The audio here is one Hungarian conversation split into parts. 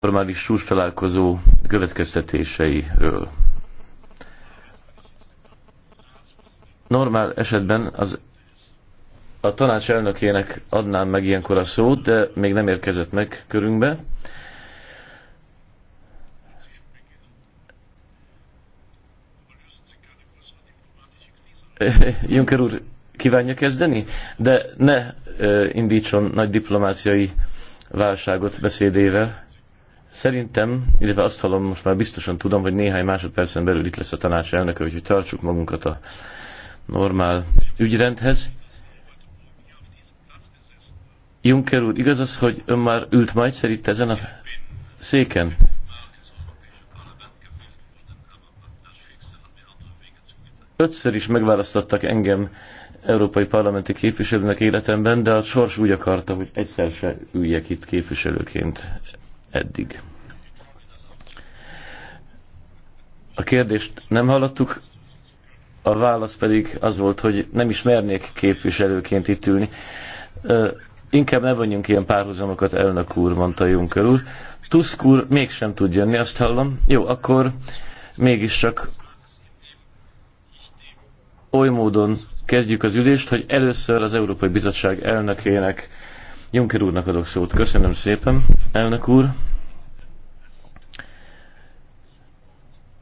normális csúcstalálkozó következtetéseiről. Normál esetben az, a tanács elnökének adnám meg ilyenkor a szót, de még nem érkezett meg körünkbe. Juncker úr kívánja kezdeni, de ne indítson nagy diplomáciai válságot beszédével. Szerintem, illetve azt hallom, most már biztosan tudom, hogy néhány másodpercen belül itt lesz a tanács elnöke, úgyhogy tartsuk magunkat a normál ügyrendhez. Juncker úr, igaz az, hogy ön már ült majd szerint ezen a széken? Ötször is megválasztottak engem európai parlamenti képviselőnek életemben, de a sors úgy akarta, hogy egyszer se üljek itt képviselőként eddig. A kérdést nem hallottuk, a válasz pedig az volt, hogy nem is mernék képviselőként itt ülni. Ö, inkább ne vonjunk ilyen párhuzamokat, elnök úr, mondta Juncker úr. Tusk úr mégsem tud jönni, azt hallom. Jó, akkor mégiscsak oly módon kezdjük az ülést, hogy először az Európai Bizottság elnökének, Juncker úrnak adok szót. Köszönöm szépen, elnök úr.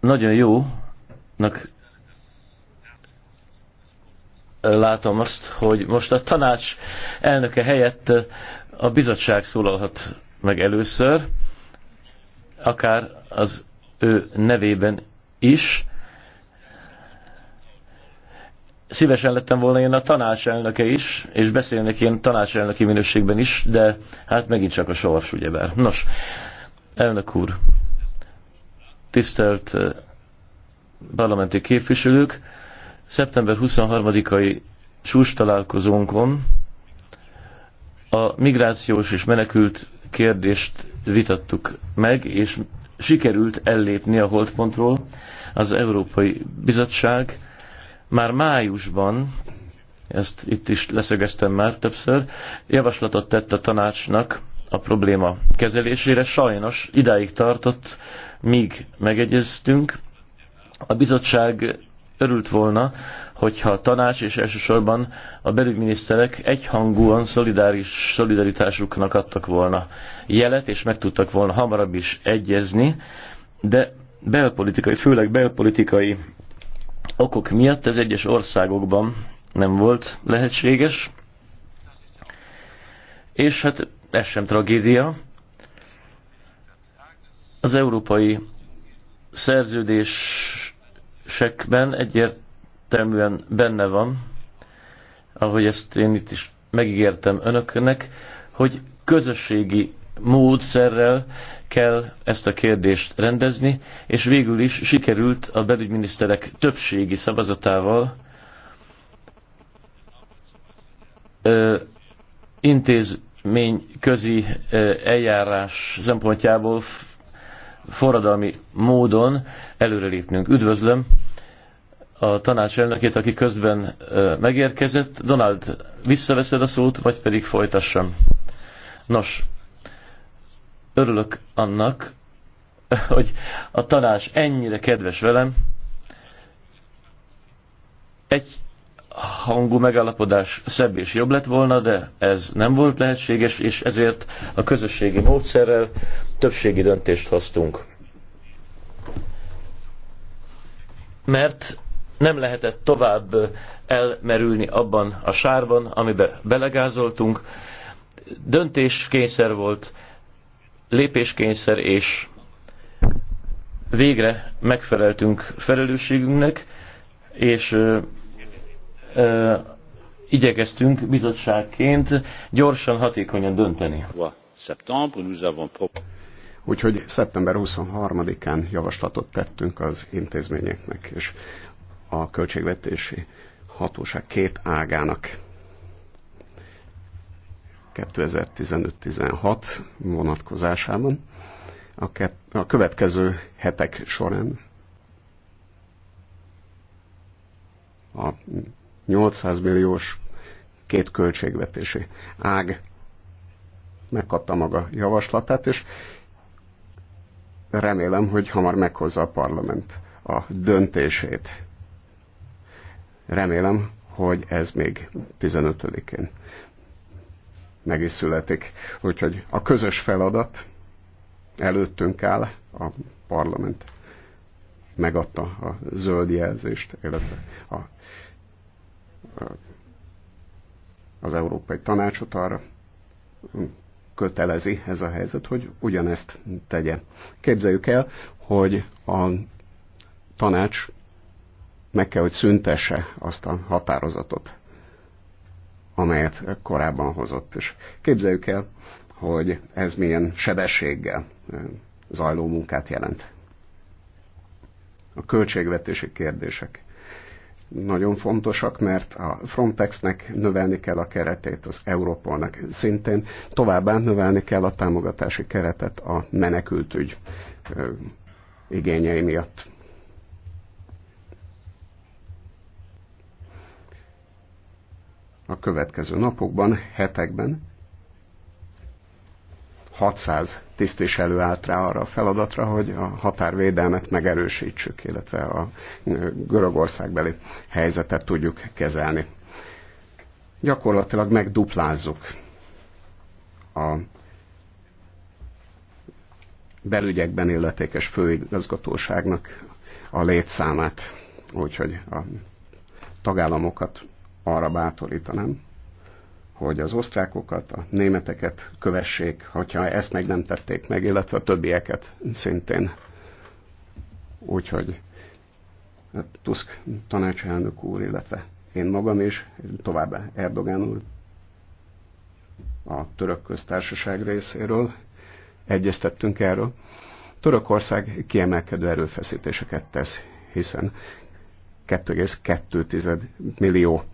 Nagyon jónak látom azt, hogy most a tanács elnöke helyett a bizottság szólalhat meg először, akár az ő nevében is. Szívesen lettem volna én a tanács elnöke is, és beszélnék én tanács elnöki minőségben is, de hát megint csak a sors, ugyebár. Nos, elnök úr, tisztelt eh, parlamenti képviselők, szeptember 23-ai csúcs találkozónkon a migrációs és menekült kérdést vitattuk meg, és sikerült ellépni a holdpontról. Az Európai Bizottság már májusban, ezt itt is leszögeztem már többször, javaslatot tett a tanácsnak a probléma kezelésére. Sajnos idáig tartott míg megegyeztünk. A bizottság örült volna, hogyha a tanács és elsősorban a belügyminiszterek egyhangúan szolidáris szolidaritásuknak adtak volna jelet, és meg tudtak volna hamarabb is egyezni, de belpolitikai, főleg belpolitikai okok miatt ez egyes országokban nem volt lehetséges, és hát ez sem tragédia, az európai szerződésekben egyértelműen benne van, ahogy ezt én itt is megígértem önöknek, hogy közösségi módszerrel kell ezt a kérdést rendezni, és végül is sikerült a belügyminiszterek többségi szavazatával ö, közi ö, eljárás szempontjából forradalmi módon előrelépnünk. Üdvözlöm a tanács elnökét, aki közben megérkezett. Donald, visszaveszed a szót, vagy pedig folytassam? Nos, örülök annak, hogy a tanács ennyire kedves velem. Egy hangú megállapodás szebb és jobb lett volna, de ez nem volt lehetséges, és ezért a közösségi módszerrel többségi döntést hoztunk. Mert nem lehetett tovább elmerülni abban a sárban, amibe belegázoltunk. Döntéskényszer volt, lépéskényszer, és végre megfeleltünk felelősségünknek, és igyekeztünk bizottságként gyorsan, hatékonyan dönteni. Úgyhogy szeptember 23-án javaslatot tettünk az intézményeknek, és a költségvetési hatóság két ágának 2015-16 vonatkozásában. A, a következő hetek során a 800 milliós két költségvetési ág megkapta maga javaslatát, és remélem, hogy hamar meghozza a parlament a döntését. Remélem, hogy ez még 15-én meg is születik. Úgyhogy a közös feladat előttünk áll, a parlament megadta a zöld jelzést, illetve a az Európai Tanácsot arra kötelezi ez a helyzet, hogy ugyanezt tegye. Képzeljük el, hogy a tanács meg kell, hogy szüntesse azt a határozatot, amelyet korábban hozott. És képzeljük el, hogy ez milyen sebességgel eh, zajló munkát jelent. A költségvetési kérdések nagyon fontosak, mert a Frontexnek növelni kell a keretét, az Európolnak szintén, továbbá növelni kell a támogatási keretet a menekültügy igényei miatt. A következő napokban, hetekben 600 tisztviselő állt rá arra a feladatra, hogy a határvédelmet megerősítsük, illetve a görögországbeli helyzetet tudjuk kezelni. Gyakorlatilag megduplázzuk a belügyekben illetékes főigazgatóságnak a létszámát, úgyhogy a tagállamokat arra bátorítanám, hogy az osztrákokat, a németeket kövessék, hogyha ezt meg nem tették meg, illetve a többieket szintén. Úgyhogy hát Tusk tanácselnök úr, illetve én magam is, továbbá Erdogan úr a török köztársaság részéről egyeztettünk erről. Törökország kiemelkedő erőfeszítéseket tesz, hiszen 2,2 millió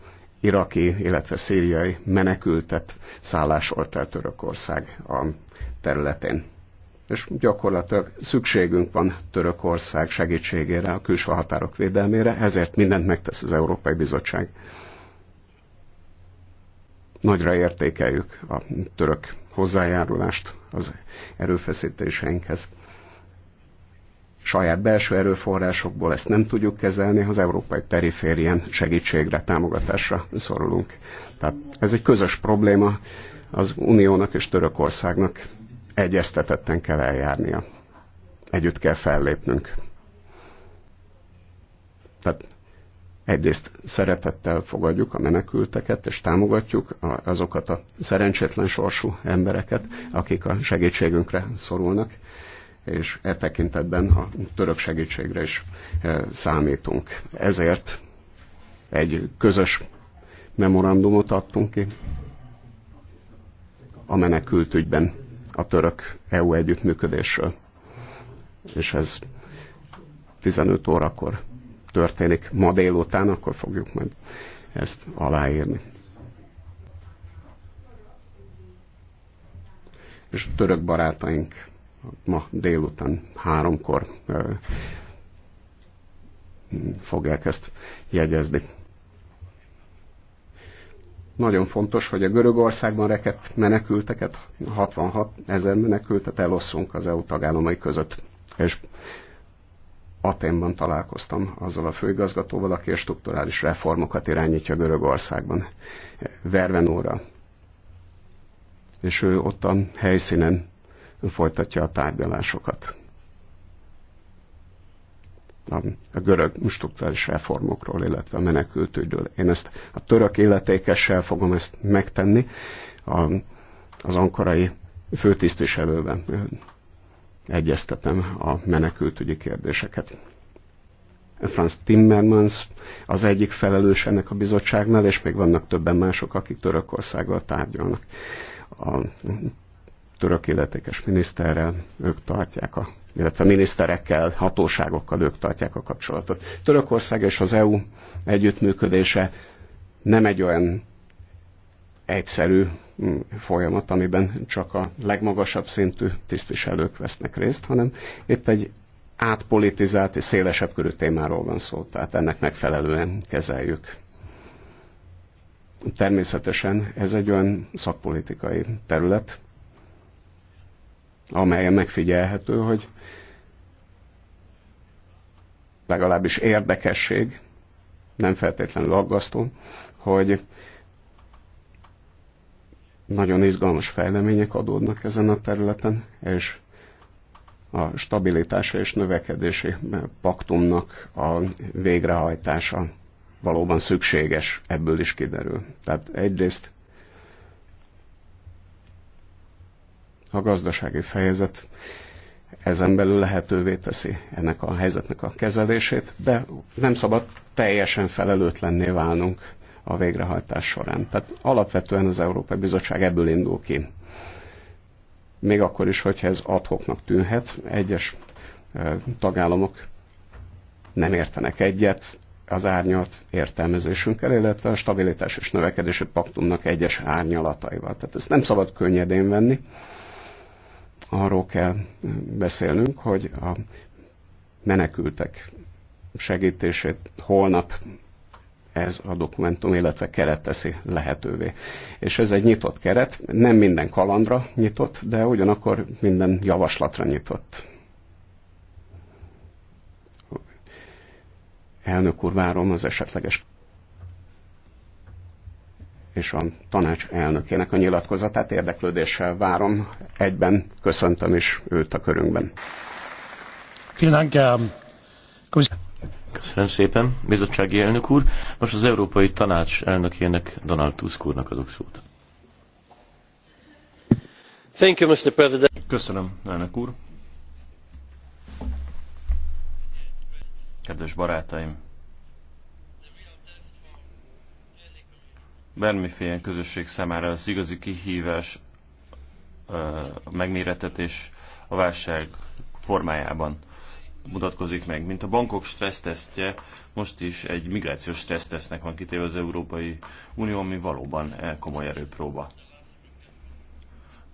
iraki, illetve szíriai menekültet szállásolt el Törökország a területén. És gyakorlatilag szükségünk van Törökország segítségére, a külső határok védelmére, ezért mindent megtesz az Európai Bizottság. Nagyra értékeljük a török hozzájárulást az erőfeszítéseinkhez saját belső erőforrásokból ezt nem tudjuk kezelni, az európai periférien segítségre, támogatásra szorulunk. Tehát ez egy közös probléma, az Uniónak és Törökországnak egyeztetetten kell eljárnia. Együtt kell fellépnünk. Tehát egyrészt szeretettel fogadjuk a menekülteket, és támogatjuk azokat a szerencsétlen sorsú embereket, akik a segítségünkre szorulnak, és e tekintetben a török segítségre is e, számítunk. Ezért egy közös memorandumot adtunk ki a ügyben a török EU együttműködésről. És ez 15 órakor történik ma délután, akkor fogjuk majd ezt aláírni. És török barátaink ma délután háromkor fogják ezt jegyezni. Nagyon fontos, hogy a Görögországban rekett menekülteket, 66 ezer menekültet elosszunk az EU tagállamai között. És Aténban találkoztam azzal a főigazgatóval, aki a strukturális reformokat irányítja Görögországban, Vervenóra. És ő ott a helyszínen folytatja a tárgyalásokat. A, a görög struktúrális reformokról, illetve a menekültügyről. Én ezt a török életékessel fogom ezt megtenni a, az ankarai főtisztviselővel egyeztetem a menekültügyi kérdéseket. Franz Timmermans az egyik felelős ennek a bizottságnál, és még vannak többen mások, akik Törökországgal tárgyalnak. A török illetékes miniszterrel, ők tartják a illetve miniszterekkel, hatóságokkal ők tartják a kapcsolatot. Törökország és az EU együttműködése nem egy olyan egyszerű mm, folyamat, amiben csak a legmagasabb szintű tisztviselők vesznek részt, hanem itt egy átpolitizált és szélesebb körű témáról van szó, tehát ennek megfelelően kezeljük. Természetesen ez egy olyan szakpolitikai terület, amelyen megfigyelhető, hogy legalábbis érdekesség, nem feltétlenül aggasztó, hogy nagyon izgalmas fejlemények adódnak ezen a területen, és a stabilitása és növekedési paktumnak a végrehajtása valóban szükséges, ebből is kiderül. Tehát egyrészt a gazdasági fejezet ezen belül lehetővé teszi ennek a helyzetnek a kezelését, de nem szabad teljesen felelőtlenné válnunk a végrehajtás során. Tehát alapvetően az Európai Bizottság ebből indul ki. Még akkor is, hogyha ez adhoknak tűnhet, egyes tagállamok nem értenek egyet az árnyalt értelmezésünkkel, illetve a stabilitás és növekedési paktumnak egyes árnyalataival. Tehát ezt nem szabad könnyedén venni arról kell beszélnünk, hogy a menekültek segítését holnap ez a dokumentum, illetve keret teszi lehetővé. És ez egy nyitott keret, nem minden kalandra nyitott, de ugyanakkor minden javaslatra nyitott. Elnök úr, várom az esetleges és a tanács elnökének a nyilatkozatát érdeklődéssel várom. Egyben köszöntöm is őt a körünkben. Köszönöm szépen, bizottsági elnök úr. Most az Európai Tanács elnökének, Donald Tusk úrnak adok szót. Thank you, Mr. President. Köszönöm, elnök úr. Kedves barátaim, bármiféle közösség számára az igazi kihívás a megméretetés a válság formájában mutatkozik meg. Mint a bankok stressztesztje, most is egy migrációs stressztesztnek van kitéve az Európai Unió, ami valóban komoly erőpróba.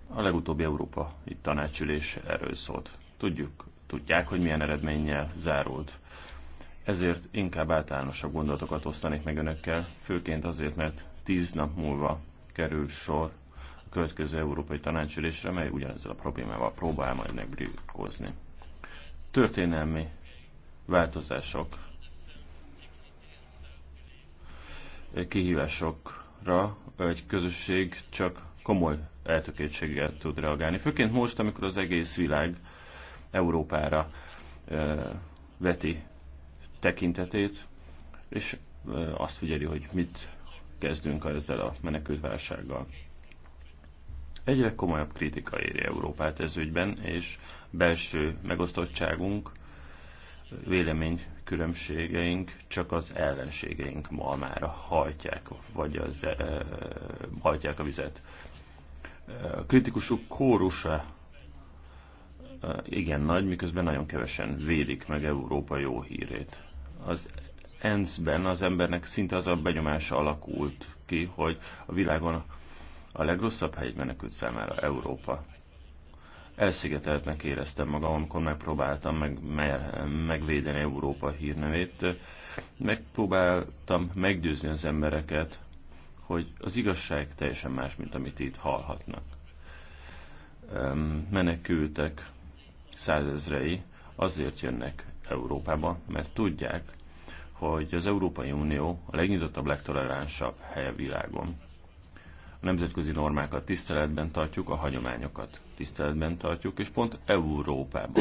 A legutóbbi Európa itt tanácsülés erről szólt. Tudjuk, tudják, hogy milyen eredménnyel zárult. Ezért inkább általánosabb gondolatokat osztanék meg önökkel, főként azért, mert tíz nap múlva kerül sor a következő Európai Tanácsülésre, mely ugyanezzel a problémával próbál majd megbirkózni. Történelmi változások, kihívásokra egy közösség csak komoly eltökétséggel tud reagálni. Főként most, amikor az egész világ Európára veti tekintetét, és azt figyeli, hogy mit kezdünk ezzel a menekültválsággal. Egyre komolyabb kritika éri Európát ez ügyben, és belső megosztottságunk, véleménykülönbségeink csak az ellenségeink malmára hajtják, vagy az, e, hajtják a vizet. A kritikusok kórusa eh, igen nagy, miközben nagyon kevesen védik meg Európa jó hírét. Az ENSZ-ben az embernek szinte az a benyomása alakult ki, hogy a világon a legrosszabb hely menekült számára Európa. Elszigeteltnek éreztem magam, amikor megpróbáltam meg, megvédeni Európa hírnevét. Megpróbáltam meggyőzni az embereket, hogy az igazság teljesen más, mint amit itt hallhatnak. Menekültek százezrei azért jönnek Európába, mert tudják, hogy az Európai Unió a legnyitottabb, legtoleránsabb hely a világon. A nemzetközi normákat tiszteletben tartjuk, a hagyományokat tiszteletben tartjuk, és pont Európában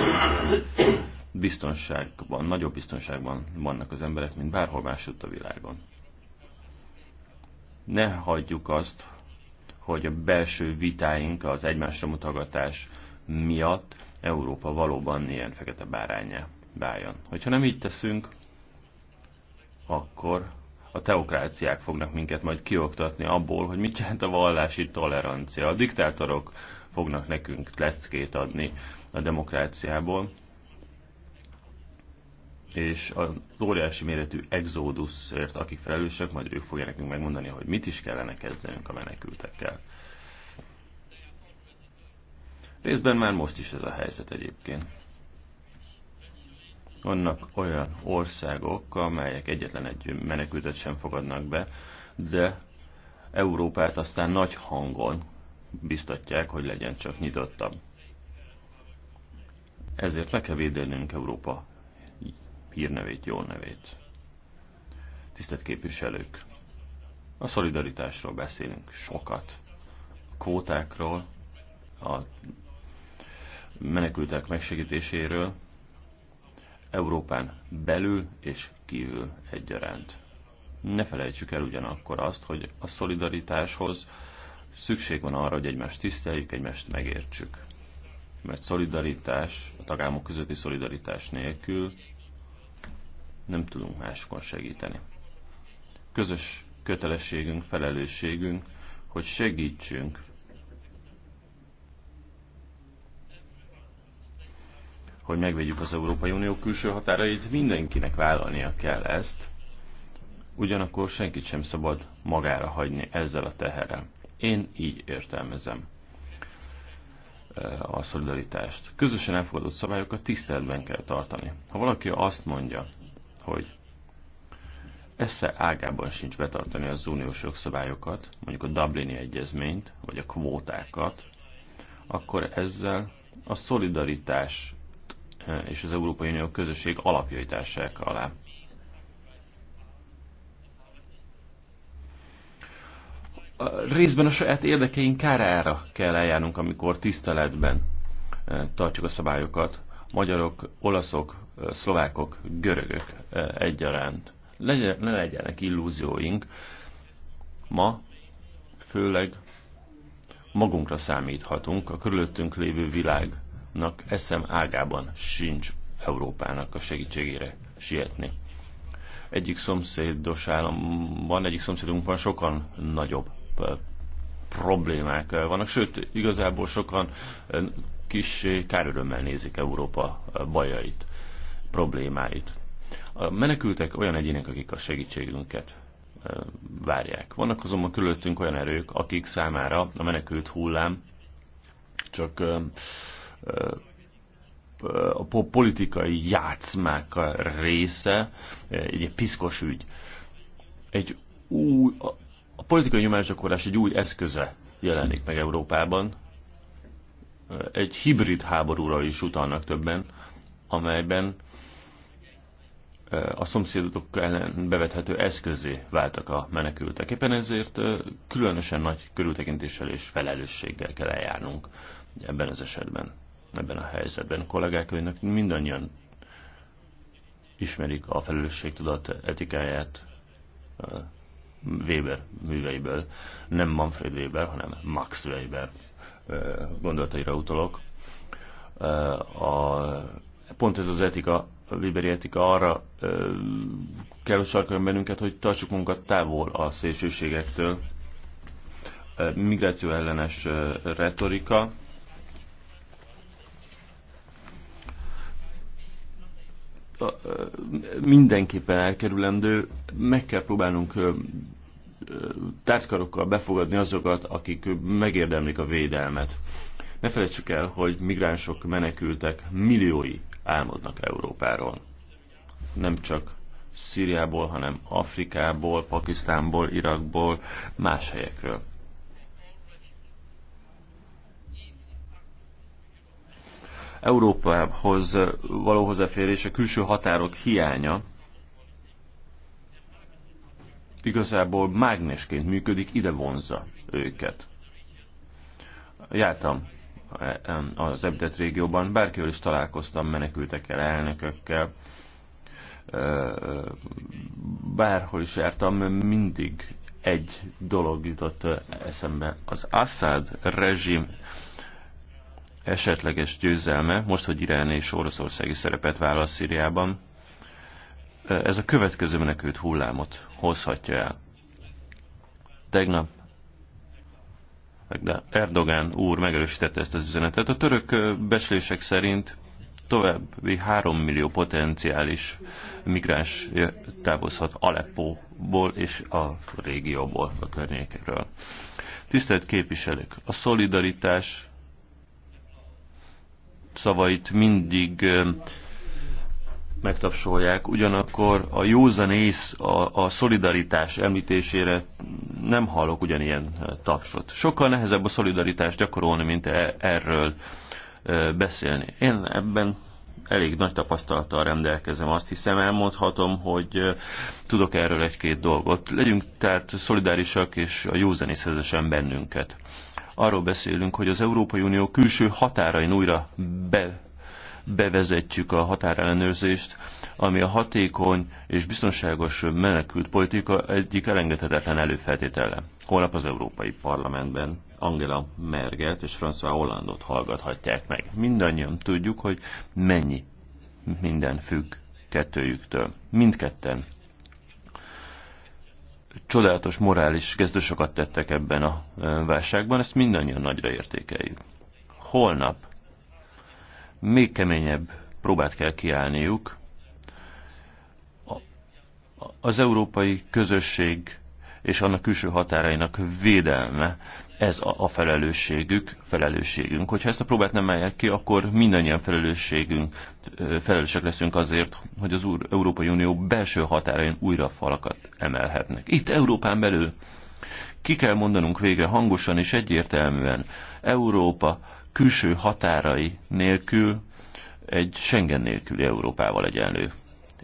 biztonságban, nagyobb biztonságban vannak az emberek, mint bárhol másutt a világon. Ne hagyjuk azt, hogy a belső vitáink, az egymásra mutogatás miatt Európa valóban ilyen fekete bárányá váljon. Hogyha nem így teszünk, akkor a teokráciák fognak minket majd kioktatni abból, hogy mit jelent a vallási tolerancia. A diktátorok fognak nekünk leckét adni a demokráciából, és az óriási méretű exódusért, akik felelősek, majd ők fogják nekünk megmondani, hogy mit is kellene kezdenünk a menekültekkel. Részben már most is ez a helyzet egyébként. Vannak olyan országok, amelyek egyetlen egy menekültet sem fogadnak be, de Európát aztán nagy hangon biztatják, hogy legyen csak nyitottabb. Ezért le kell védenünk Európa hírnevét, jó nevét. Tisztelt képviselők! A szolidaritásról beszélünk sokat. A kvótákról, a menekültek megsegítéséről, Európán belül és kívül egyaránt. Ne felejtsük el ugyanakkor azt, hogy a szolidaritáshoz szükség van arra, hogy egymást tiszteljük, egymást megértsük. Mert szolidaritás, a tagállamok közötti szolidaritás nélkül nem tudunk máskon segíteni. Közös kötelességünk, felelősségünk, hogy segítsünk hogy megvédjük az Európai Unió külső határait, mindenkinek vállalnia kell ezt, ugyanakkor senkit sem szabad magára hagyni ezzel a teherrel. Én így értelmezem eh, a szolidaritást. Közösen elfogadott szabályokat tiszteletben kell tartani. Ha valaki azt mondja, hogy esze ágában sincs betartani az uniós jogszabályokat, mondjuk a Dublini egyezményt, vagy a kvótákat, akkor ezzel a szolidaritás és az Európai Unió közösség alapjait alá. alá. Részben a saját érdekeink kárára kell eljárnunk, amikor tiszteletben eh, tartjuk a szabályokat. Magyarok, olaszok, eh, szlovákok, görögök eh, egyaránt. Legyen, ne legyenek illúzióink. Ma főleg magunkra számíthatunk, a körülöttünk lévő világ nak eszem ágában sincs Európának a segítségére sietni. Egyik szomszédos államban, egyik szomszédunkban sokan nagyobb problémák vannak, sőt, igazából sokan kis kárörömmel nézik Európa bajait, problémáit. A menekültek olyan egyének, akik a segítségünket várják. Vannak azonban körülöttünk olyan erők, akik számára a menekült hullám csak a politikai játszmák része, egy piszkos ügy. Egy új, a politikai nyomásgyakorlás egy új eszköze jelenik meg Európában. Egy hibrid háborúra is utalnak többen, amelyben eh, a szomszédok ellen bevethető eszközé váltak a menekültek. Éppen ezért eh, különösen nagy körültekintéssel és felelősséggel kell eljárnunk ebben az esetben ebben a helyzetben. Kollégák, önök mindannyian ismerik a felelősségtudat etikáját Weber műveiből. Nem Manfred Weber, hanem Max Weber gondolataira utalok. A, pont ez az etika, a Weberi etika arra kell, hogy sarkoljon bennünket, hogy tartsuk magunkat távol a szélsőségektől. Migráció ellenes retorika, mindenképpen elkerülendő, meg kell próbálnunk tárgykarokkal befogadni azokat, akik megérdemlik a védelmet. Ne felejtsük el, hogy migránsok, menekültek, milliói álmodnak Európáról. Nem csak Szíriából, hanem Afrikából, Pakisztánból, Irakból, más helyekről. Európához való hozzáférés, a külső határok hiánya igazából mágnesként működik, ide vonzza őket. Jártam az említett régióban, bárkivel is találkoztam, menekültekkel, elnökökkel, bárhol is jártam, mindig egy dolog jutott eszembe. Az Assad rezsim esetleges győzelme, most, hogy Irán és Oroszországi szerepet vállal Szíriában, ez a következő menekült hullámot hozhatja el. Tegnap de Erdogan úr megerősítette ezt az üzenetet. A török beszélések szerint további 3 millió potenciális migráns távozhat Aleppóból és a régióból, a környékről. Tisztelt képviselők, a szolidaritás szavait mindig megtapsolják, ugyanakkor a józan ész, a, a szolidaritás említésére nem hallok ugyanilyen tapsot. Sokkal nehezebb a szolidaritást gyakorolni, mint e, erről beszélni. Én ebben elég nagy tapasztalattal rendelkezem. Azt hiszem, elmondhatom, hogy tudok erről egy-két dolgot. Legyünk tehát szolidárisak, és a józanészhez bennünket arról beszélünk, hogy az Európai Unió külső határain újra be, bevezetjük a határellenőrzést, ami a hatékony és biztonságos menekült politika egyik elengedhetetlen előfeltétele. Holnap az Európai Parlamentben Angela Mergelt és François Hollandot hallgathatják meg. Mindannyian tudjuk, hogy mennyi minden függ kettőjüktől. Mindketten csodálatos morális kezdősokat tettek ebben a válságban, ezt mindannyian nagyra értékeljük. Holnap még keményebb próbát kell kiállniuk. Az európai közösség és annak külső határainak védelme ez a, felelősségük, felelősségünk. Hogyha ezt a próbát nem emeljek ki, akkor mindannyian felelősségünk, felelősek leszünk azért, hogy az úr, Európai Unió belső határain újra falakat emelhetnek. Itt Európán belül ki kell mondanunk végre hangosan és egyértelműen, Európa külső határai nélkül egy Schengen nélküli Európával egyenlő.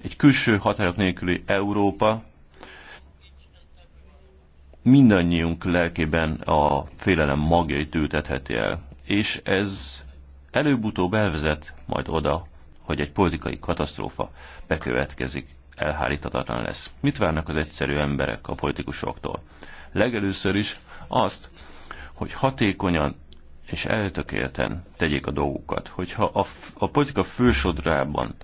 Egy külső határok nélküli Európa mindannyiunk lelkében a félelem magjait ültetheti el. És ez előbb-utóbb elvezet majd oda, hogy egy politikai katasztrófa bekövetkezik, elhárítatatlan lesz. Mit várnak az egyszerű emberek a politikusoktól? Legelőször is azt, hogy hatékonyan és eltökélten tegyék a dolgukat. Hogyha a, a politika fősodrában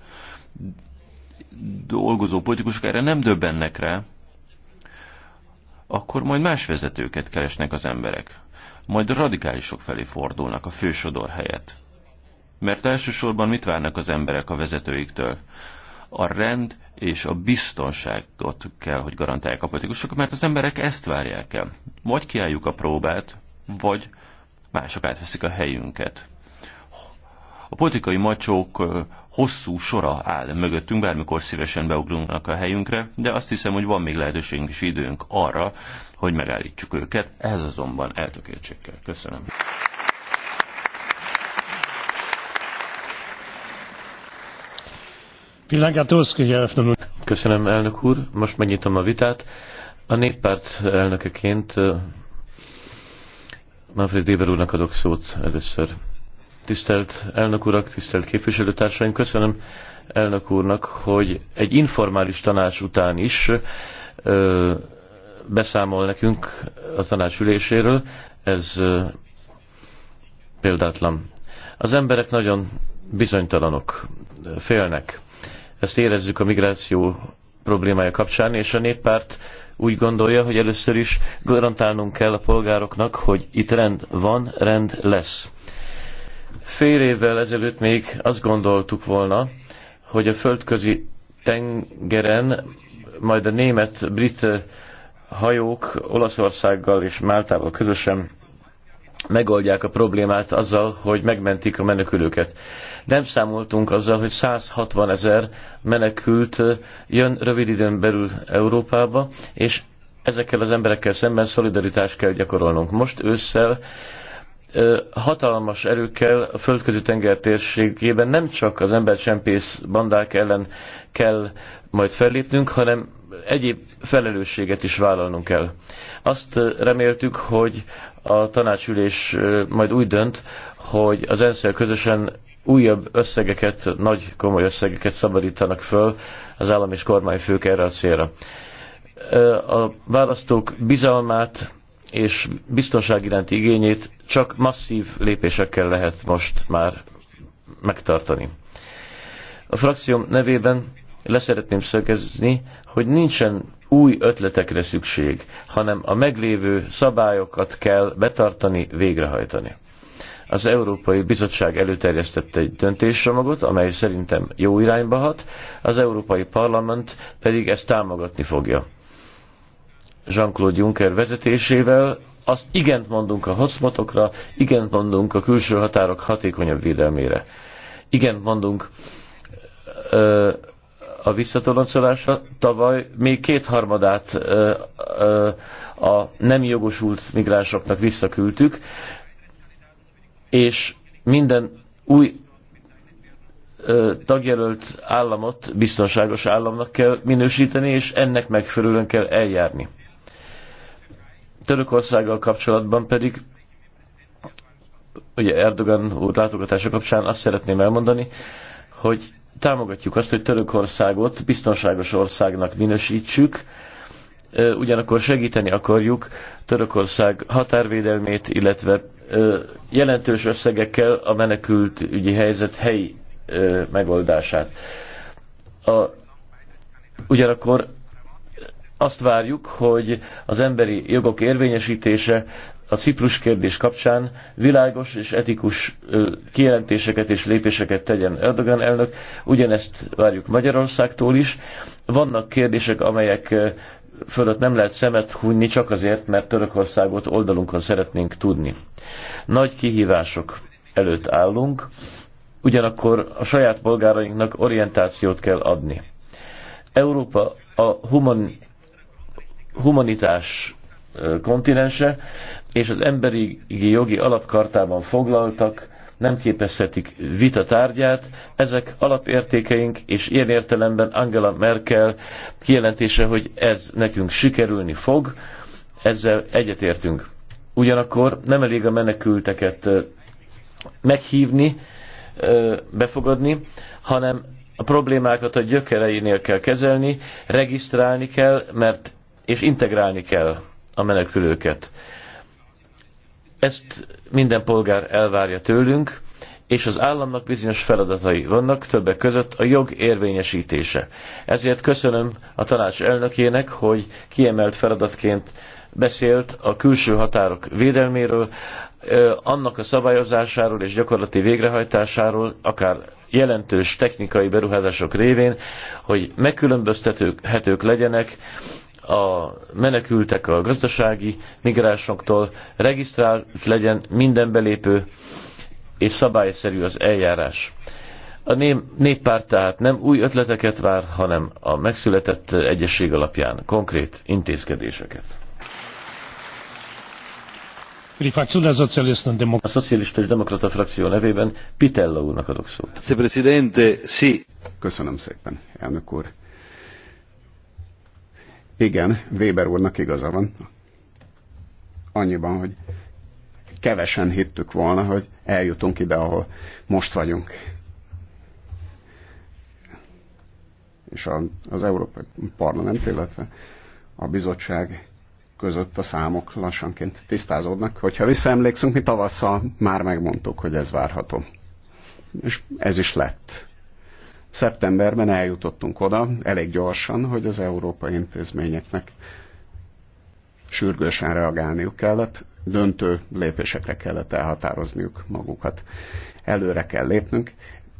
dolgozó politikusok erre nem döbbennek rá, akkor majd más vezetőket keresnek az emberek. Majd a radikálisok felé fordulnak a fősodor helyett. Mert elsősorban mit várnak az emberek a vezetőiktől? A rend és a biztonságot kell, hogy garantálják a politikusok, mert az emberek ezt várják el. Vagy kiálljuk a próbát, vagy mások átveszik a helyünket. A politikai macsók hosszú sora áll mögöttünk, bármikor szívesen beugrunknak a helyünkre, de azt hiszem, hogy van még lehetőségünk és időnk arra, hogy megállítsuk őket. Ez azonban eltökéltségkel. Köszönöm. Köszönöm, elnök úr. Most megnyitom a vitát. A néppárt elnökeként Manfred Weber úrnak adok szót először. Tisztelt elnök urak, tisztelt képviselőtársaim, köszönöm elnök úrnak, hogy egy informális tanács után is ö, beszámol nekünk a tanács üléséről. Ez ö, példátlan. Az emberek nagyon bizonytalanok, félnek. Ezt érezzük a migráció problémája kapcsán, és a néppárt úgy gondolja, hogy először is garantálnunk kell a polgároknak, hogy itt rend van, rend lesz Fél évvel ezelőtt még azt gondoltuk volna, hogy a földközi tengeren majd a német-brit eh, hajók Olaszországgal és Máltával közösen megoldják a problémát azzal, hogy megmentik a menekülőket. Nem számoltunk azzal, hogy 160 ezer menekült eh, jön rövid időn belül Európába, és ezekkel az emberekkel szemben szolidaritást kell gyakorolnunk. Most ősszel hatalmas erőkkel a földközi tenger térségében nem csak az embercsempész bandák ellen kell majd fellépnünk, hanem egyéb felelősséget is vállalnunk kell. Azt reméltük, hogy a tanácsülés majd úgy dönt, hogy az ensz közösen újabb összegeket, nagy komoly összegeket szabadítanak föl az állam és kormányfők erre a célra. A választók bizalmát és biztonság iránti igényét csak masszív lépésekkel lehet most már megtartani. A frakcióm nevében leszeretném szögezni, hogy nincsen új ötletekre szükség, hanem a meglévő szabályokat kell betartani, végrehajtani. Az Európai Bizottság előterjesztette egy döntéssomagot, amely szerintem jó irányba hat, az Európai Parlament pedig ezt támogatni fogja Jean-Claude Juncker vezetésével, azt igent mondunk a hotspotokra, igent mondunk a külső határok hatékonyabb védelmére. Igent mondunk ö, a visszatoloncolásra. Tavaly még kétharmadát ö, ö, a nem jogosult migránsoknak visszaküldtük, és minden új tagjelölt államot biztonságos államnak kell minősíteni, és ennek megfelelően kell eljárni. Törökországgal kapcsolatban pedig ugye Erdogan úr látogatása kapcsán azt szeretném elmondani, hogy támogatjuk azt, hogy Törökországot biztonságos országnak minősítsük, ugyanakkor segíteni akarjuk Törökország határvédelmét, illetve jelentős összegekkel a menekült ügyi helyzet helyi megoldását. A, ugyanakkor azt várjuk, hogy az emberi jogok érvényesítése a Ciprus kérdés kapcsán világos és etikus kijelentéseket és lépéseket tegyen Erdogan elnök. Ugyanezt várjuk Magyarországtól is. Vannak kérdések, amelyek fölött nem lehet szemet hunyni csak azért, mert Törökországot oldalunkon szeretnénk tudni. Nagy kihívások előtt állunk, ugyanakkor a saját polgárainknak orientációt kell adni. Európa a human humanitás kontinensre, és az emberi jogi alapkartában foglaltak nem képezhetik vita tárgyát. Ezek alapértékeink, és ilyen értelemben Angela Merkel kijelentése, hogy ez nekünk sikerülni fog, ezzel egyetértünk. Ugyanakkor nem elég a menekülteket meghívni, befogadni, hanem a problémákat a gyökereinél kell kezelni, regisztrálni kell, mert és integrálni kell a menekülőket. Ezt minden polgár elvárja tőlünk, és az államnak bizonyos feladatai vannak, többek között a jog érvényesítése. Ezért köszönöm a tanács elnökének, hogy kiemelt feladatként beszélt a külső határok védelméről, annak a szabályozásáról és gyakorlati végrehajtásáról, akár jelentős technikai beruházások révén, hogy megkülönböztethetők legyenek a menekültek a gazdasági migránsoktól, regisztrált legyen minden belépő, és szabályszerű az eljárás. A nép, néppárt tehát nem új ötleteket vár, hanem a megszületett egyesség alapján konkrét intézkedéseket. A Szocialista és Demokrata frakció nevében Pitella úrnak adok szót. Köszönöm szépen, elnök úr. Igen, Weber úrnak igaza van. Annyiban, hogy kevesen hittük volna, hogy eljutunk ide, ahol most vagyunk. És az Európai Parlament, illetve a bizottság között a számok lassanként tisztázódnak. Hogyha visszaemlékszünk, mi tavasszal már megmondtuk, hogy ez várható. És ez is lett. Szeptemberben eljutottunk oda, elég gyorsan, hogy az európai intézményeknek sürgősen reagálniuk kellett, döntő lépésekre kellett elhatározniuk magukat. Előre kell lépnünk,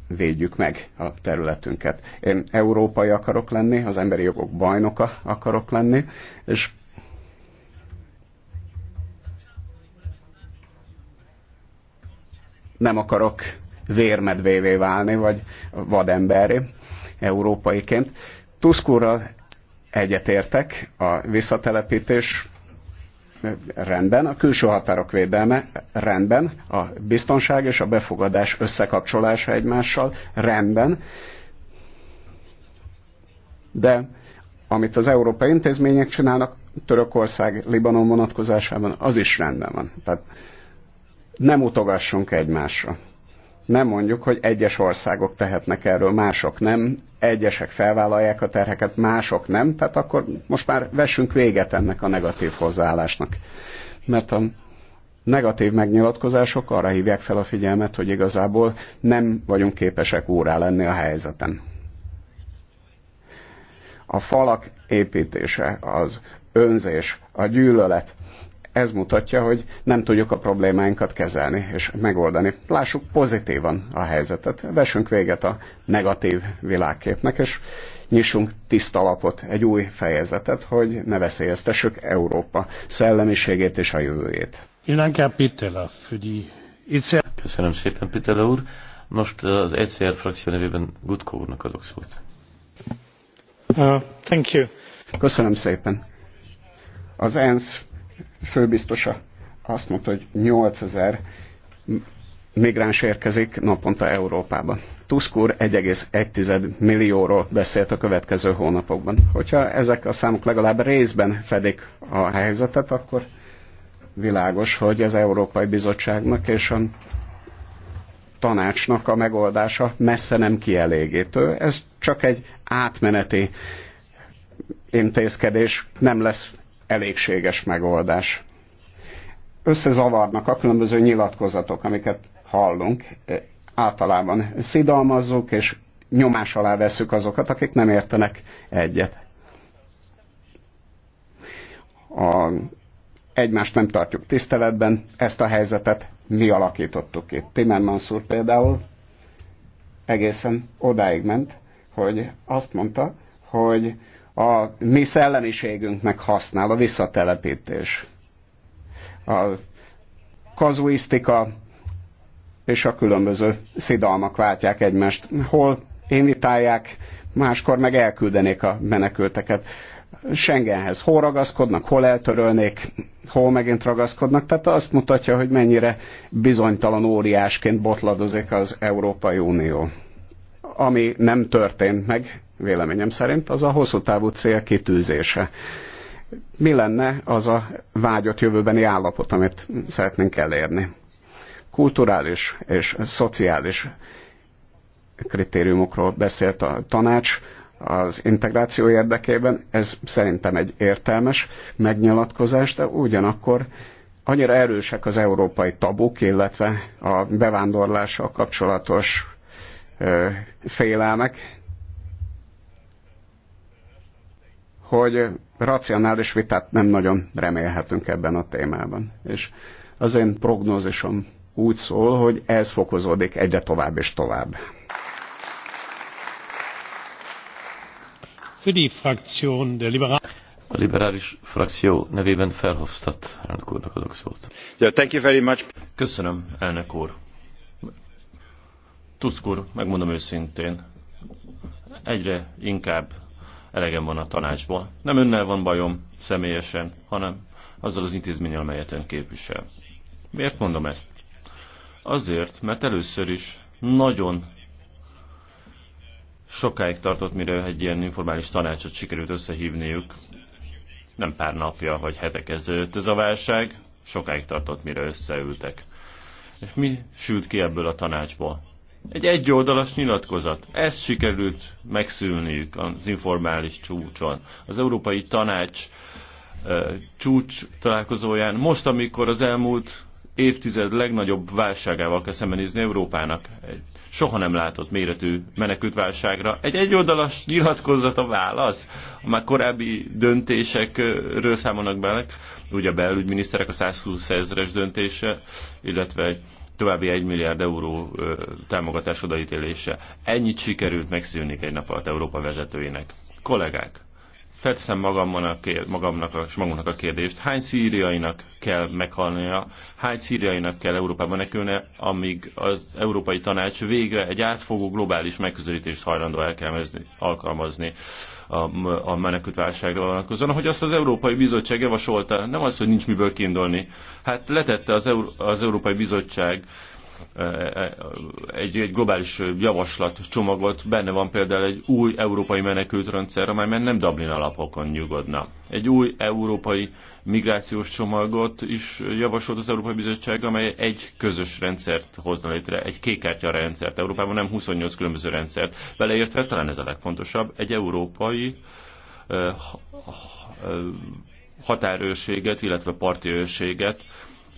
védjük meg a területünket. Én európai akarok lenni, az emberi jogok bajnoka akarok lenni, és nem akarok vérmedvévé válni, vagy vademberi európaiként. Tusk egyetértek, a visszatelepítés rendben, a külső határok védelme rendben, a biztonság és a befogadás összekapcsolása egymással rendben, de amit az európai intézmények csinálnak, Törökország, Libanon vonatkozásában, az is rendben van. Tehát nem utogassunk egymásra nem mondjuk, hogy egyes országok tehetnek erről, mások nem, egyesek felvállalják a terheket, mások nem, tehát akkor most már vessünk véget ennek a negatív hozzáállásnak. Mert a negatív megnyilatkozások arra hívják fel a figyelmet, hogy igazából nem vagyunk képesek órá lenni a helyzeten. A falak építése, az önzés, a gyűlölet, ez mutatja, hogy nem tudjuk a problémáinkat kezelni és megoldani. Lássuk pozitívan a helyzetet, vessünk véget a negatív világképnek, és nyissunk tiszta lapot, egy új fejezetet, hogy ne veszélyeztessük Európa szellemiségét és a jövőjét. Köszönöm szépen, Pitela úr. Most az ECR frakció nevében Gutko úrnak adok szót. Uh, thank you. Köszönöm szépen. Az ENSZ főbiztosa azt mondta, hogy 8000 migráns érkezik naponta Európába. Tusk úr 1,1 millióról beszélt a következő hónapokban. Hogyha ezek a számok legalább részben fedik a helyzetet, akkor világos, hogy az Európai Bizottságnak és a tanácsnak a megoldása messze nem kielégítő. Ez csak egy átmeneti intézkedés, nem lesz elégséges megoldás. Összezavarnak a különböző nyilatkozatok, amiket hallunk, e, általában szidalmazzuk, és nyomás alá veszük azokat, akik nem értenek egyet. A, egymást nem tartjuk tiszteletben, ezt a helyzetet mi alakítottuk ki. Timmermans úr például egészen odáig ment, hogy azt mondta, hogy a mi szellemiségünknek használ a visszatelepítés. A kazuisztika és a különböző szidalmak váltják egymást. Hol invitálják, máskor meg elküldenék a menekülteket. Schengenhez hol ragaszkodnak, hol eltörölnék, hol megint ragaszkodnak. Tehát azt mutatja, hogy mennyire bizonytalan óriásként botladozik az Európai Unió. Ami nem történt meg, véleményem szerint, az a hosszú távú cél kitűzése. Mi lenne az a vágyott jövőbeni állapot, amit szeretnénk elérni? Kulturális és szociális kritériumokról beszélt a tanács az integráció érdekében. Ez szerintem egy értelmes megnyilatkozás, de ugyanakkor annyira erősek az európai tabuk, illetve a bevándorlással kapcsolatos félelmek, hogy racionális vitát nem nagyon remélhetünk ebben a témában. És az én prognózisom úgy szól, hogy ez fokozódik egyre tovább és tovább. a liberális frakció nevében Felhofstadt elnök úrnak adok szót. Yeah, thank you very much. Köszönöm, elnök úr. Tusk úr, megmondom őszintén, egyre inkább Elegem van a tanácsból. Nem önnel van bajom személyesen, hanem azzal az intézménnyel, melyet ön képvisel. Miért mondom ezt? Azért, mert először is nagyon sokáig tartott, mire egy ilyen informális tanácsot sikerült összehívniuk. Nem pár napja vagy hetek ezelőtt ez a válság, sokáig tartott, mire összeültek. És mi sült ki ebből a tanácsból? egy egyoldalas nyilatkozat. Ezt sikerült megszülniük az informális csúcson. Az Európai Tanács csúcs találkozóján, most, amikor az elmúlt évtized legnagyobb válságával kell szembenézni Európának, egy soha nem látott méretű menekültválságra, egy egyoldalas nyilatkozat a válasz, a már korábbi döntésekről számolnak bele, ugye a belügyminiszterek a 120 ezeres döntése, illetve egy további 1 milliárd euró támogatás odaítélése. Ennyit sikerült megszűnni egy nap alatt Európa vezetőinek. Kollégák, Felteszem magamnak a kér, magamnak és magunknak a kérdést, hány szíriainak kell meghalnia, hány szíriainak kell Európában nekülne, amíg az Európai Tanács végre egy átfogó globális megközelítést hajlandó elkelmezni, alkalmazni a, a menekült válságra vonatkozóan, ahogy azt az Európai Bizottság javasolta, nem az, hogy nincs miből kiindulni. Hát letette az, Euró- az Európai Bizottság egy, egy globális javaslat csomagot, benne van például egy új európai menekültrendszer, amely már nem Dublin alapokon nyugodna. Egy új európai migrációs csomagot is javasolt az Európai Bizottság, amely egy közös rendszert hozna létre, egy kékkártya rendszert. Európában nem 28 különböző rendszert. Beleértve talán ez a legfontosabb, egy európai határőrséget, illetve partiőrséget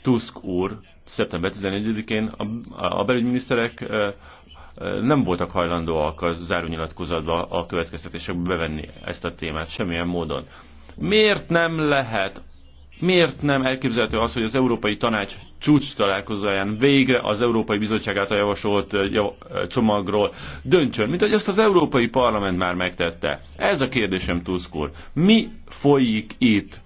Tusk úr szeptember 11-én a, a belügyminiszterek nem voltak hajlandóak a zárónyilatkozatba a következtetésekbe bevenni ezt a témát semmilyen módon. Miért nem lehet Miért nem elképzelhető az, hogy az Európai Tanács csúcs találkozóján végre az Európai Bizottság által javasolt csomagról döntsön, mint hogy ezt az Európai Parlament már megtette? Ez a kérdésem Tusk Mi folyik itt?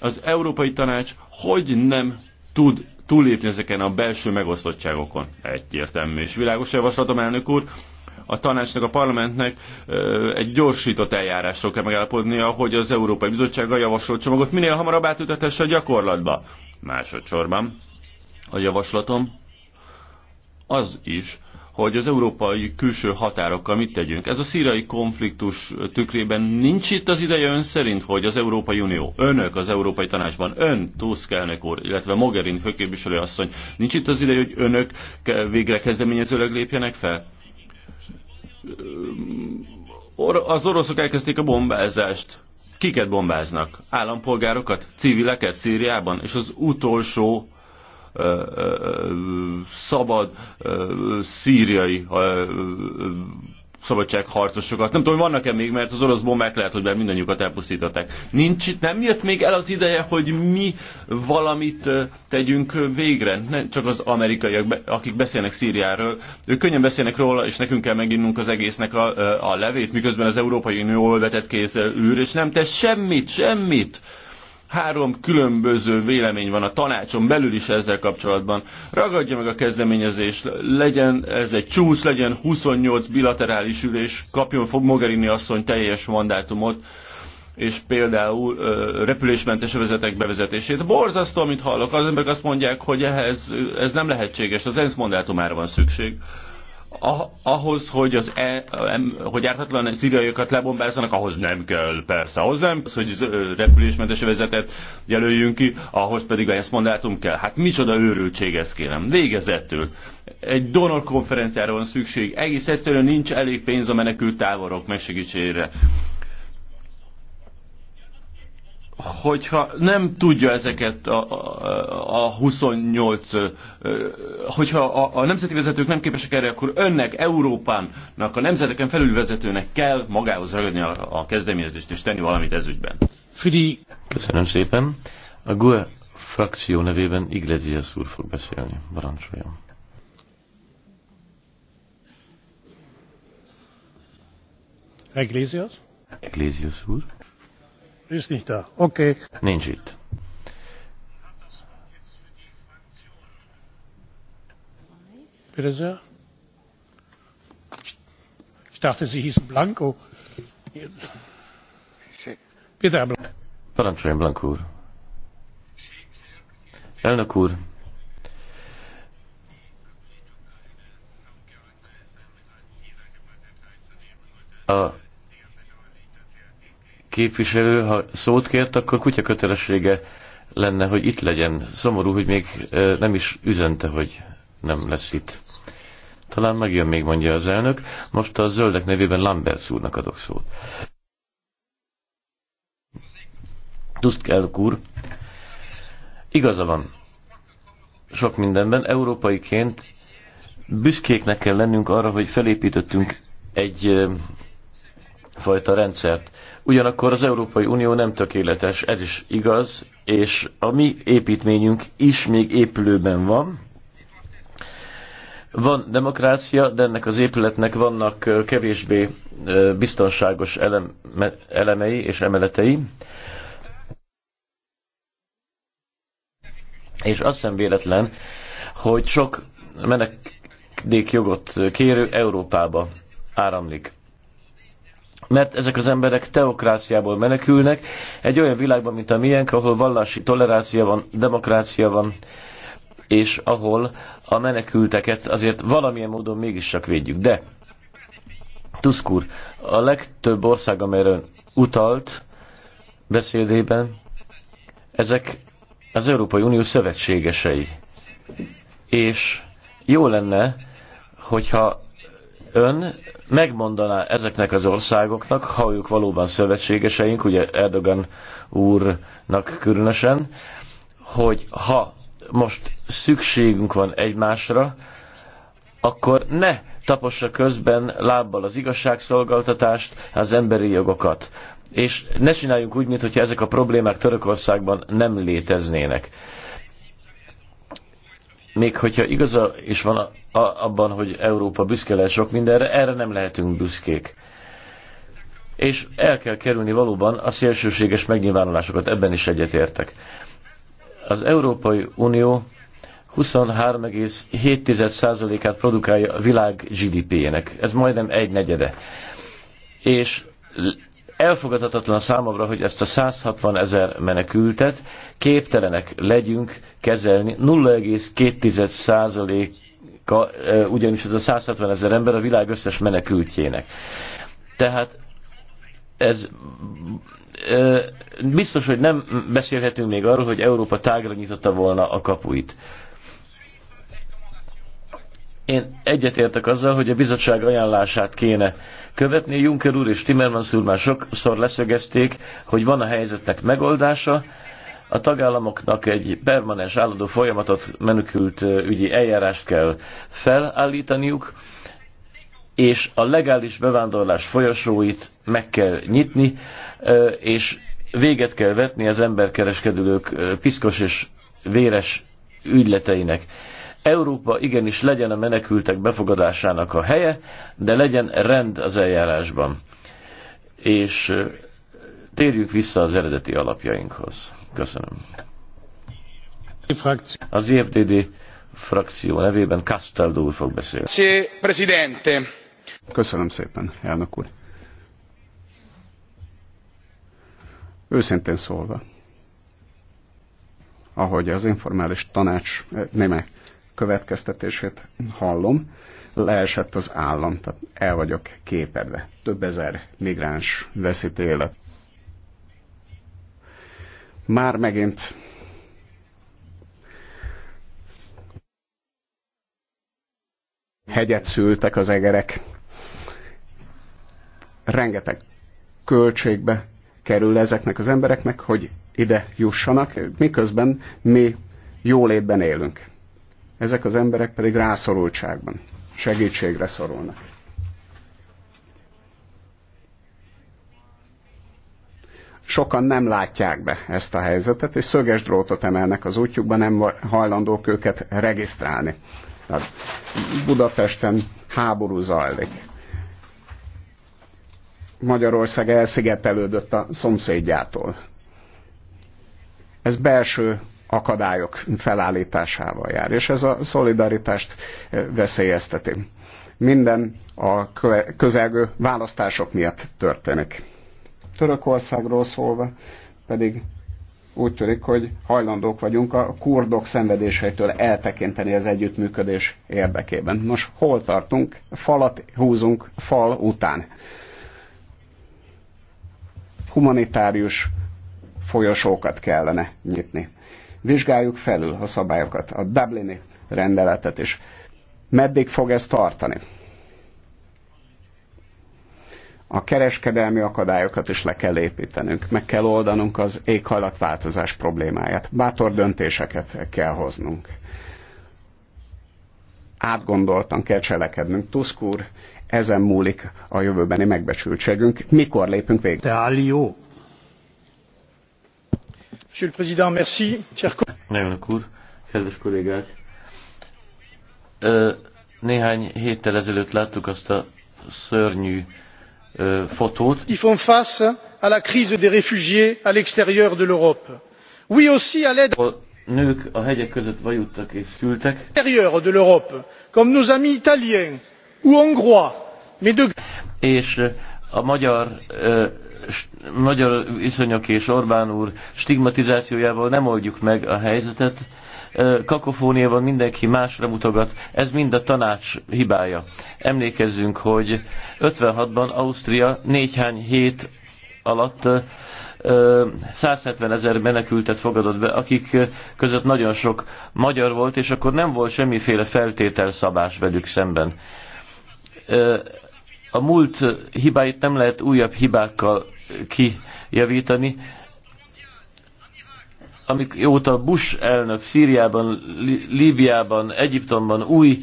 Az Európai Tanács hogy nem tud túllépni ezeken a belső megosztottságokon. Egyértelmű és világos javaslatom, elnök úr. A tanácsnak, a parlamentnek egy gyorsított eljárásról kell megállapodnia, hogy az Európai a javasolt csomagot minél hamarabb átültetesse a gyakorlatba. Másodszorban a javaslatom az is, hogy az európai külső határokkal mit tegyünk. Ez a szírai konfliktus tükrében nincs itt az ideje ön szerint, hogy az Európai Unió, önök az Európai Tanácsban, ön, Tusk elnök úr, illetve Mogherin főképviselő asszony, nincs itt az ideje, hogy önök végre kezdeményezőleg lépjenek fel? Az oroszok elkezdték a bombázást. Kiket bombáznak? Állampolgárokat? Civileket Szíriában? És az utolsó szabad szíriai szabadságharcosokat. Nem tudom, hogy vannak-e még, mert az orosz bombák lehet, hogy már mindannyiukat elpusztították. Nincs itt, nem jött még el az ideje, hogy mi valamit tegyünk végre. Nem csak az amerikaiak, akik beszélnek Szíriáról, ők könnyen beszélnek róla, és nekünk kell meginnunk az egésznek a, a levét, miközben az Európai Unió vetett kéz űr, és nem tesz semmit, semmit Három különböző vélemény van a tanácson belül is ezzel kapcsolatban. Ragadja meg a kezdeményezés, legyen ez egy csúcs, legyen 28 bilaterális ülés, kapjon fog Mogherini asszony teljes mandátumot, és például ö, repülésmentes övezetek bevezetését. Borzasztó, amit hallok. Az emberek azt mondják, hogy ehhez ez nem lehetséges, az ENSZ mandátumára van szükség. Ö, Ah, ahhoz, hogy, az e, hogy ártatlan szíriaiakat lebombázzanak, ahhoz nem kell persze. Ahhoz nem, az, hogy repülésmentes vezetet jelöljünk ki, ahhoz pedig a ezt kell. Hát micsoda őrültség ez kérem. Végezettől. Egy donor konferenciára van szükség. Egész egyszerűen nincs elég pénz a menekült táborok megsegítésére hogyha nem tudja ezeket a, a, a 28, hogyha a, a nemzeti vezetők nem képesek erre, akkor önnek, Európának, a nemzeteken felül vezetőnek kell magához ragadni a, a kezdeményezést és tenni valamit ezügyben. Fidi. Köszönöm szépen. A GUE frakció nevében Iglesias úr fog beszélni. Barancsoljon. Iglesias? Iglesias úr. Okay. Nincs itt. Bitte sehr. Ich dachte, Sie hießen Blanco. Bitte, Herr Blanco. Parancsoljon, Blanco úr. Elnök úr, a képviselő, ha szót kért, akkor kutya kötelessége lenne, hogy itt legyen. Szomorú, hogy még nem is üzente, hogy nem lesz itt. Talán megjön még, mondja az elnök. Most a zöldek nevében Lambert úrnak adok szót. Tusk elnök úr, igaza van sok mindenben. Európaiként büszkéknek kell lennünk arra, hogy felépítettünk egy fajta rendszert. Ugyanakkor az Európai Unió nem tökéletes, ez is igaz, és a mi építményünk is még épülőben van. Van demokrácia, de ennek az épületnek vannak kevésbé biztonságos eleme, elemei és emeletei. És azt sem véletlen, hogy sok menekdékjogot kérő Európába áramlik mert ezek az emberek teokráciából menekülnek, egy olyan világban, mint a miénk, ahol vallási tolerácia van, demokrácia van, és ahol a menekülteket azért valamilyen módon mégis csak védjük. De, Tusk úr, a legtöbb ország, amelyre utalt beszédében, ezek az Európai Unió szövetségesei. És jó lenne, hogyha ön megmondaná ezeknek az országoknak, ha ők valóban szövetségeseink, ugye Erdogan úrnak különösen, hogy ha most szükségünk van egymásra, akkor ne tapossa közben lábbal az igazságszolgáltatást, az emberi jogokat. És ne csináljunk úgy, mintha ezek a problémák Törökországban nem léteznének. Még hogyha igaza is van a, abban, hogy Európa büszke lehet sok mindenre, erre nem lehetünk büszkék. És el kell kerülni valóban a szélsőséges megnyilvánulásokat, ebben is egyetértek. Az Európai Unió 23,7%-át produkálja a világ GDP-jének. Ez majdnem egy negyede. És elfogadhatatlan számomra, hogy ezt a 160 ezer menekültet képtelenek legyünk kezelni százaléka, ugyanis ez a 160 ezer ember a világ összes menekültjének. Tehát ez biztos, hogy nem beszélhetünk még arról, hogy Európa tágra nyitotta volna a kapuit. Én egyetértek azzal, hogy a bizottság ajánlását kéne követni. Juncker úr és Timmermans úr már sokszor leszögezték, hogy van a helyzetnek megoldása, a tagállamoknak egy permanens állandó folyamatot menekült ügyi eljárást kell felállítaniuk, és a legális bevándorlás folyosóit meg kell nyitni, és véget kell vetni az emberkereskedők piszkos és véres ügyleteinek. Európa igenis legyen a menekültek befogadásának a helye, de legyen rend az eljárásban. És térjük vissza az eredeti alapjainkhoz. Köszönöm. Az IFDD frakció nevében Kastel úr fog beszélni. Köszönöm szépen, elnök úr. Őszintén szólva, ahogy az informális tanács eh, neme következtetését hallom, leesett az állam, tehát el vagyok képedve. Több ezer migráns veszít élet már megint hegyet szültek az egerek. Rengeteg költségbe kerül ezeknek az embereknek, hogy ide jussanak, miközben mi jólétben élünk. Ezek az emberek pedig rászorultságban, segítségre szorulnak. sokan nem látják be ezt a helyzetet, és szöges drótot emelnek az útjukba, nem hajlandók őket regisztrálni. Tehát Budapesten háború zajlik. Magyarország elszigetelődött a szomszédjától. Ez belső akadályok felállításával jár, és ez a szolidaritást eh, veszélyezteti. Minden a közelgő választások miatt történik Törökországról szólva pedig úgy tűnik, hogy hajlandók vagyunk a kurdok szenvedéseitől eltekinteni az együttműködés érdekében. Nos, hol tartunk? Falat húzunk fal után. Humanitárius folyosókat kellene nyitni. Vizsgáljuk felül a szabályokat, a Dublini rendeletet is. Meddig fog ez tartani? a kereskedelmi akadályokat is le kell építenünk, meg kell oldanunk az éghajlatváltozás problémáját, bátor döntéseket kell hoznunk. Átgondoltan kell cselekednünk. Tusk úr, ezen múlik a jövőbeni megbecsültségünk. Mikor lépünk végre? Te áll jó. Monsieur le Président, merci. Elnök úr, kedves kollégák! Néhány héttel ezelőtt láttuk azt a szörnyű fotót. ils font face à la crise des réfugiés à l'extérieur de l'Europe. Oui aussi à l'aide a nők a hegyek között vajuttak és szültek. Extérieur de l'Europe, comme nos amis italiens ou hongrois, mais de... És a magyar, magyar viszonyok és Orbán úr stigmatizációjával nem oldjuk meg a helyzetet, kakofónia van, mindenki másra mutogat, ez mind a tanács hibája. Emlékezzünk, hogy 56-ban Ausztria négyhány hét alatt 170 ezer menekültet fogadott be, akik között nagyon sok magyar volt, és akkor nem volt semmiféle feltételszabás velük szemben. A múlt hibáit nem lehet újabb hibákkal kijavítani, amióta Bush elnök Szíriában, Líbiában, Egyiptomban új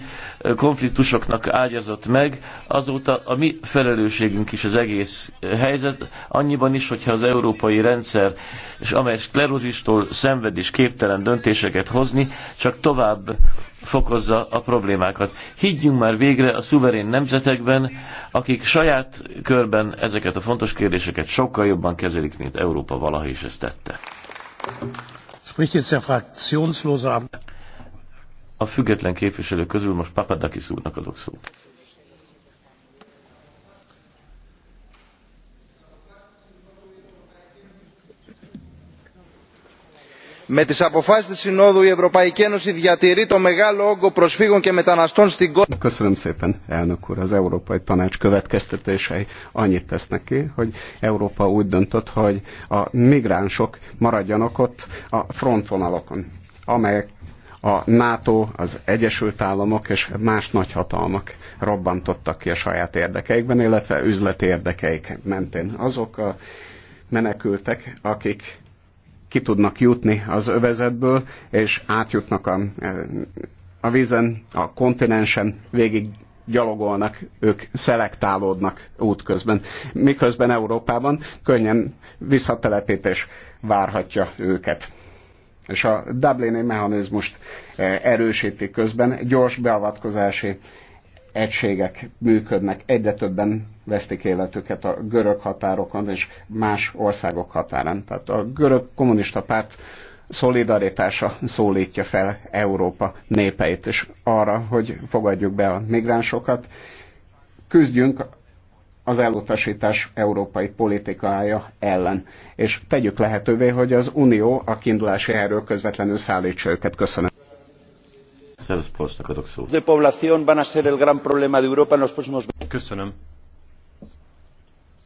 konfliktusoknak ágyazott meg, azóta a mi felelősségünk is az egész helyzet, annyiban is, hogyha az európai rendszer, és amely sklerózistól szenved és képtelen döntéseket hozni, csak tovább fokozza a problémákat. Higgyünk már végre a szuverén nemzetekben, akik saját körben ezeket a fontos kérdéseket sokkal jobban kezelik, mint Európa valaha is ezt tette. A független képviselők közül most Papadakis úrnak adok szót. με τις αποφάσεις της συνόδου η ευρωπαϊκή ένωση διατηρεί το μεγάλο όγκο προσφύγων και μεταναστών στην κόρη. Köszönöm szépen, elnök úr. Az Európai Tanács következtetései annyit tesz neki, hogy Európa úgy döntött, hogy a migránsok maradjanak ott a frontvonalokon, amelyek a NATO, az Egyesült Államok és más nagyhatalmak robbantottak ki a saját érdekeikben, illetve üzleti érdekeik mentén. Azok a menekültek, akik ki tudnak jutni az övezetből, és átjutnak a, a vízen, a kontinensen, végig gyalogolnak, ők szelektálódnak útközben. Miközben Európában könnyen visszatelepítés várhatja őket. És a Dublini mechanizmust eh, erősíti közben, gyors beavatkozási egységek működnek, egyre többen vesztik életüket a görög határokon és más országok határán. Tehát a görög kommunista párt szolidaritása szólítja fel Európa népeit, és arra, hogy fogadjuk be a migránsokat, küzdjünk az elutasítás európai politikája ellen, és tegyük lehetővé, hogy az Unió a kiindulási erről közvetlenül szállítsa őket. Köszönöm. De población van a ser el gran problema de Europa en los próximos... Köszönöm.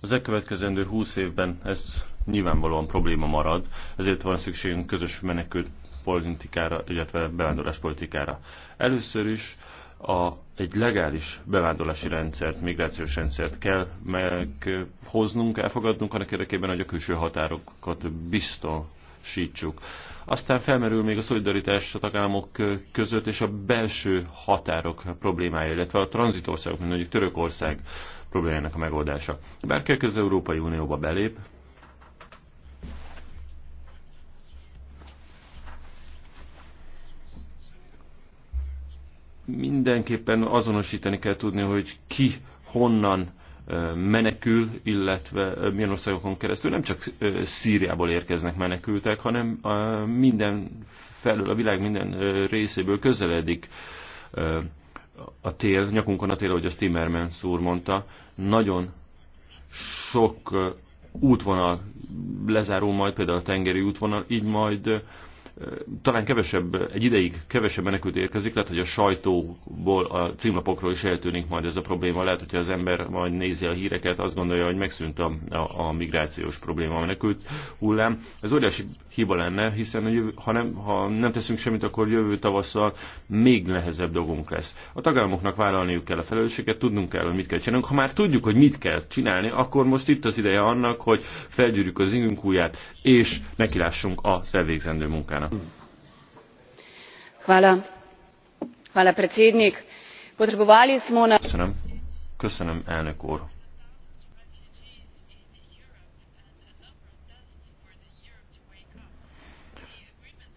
Az elkövetkezendő húsz évben ez nyilvánvalóan probléma marad, ezért van szükségünk közös menekült politikára, illetve bevándorlás politikára. Először is a, egy legális bevándorlási rendszert, migrációs rendszert kell meghoznunk, elfogadnunk annak érdekében, hogy a külső határokat biztosítsuk. Aztán felmerül még a szolidaritás a tagállamok között és a belső határok problémája, illetve a tranzitországok, mint mondjuk Törökország problémájának a megoldása. Bárki az Európai Unióba belép, mindenképpen azonosítani kell tudni, hogy ki honnan menekül, illetve milyen országokon keresztül nem csak Szíriából érkeznek menekültek, hanem minden felül, a világ minden részéből közeledik a tél, nyakunkon a tél, ahogy a Timmermans úr mondta, nagyon sok útvonal lezárul majd, például a tengeri útvonal, így majd talán kevesebb, egy ideig kevesebb menekült érkezik, lehet, hogy a sajtóból, a címlapokról is eltűnik majd ez a probléma. Lehet, hogyha az ember majd nézi a híreket, azt gondolja, hogy megszűnt a, a, a migrációs probléma, a menekült hullám. Ez óriási hiba lenne, hiszen jövő, ha, nem, ha nem teszünk semmit, akkor jövő tavasszal még nehezebb dolgunk lesz. A tagállamoknak vállalniuk kell a felelősséget, tudnunk kell, hogy mit kell csinálnunk. Ha már tudjuk, hogy mit kell csinálni, akkor most itt az ideje annak, hogy felgyűrjük az ingünk és nekilássunk a elvégzendő munkának potrebovali smo. köszönöm elnök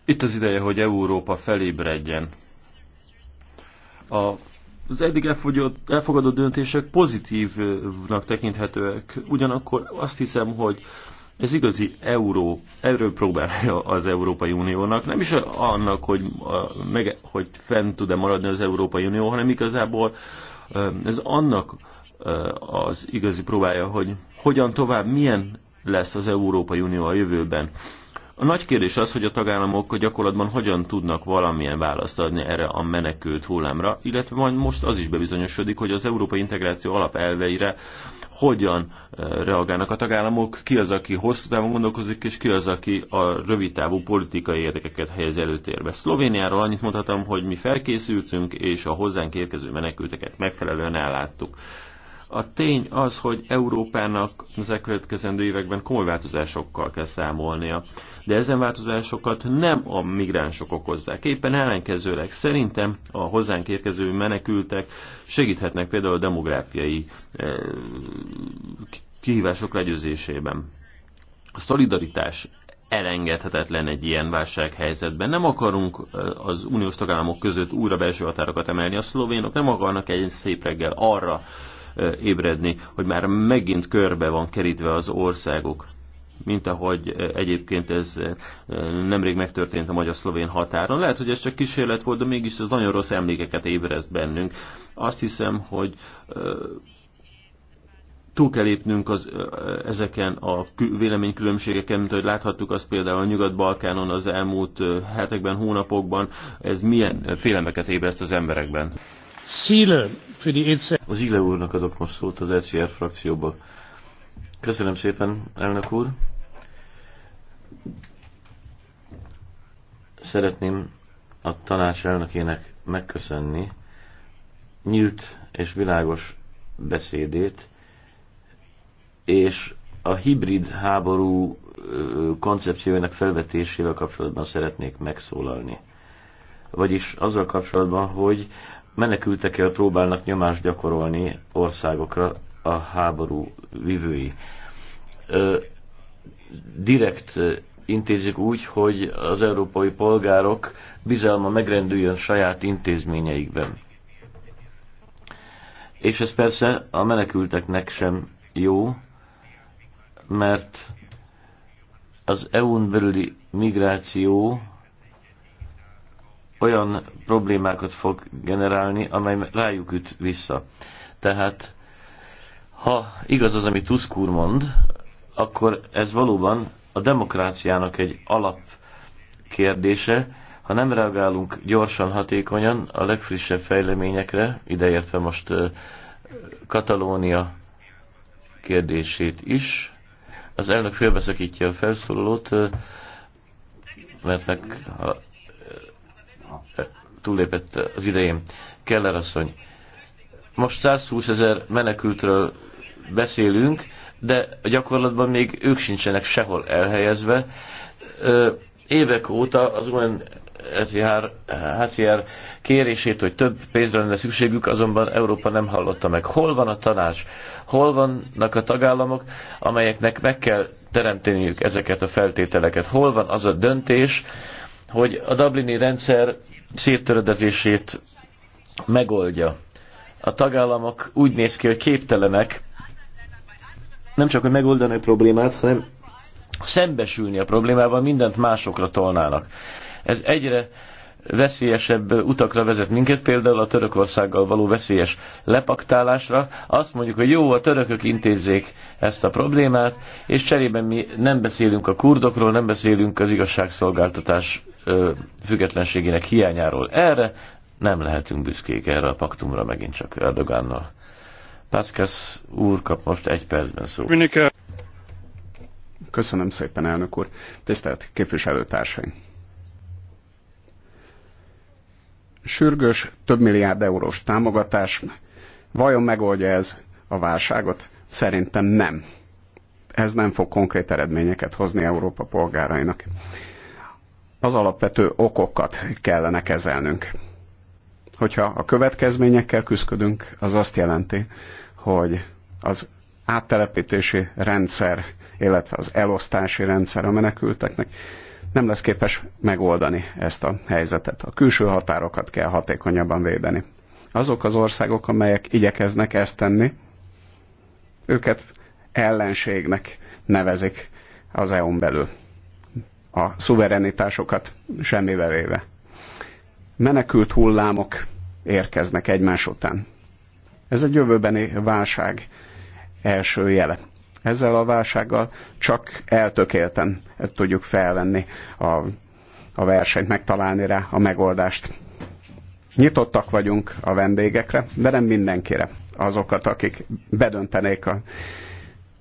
itt az ideje hogy európa felébredjen. az eddig elfogadott döntések pozitívnak tekinthetőek. Ugyanakkor azt hiszem, hogy ez igazi euró, erről próbálja az Európai Uniónak, nem is annak, hogy, meg, hogy fent tud-e maradni az Európai Unió, hanem igazából ez annak az igazi próbája, hogy hogyan tovább, milyen lesz az Európai Unió a jövőben. A nagy kérdés az, hogy a tagállamok gyakorlatban hogyan tudnak valamilyen választ adni erre a menekült hullámra, illetve majd most az is bebizonyosodik, hogy az európai integráció alapelveire hogyan eh, reagálnak a tagállamok, ki az, aki hosszú távon gondolkozik, és ki az, aki a rövidtávú politikai érdekeket helyez előtérbe. Szlovéniáról annyit mondhatom, hogy mi felkészültünk, és a hozzánk érkező menekülteket megfelelően elláttuk. A tény az, hogy Európának az elkövetkezendő években komoly változásokkal kell számolnia, de ezen változásokat nem a migránsok okozzák. Éppen ellenkezőleg szerintem a hozzánk érkező menekültek segíthetnek például a demográfiai eh, kihívások legyőzésében. A szolidaritás elengedhetetlen egy ilyen válsághelyzetben. Nem akarunk eh, az uniós tagállamok között újra belső határokat emelni. A szlovénok nem akarnak egy szép reggel arra ébredni, hogy már megint körbe van kerítve az országok, mint ahogy egyébként ez nemrég megtörtént a magyar-szlovén határon. Lehet, hogy ez csak kísérlet volt, de mégis ez nagyon rossz emlékeket ébreszt bennünk. Azt hiszem, hogy túl kell lépnünk az, ezeken a véleménykülönbségeken, mint ahogy láthattuk azt például a Nyugat-Balkánon az elmúlt hetekben, hónapokban, ez milyen félemeket ébreszt az emberekben. Szíle, E az Ile úrnak adok most szót az ECR frakcióba. Köszönöm szépen, elnök úr. Szeretném a tanács elnökének megköszönni nyílt és világos beszédét, és a hibrid háború koncepciójának felvetésével kapcsolatban szeretnék megszólalni. Vagyis azzal kapcsolatban, hogy menekültekkel próbálnak nyomást gyakorolni országokra a háború vivői. Direkt intézik úgy, hogy az európai polgárok bizalma megrendüljön saját intézményeikben. És ez persze a menekülteknek sem jó, mert az EU-n belüli migráció olyan problémákat fog generálni, amely rájuk üt vissza. Tehát, ha igaz az, amit Tusk úr mond, akkor ez valóban a demokráciának egy alap kérdése. Ha nem reagálunk gyorsan, hatékonyan a legfrissebb fejleményekre, ideértve most Katalónia kérdését is, az elnök félbeszakítja a felszólalót, mert meg, ha túllépett az idején. Keller asszony, most 120 ezer menekültről beszélünk, de gyakorlatban még ők sincsenek sehol elhelyezve. Évek óta az UN HCR kérését, hogy több pénzre lenne szükségük, azonban Európa nem hallotta meg. Hol van a tanács? Hol vannak a tagállamok, amelyeknek meg kell teremteniük ezeket a feltételeket? Hol van az a döntés, hogy a Dublini rendszer széttöredezését megoldja. A tagállamok úgy néz ki, hogy képtelenek nem csak, hogy megoldani a problémát, hanem szembesülni a problémával, mindent másokra tolnának. Ez egyre veszélyesebb utakra vezet minket, például a Törökországgal való veszélyes lepaktálásra. Azt mondjuk, hogy jó, a törökök intézzék ezt a problémát, és cserében mi nem beszélünk a kurdokról, nem beszélünk az igazságszolgáltatás függetlenségének hiányáról. Erre nem lehetünk büszkék erre a paktumra megint csak Erdogánnal. Pászkesz úr kap most egy percben szó. Köszönöm szépen, elnök úr. Tisztelt képviselőtársaim! Sürgős, több milliárd eurós támogatás. Vajon megoldja ez a válságot? Szerintem nem. Ez nem fog konkrét eredményeket hozni Európa polgárainak az alapvető okokat kellene kezelnünk. Hogyha a következményekkel küzdködünk, az azt jelenti, hogy az áttelepítési rendszer, illetve az elosztási rendszer a menekülteknek nem lesz képes megoldani ezt a helyzetet. A külső határokat kell hatékonyabban védeni. Azok az országok, amelyek igyekeznek ezt tenni, őket ellenségnek nevezik az EU-n belül a szuverenitásokat semmibe véve. Menekült hullámok érkeznek egymás után. Ez egy jövőbeni válság első jele. Ezzel a válsággal csak eltökélten tudjuk felvenni a, a versenyt, megtalálni rá a megoldást. Nyitottak vagyunk a vendégekre, de nem mindenkire. Azokat, akik bedöntenék a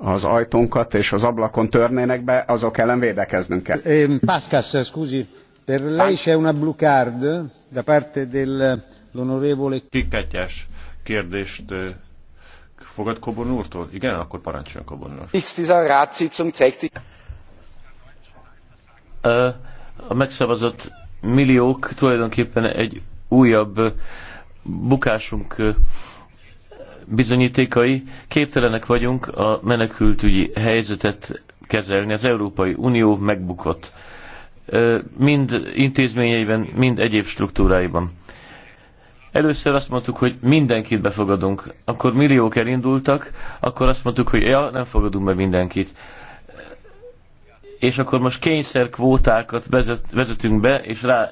az ajtónkat és az ablakon törnének be, azok ellen védekeznünk kell. Pascas, scusi, per lei c'è una blue card da parte dell'onorevole... Kikkátyás kérdést fogad Kobon úrtól? Igen, akkor parancsoljon Kobon úr. Nichts dieser Ratssitzung zeigt sich... A megszavazott milliók tulajdonképpen egy újabb bukásunk bizonyítékai, képtelenek vagyunk a menekültügyi helyzetet kezelni. Az Európai Unió megbukott. Mind intézményeiben, mind egyéb struktúráiban. Először azt mondtuk, hogy mindenkit befogadunk. Akkor milliók elindultak, akkor azt mondtuk, hogy ja, nem fogadunk be mindenkit. És akkor most kényszerkvótákat kvótákat vezetünk be, és rá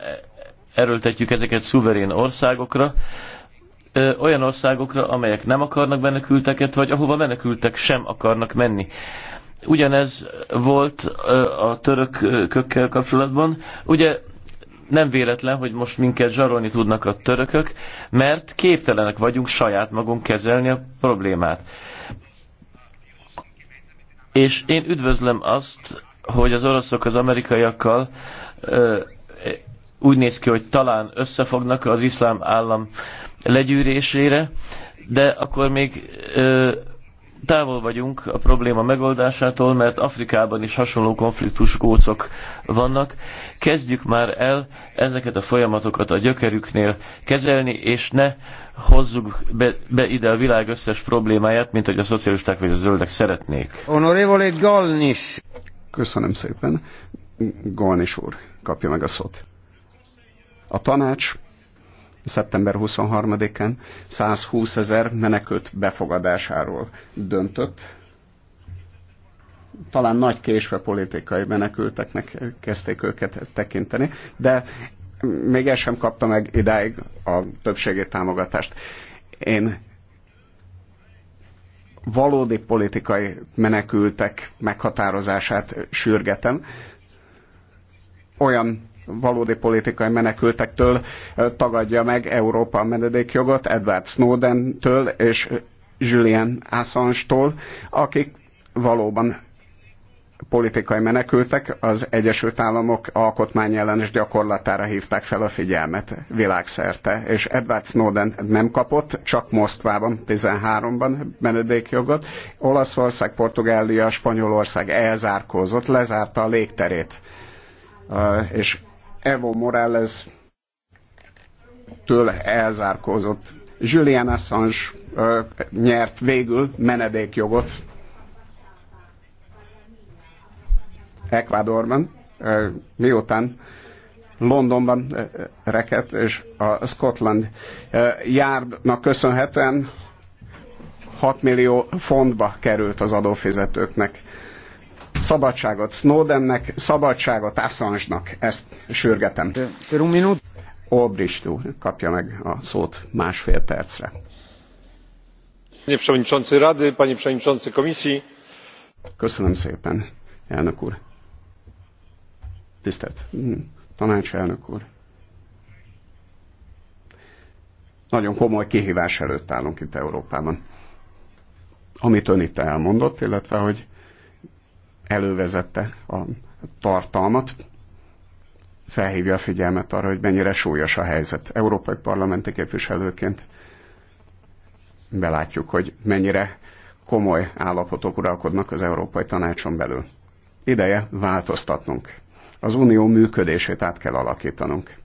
erőltetjük ezeket szuverén országokra, ö, olyan országokra, amelyek nem akarnak menekülteket, vagy ahova menekültek sem akarnak menni. Ugyanez volt ö, a törökökkel kapcsolatban. Ugye nem véletlen, hogy most minket zsarolni tudnak a törökök, mert képtelenek vagyunk saját magunk kezelni a problémát. És én üdvözlöm azt, hogy az oroszok az amerikaiakkal ö, úgy néz ki, hogy talán összefognak az iszlám állam legyűrésére, de akkor még ö, távol vagyunk a probléma megoldásától, mert Afrikában is hasonló konfliktus vannak. Kezdjük már el ezeket a folyamatokat a gyökerüknél kezelni, és ne hozzuk be, be ide a világ összes problémáját, mint hogy a szocialisták vagy a zöldek szeretnék. Honorevole Galnis! Köszönöm szépen. Galnis úr, kapja meg a szót. A tanács szeptember 23-án 120 ezer menekült befogadásáról döntött. Talán nagy késve politikai menekülteknek kezdték őket tekinteni, de még el sem kapta meg idáig a többségi támogatást. Én valódi politikai menekültek meghatározását sürgetem, olyan valódi politikai menekültektől tagadja meg Európa a menedékjogot, Edward Snowden-től és Julian Assange-tól, akik valóban politikai menekültek az Egyesült Államok alkotmányellenes gyakorlatára hívták fel a figyelmet világszerte, és Edward Snowden nem kapott, csak Moszkvában 13-ban menedékjogot. Olaszország, Portugália, Spanyolország elzárkózott, lezárta a légterét, és Evo Morales től elzárkózott. Julian Assange ö, nyert végül menedékjogot Ecuadorban, ö, miután Londonban reket, és a Scotland járdnak köszönhetően 6 millió fontba került az adófizetőknek Szabadságot Snowdennek, szabadságot Assange-nak. Ezt sürgetem. Obrist úr kapja meg a szót másfél percre. Panie Przewodniczący Rady, Panie Przewodniczący Komisji. Köszönöm szépen, elnök úr. Tisztelt hm, tanácselnök úr. Nagyon komoly kihívás előtt állunk itt Európában. Amit ön itt elmondott, illetve hogy elővezette a tartalmat, felhívja a figyelmet arra, hogy mennyire súlyos a helyzet. Európai parlamenti képviselőként belátjuk, hogy mennyire komoly állapotok uralkodnak az Európai Tanácson belül. Ideje változtatnunk. Az unió működését át kell alakítanunk.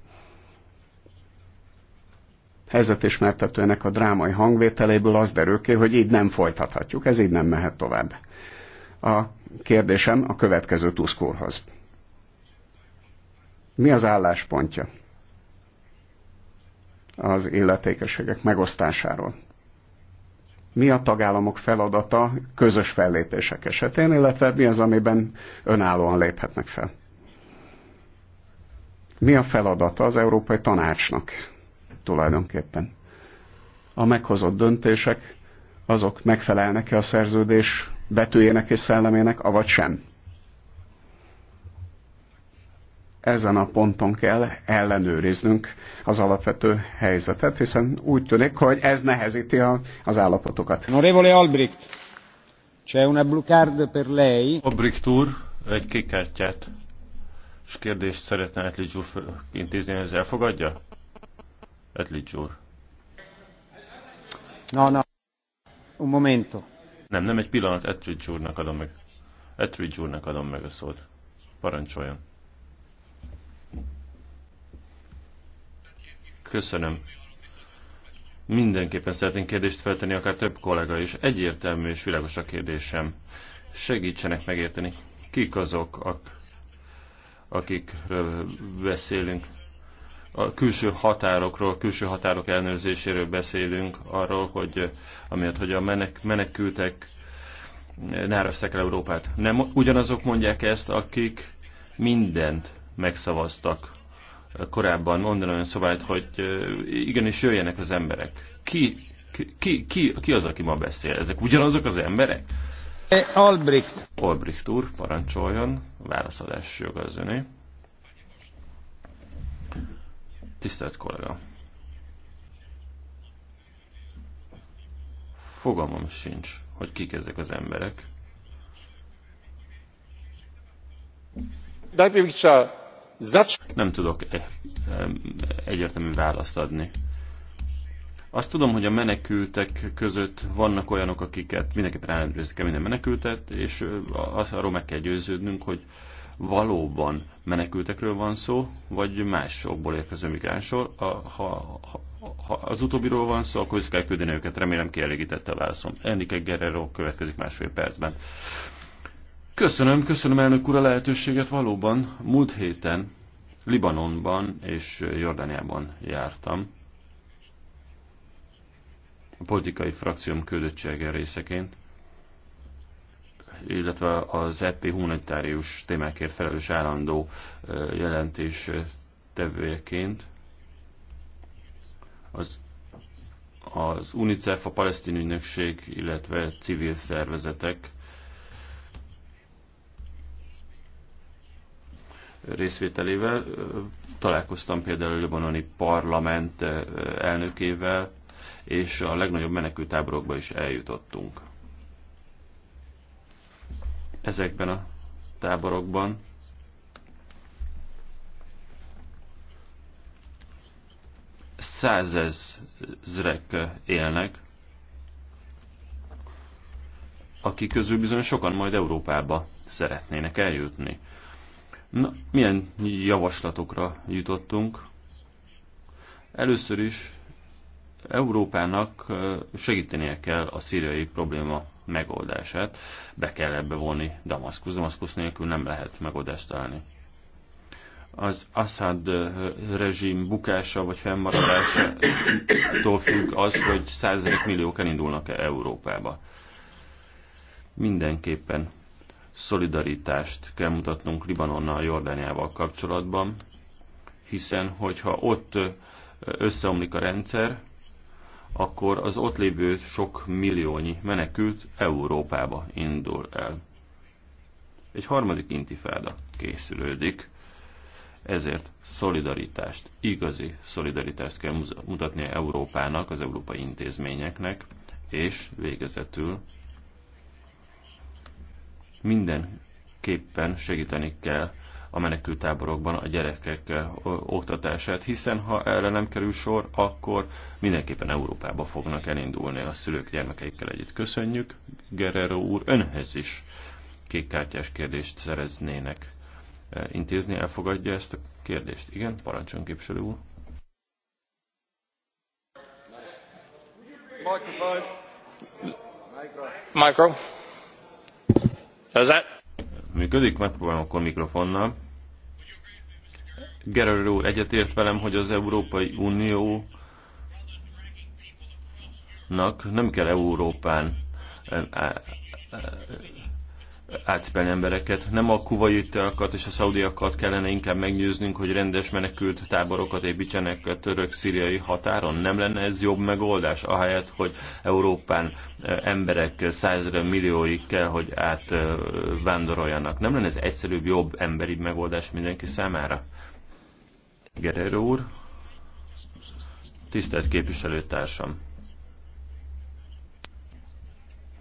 Helyzetismertetőnek a drámai hangvételéből az derül ki, hogy így nem folytathatjuk, ez így nem mehet tovább. A kérdésem a következő Tusk úrhoz. Mi az álláspontja az illetékességek megosztásáról? Mi a tagállamok feladata közös fellépések esetén, illetve mi az, amiben önállóan léphetnek fel? Mi a feladata az Európai Tanácsnak tulajdonképpen? A meghozott döntések azok megfelelnek-e a szerződés betűjének és szellemének, avagy sem. Ezen a ponton kell ellenőriznünk az alapvető helyzetet, hiszen úgy tűnik, hogy ez nehezíti a, az állapotokat. Norévole Albrecht, c'è una blue card per lei. Albrecht úr, egy kikártyát és kérdést szeretne Etlics úr intézni, ez elfogadja? Etlics úr. No, no. Un momento. Nem, nem egy pillanat, Etridge úrnak adom meg. Etridge úrnak adom meg a szót. Parancsoljon. Köszönöm. Mindenképpen szeretnénk kérdést feltenni, akár több kollega is. Egyértelmű és világos a kérdésem. Segítsenek megérteni, kik azok, akikről beszélünk a külső határokról, külső határok ellenőrzéséről beszélünk, arról, hogy amiatt, hogy a menek, menekültek nárasztak el Európát. Nem ugyanazok mondják ezt, akik mindent megszavaztak korábban mondani olyan szabályt, hogy igenis jöjjenek az emberek. Ki, ki, ki, ki az, aki ma beszél? Ezek ugyanazok az emberek? Albrecht. Albrecht úr, parancsoljon, válaszadás joga az öné. Tisztelt kollega! Fogalmam sincs, hogy kik ezek az emberek. Nem tudok e- e- egyértelmű választ adni. Azt tudom, hogy a menekültek között vannak olyanok, akiket mindenképpen ellenőrizni kell minden menekültet, és arról meg kell győződnünk, hogy valóban menekültekről van szó, vagy másokból érkező migránsról. A, ha, ha, ha az utóbbiról van szó, akkor is kell küldeni őket. Remélem kielégítette a válaszom. Enrique Guerrero következik másfél percben. Köszönöm, köszönöm elnök úr a lehetőséget valóban. Múlt héten Libanonban és Jordániában jártam. A politikai frakcióm küldöttsége részeként illetve az EP humanitárius témákért felelős állandó jelentés tevőjeként. Az, az UNICEF, a palesztin ügynökség, illetve civil szervezetek részvételével. Találkoztam például a libanoni parlament elnökével, és a legnagyobb menekültáborokba is eljutottunk ezekben a táborokban. Százezrek élnek, akik közül bizony sokan majd Európába szeretnének eljutni. Na, milyen javaslatokra jutottunk? Először is Európának segítenie kell a szíriai probléma megoldását. Be kell ebbe vonni Damaszkus. Damaszkus nélkül nem lehet megoldást találni. Az Assad eh, rezsim bukása vagy fennmaradásától függ az, hogy százezrek milliók elindulnak-e Európába. Mindenképpen szolidaritást kell mutatnunk Libanonnal, Jordániával kapcsolatban, hiszen hogyha ott eh, összeomlik a rendszer, akkor az ott lévő sok milliónyi menekült Európába indul el. Egy harmadik intifáda készülődik, ezért szolidaritást, igazi szolidaritást kell mutatnia Európának, az európai intézményeknek, és végezetül mindenképpen segíteni kell a menekültáborokban a gyerekek eh, oktatását, hiszen ha erre nem kerül sor, akkor mindenképpen Európába fognak elindulni a szülők gyermekeikkel együtt. Köszönjük, Guerrero úr, Önhez is kékkártyás kérdést szereznének eh, intézni, elfogadja ezt a kérdést. Igen, parancsoljon képviselő úr. Micro. Micro. Is that működik, megpróbálom akkor mikrofonnal. Gerard úr egyetért velem, hogy az Európai Uniónak nem kell Európán eh, eh, átszpelni embereket. Nem a kuvaitiakat és a szaudiakat kellene inkább megnyőznünk, hogy rendes menekült táborokat építsenek a török-szíriai határon? Nem lenne ez jobb megoldás, ahelyett, hogy Európán eh, emberek százra millióig kell, hogy átvándoroljanak? Eh, Nem lenne ez egyszerűbb, jobb emberi megoldás mindenki számára? Gerero úr, tisztelt képviselőtársam!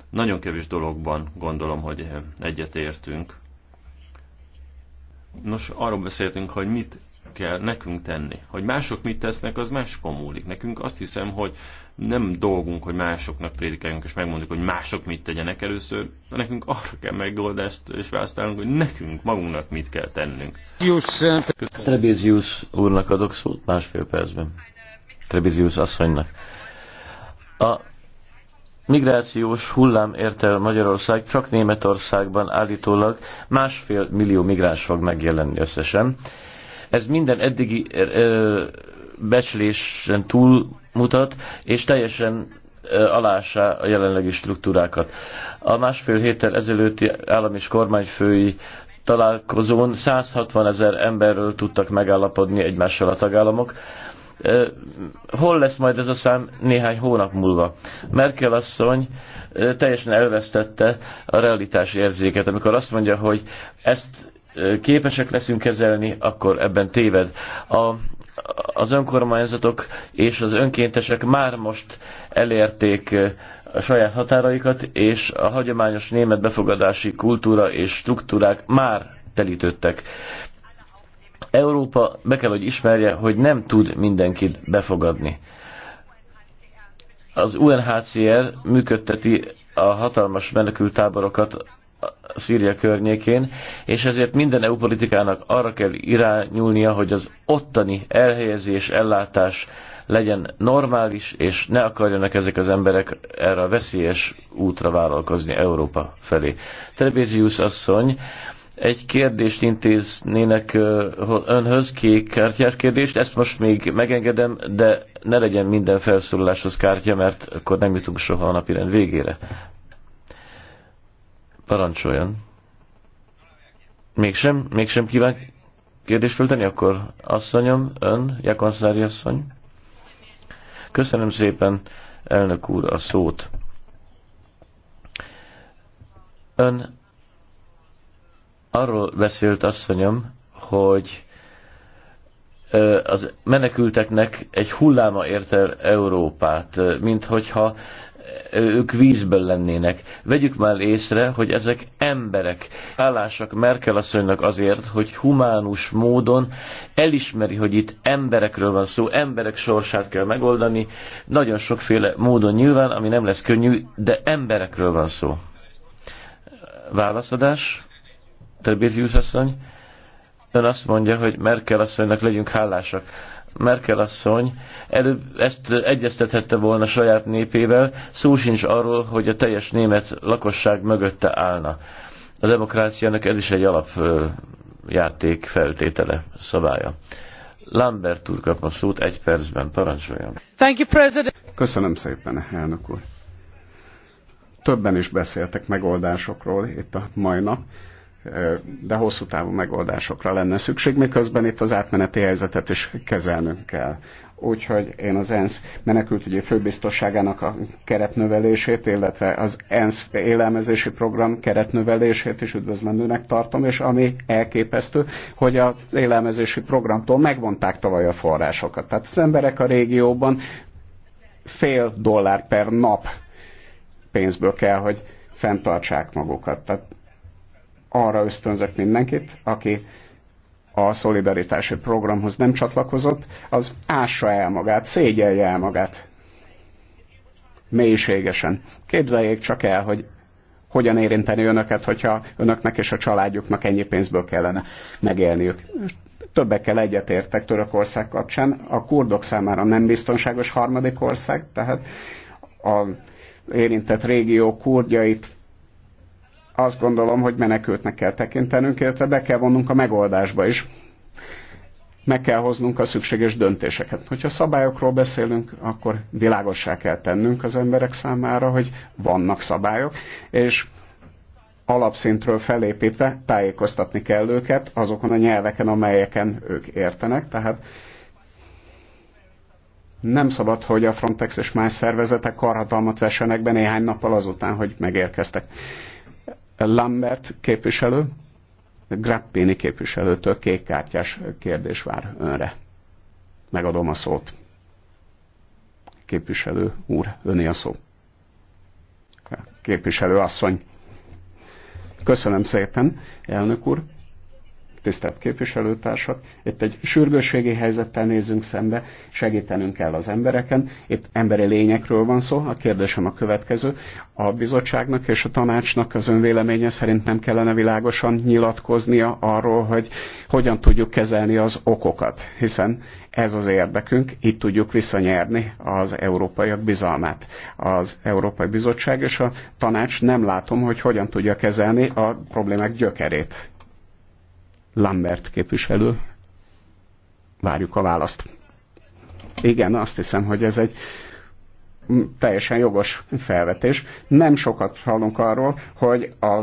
Nagyon kevés dologban gondolom, hogy egyetértünk. Nos, arról beszéltünk, hogy mit kell nekünk tenni. Hogy mások mit tesznek, az más múlik. Nekünk azt hiszem, hogy nem dolgunk, hogy másoknak prédikáljunk, és megmondjuk, hogy mások mit tegyenek először, de nekünk arra kell megoldást, és választálunk, hogy nekünk magunknak mit kell tennünk. Trebizius úrnak adok szót másfél percben. Trebizius asszonynak. A migrációs hullám érte el Magyarország, csak Németországban állítólag másfél millió migráns fog megjelenni összesen. Ez minden eddigi ö, becslésen túlmutat, és teljesen alássá a jelenlegi struktúrákat. A másfél héttel ezelőtti állami és kormányfői találkozón 160 ezer emberről tudtak megállapodni egymással a tagállamok. Hol lesz majd ez a szám néhány hónap múlva? Merkel asszony teljesen elvesztette a realitás érzéket. Amikor azt mondja, hogy ezt képesek leszünk kezelni, akkor ebben téved. A, az önkormányzatok és az önkéntesek már most elérték a saját határaikat, és a hagyományos német befogadási kultúra és struktúrák már telítődtek. Európa be kell, hogy ismerje, hogy nem tud mindenkit befogadni. Az UNHCR működteti a hatalmas menekültáborokat a Szíria környékén, és ezért minden EU politikának arra kell irányulnia, hogy az ottani elhelyezés, ellátás legyen normális, és ne akarjanak ezek az emberek erre a veszélyes útra vállalkozni Európa felé. Trebézius asszony egy kérdést intéznének önhöz, kék kártyás kérdést, ezt most még megengedem, de ne legyen minden felszólaláshoz kártya, mert akkor nem jutunk soha a napirend végére. Parancsoljon. Mégsem? Mégsem kíván kérdést fölteni? Akkor asszonyom, ön, Jakonszári asszony. Köszönöm szépen, elnök úr, a szót. Ön Arról beszélt asszonyom, hogy az menekülteknek egy hulláma érte Európát, mint hogyha ők vízből lennének. Vegyük már észre, hogy ezek emberek. Állásak Merkel asszonynak azért, hogy humánus módon elismeri, hogy itt emberekről van szó, emberek sorsát kell megoldani, nagyon sokféle módon nyilván, ami nem lesz könnyű, de emberekről van szó. Válaszadás? Terbézius asszony. Ön azt mondja, hogy Merkel asszonynak legyünk hálásak. Merkel asszony előbb ezt egyeztethette volna saját népével, szó sincs arról, hogy a teljes német lakosság mögötte állna. A demokráciának ez is egy alapjáték feltétele, szabálya. Lambert úr kapom szót egy percben, parancsoljon. Thank you, President. Köszönöm szépen, elnök úr. Többen is beszéltek megoldásokról itt a mai nap de hosszú távú megoldásokra lenne szükség, miközben itt az átmeneti helyzetet is kezelnünk kell. Úgyhogy én az ENSZ menekültügyi főbiztosságának a keretnövelését, illetve az ENSZ élelmezési program keretnövelését is üdvözlendőnek tartom, és ami elképesztő, hogy az élelmezési programtól megvonták tavaly a forrásokat. Tehát az emberek a régióban fél dollár per nap pénzből kell, hogy fenntartsák magukat. Tehát arra ösztönzök mindenkit, aki a szolidaritási programhoz nem csatlakozott, az ássa el magát, szégyelje el magát. Mélységesen. Képzeljék csak el, hogy hogyan érinteni önöket, hogyha önöknek és a családjuknak ennyi pénzből kellene megélniük. Többekkel egyetértek Törökország kapcsán, a kurdok számára nem biztonságos harmadik ország, tehát a érintett régió kurdjait azt gondolom, hogy menekültnek kell tekintenünk, illetve be kell vonnunk a megoldásba is. Meg kell hoznunk a szükséges döntéseket. Hogyha szabályokról beszélünk, akkor világossá kell tennünk az emberek számára, hogy vannak szabályok, és alapszintről felépítve tájékoztatni kell őket azokon a nyelveken, amelyeken ők értenek, tehát nem szabad, hogy a Frontex és más szervezetek karhatalmat vessenek be néhány nappal azután, hogy megérkeztek. Lambert képviselő, Grappini képviselőtől kékkártyás kérdés vár önre. Megadom a szót. Képviselő úr, öné a szó. Képviselő asszony. Köszönöm szépen, elnök úr. Tisztelt képviselőtársak, itt egy sürgősségi helyzettel nézünk szembe, segítenünk kell az embereken. Itt emberi lényekről van szó, a kérdésem a következő. A bizottságnak és a tanácsnak az önvéleménye szerint nem kellene világosan nyilatkoznia arról, hogy hogyan tudjuk kezelni az okokat, hiszen ez az érdekünk, itt tudjuk visszanyerni az európaiak bizalmát. Az Európai Bizottság és a tanács nem látom, hogy hogyan tudja kezelni a problémák gyökerét. Lambert képviselő, várjuk a választ. Igen, azt hiszem, hogy ez egy teljesen jogos felvetés. Nem sokat hallunk arról, hogy a,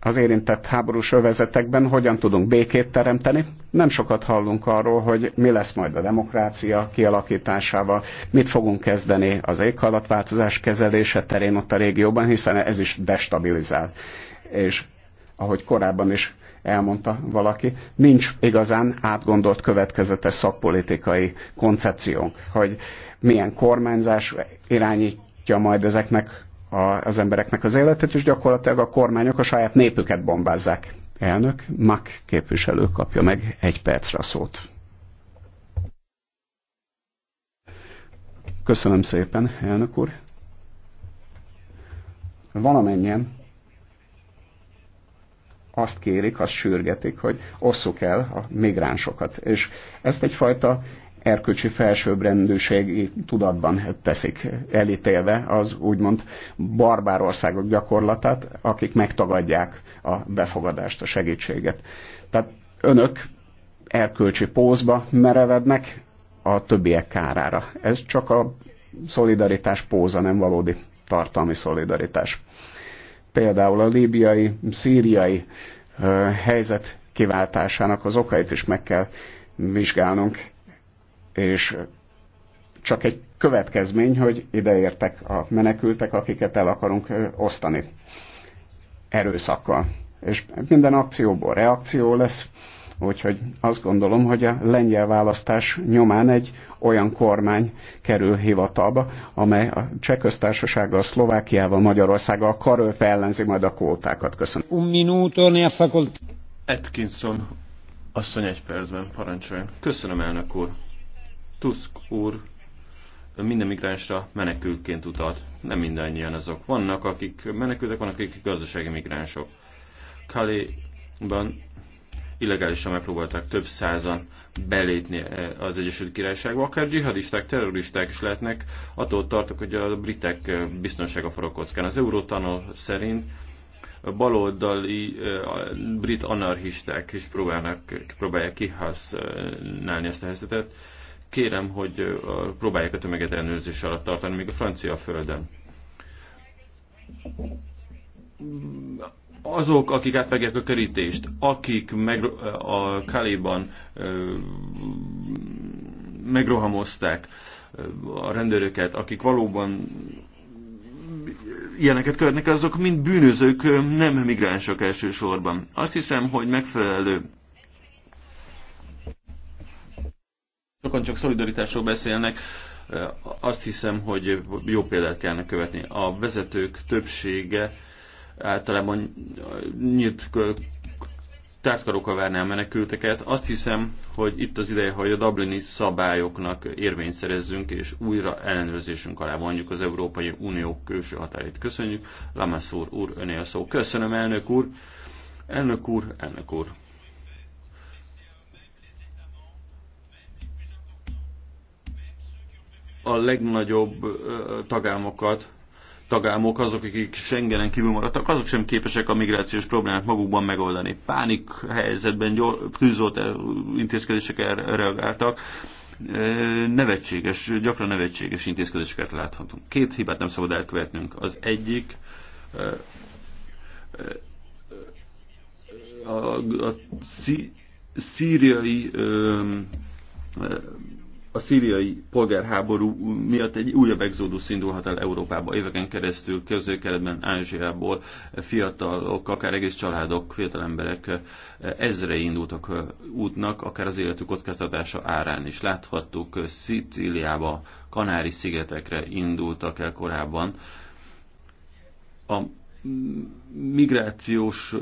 az érintett háborús övezetekben hogyan tudunk békét teremteni. Nem sokat hallunk arról, hogy mi lesz majd a demokrácia kialakításával, mit fogunk kezdeni az éghajlatváltozás kezelése terén ott a régióban, hiszen ez is destabilizál. És ahogy korábban is elmondta valaki, nincs igazán átgondolt következetes szakpolitikai koncepciónk, hogy milyen kormányzás irányítja majd ezeknek a, az embereknek az életet, és gyakorlatilag a kormányok a saját népüket bombázzák. Elnök, MAK képviselő kapja meg egy percre a szót. Köszönöm szépen, elnök úr. Valamennyien azt kérik, azt sürgetik, hogy osszuk el a migránsokat. És ezt egyfajta erkölcsi felsőbbrendűségi tudatban teszik, elítélve az úgymond barbár országok gyakorlatát, akik megtagadják a befogadást, a segítséget. Tehát önök erkölcsi pózba merevednek a többiek kárára. Ez csak a szolidaritás póza, nem valódi tartalmi szolidaritás például a líbiai, szíriai helyzet kiváltásának az okait is meg kell vizsgálnunk, és csak egy következmény, hogy ideértek a menekültek, akiket el akarunk osztani erőszakkal. És minden akcióból reakció lesz, Úgyhogy azt gondolom, hogy a lengyel választás nyomán egy olyan kormány kerül hivatalba, amely a cseh köztársasággal, Szlovákiával, Magyarországgal karölfe ellenzi majd a kvótákat. Köszönöm. Un minuto ne a fakult. Atkinson asszony egy percben parancsoljon. Köszönöm elnök úr. Tusk úr minden migránsra menekülként utalt. Nem mindannyian azok. Vannak, akik menekültek, vannak, akik gazdasági migránsok. Kaléban illegálisan megpróbáltak több százan belépni eh, az Egyesült Királyságba. Akár dzsihadisták, terroristák is lehetnek, attól tartok, hogy a britek eh, biztonsága forog kockán. Az Eurotunnel szerint baloldali eh, brit anarchisták is próbálnak, próbálják kihasználni ezt a helyzetet. Kérem, hogy próbálják a tömeget ellenőrzés alatt tartani, még a francia földön azok, akik átvegyek a kerítést, akik meg, a Kaliban megrohamozták a rendőröket, akik valóban ilyeneket követnek, azok mind bűnözők, nem migránsok elsősorban. Azt hiszem, hogy megfelelő sokan csak szolidaritásról beszélnek, azt hiszem, hogy jó példát kellene követni. A vezetők többsége általában nyílt tártkaróka várnál menekülteket. Azt hiszem, hogy itt az ideje, hogy a Dublini szabályoknak érvényt szerezzünk, és újra ellenőrzésünk alá vonjuk az Európai Unió külső határait. Köszönjük. úr, úr, öné a szó. Köszönöm, elnök úr. Elnök úr, elnök úr. A legnagyobb tagállamokat tagállamok, azok, akik Schengenen kívül maradtak, azok sem képesek a migrációs problémát magukban megoldani. Pánik helyzetben tűzolt eh, intézkedések reagáltak, eh, nevetséges, gyakran nevetséges intézkedéseket láthatunk. Két hibát nem szabad elkövetnünk. Az egyik eh, a, a szí, szíriai a szíriai polgárháború miatt egy újabb exodus indulhat el Európába éveken keresztül, közékeletben Ázsiából fiatalok, akár egész családok, fiatal emberek eh, ezre indultak eh, útnak, akár az életük kockáztatása árán is. Láthattuk eh, Szicíliába, Kanári-szigetekre indultak el korábban. A migrációs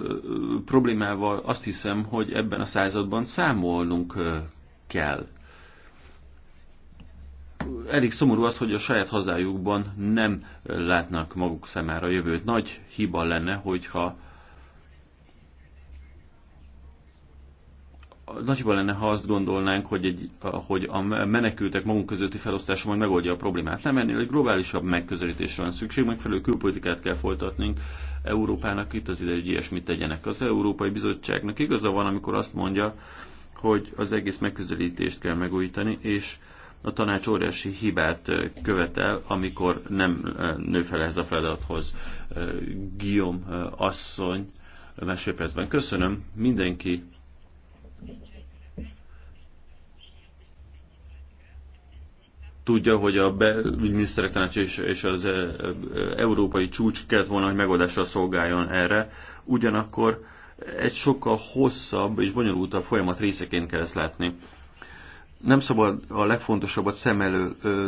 problémával azt hiszem, hogy ebben a században számolnunk kell elég szomorú az, hogy a saját hazájukban nem látnak maguk számára jövőt. Nagy hiba lenne, hogyha hiba lenne, ha azt gondolnánk, hogy, egy, hogy a menekültek magunk közötti felosztása majd megoldja a problémát. Nem ennél egy globálisabb megközelítésre van szükség, megfelelő külpolitikát kell folytatnunk Európának itt az ide, hogy ilyesmit tegyenek. Az Európai Bizottságnak igaza van, amikor azt mondja, hogy az egész megközelítést kell megújítani, és a tanács óriási hibát követel, amikor nem nő fel ez a feladathoz. Guillaume asszony másfél percben. Köszönöm mindenki tudja, hogy a miniszterek tanács és, és az európai csúcs kellett volna, hogy megoldásra szolgáljon erre. Ugyanakkor egy sokkal hosszabb és bonyolultabb folyamat részeként kell ezt látni nem szabad a legfontosabbat szem elől ö,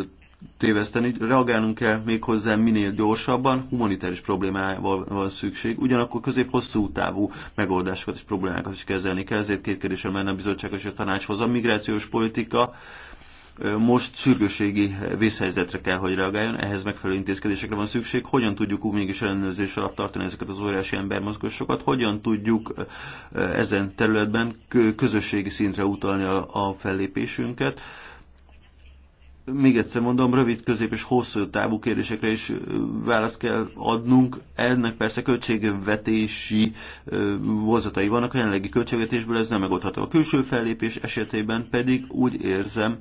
téveszteni, reagálnunk kell méghozzá minél gyorsabban, humanitáris problémával van szükség, ugyanakkor közép-hosszú távú megoldásokat és problémákat is kezelni kell, ezért két kérdésem lenne a bizottság és a tanácshoz. A migrációs politika most sürgőségi vészhelyzetre kell, hogy reagáljon, ehhez megfelelő intézkedésekre van szükség. Hogyan tudjuk úgy mégis ellenőrzés alatt tartani ezeket az óriási embermozgásokat, hogyan tudjuk ezen területben közösségi szintre utalni a, a fellépésünket. Még egyszer mondom, rövid, közép és hosszú távú kérdésekre is választ kell adnunk. Ennek persze költségvetési vonzatai vannak, a jelenlegi költségvetésből ez nem megoldható. A külső fellépés esetében pedig úgy érzem,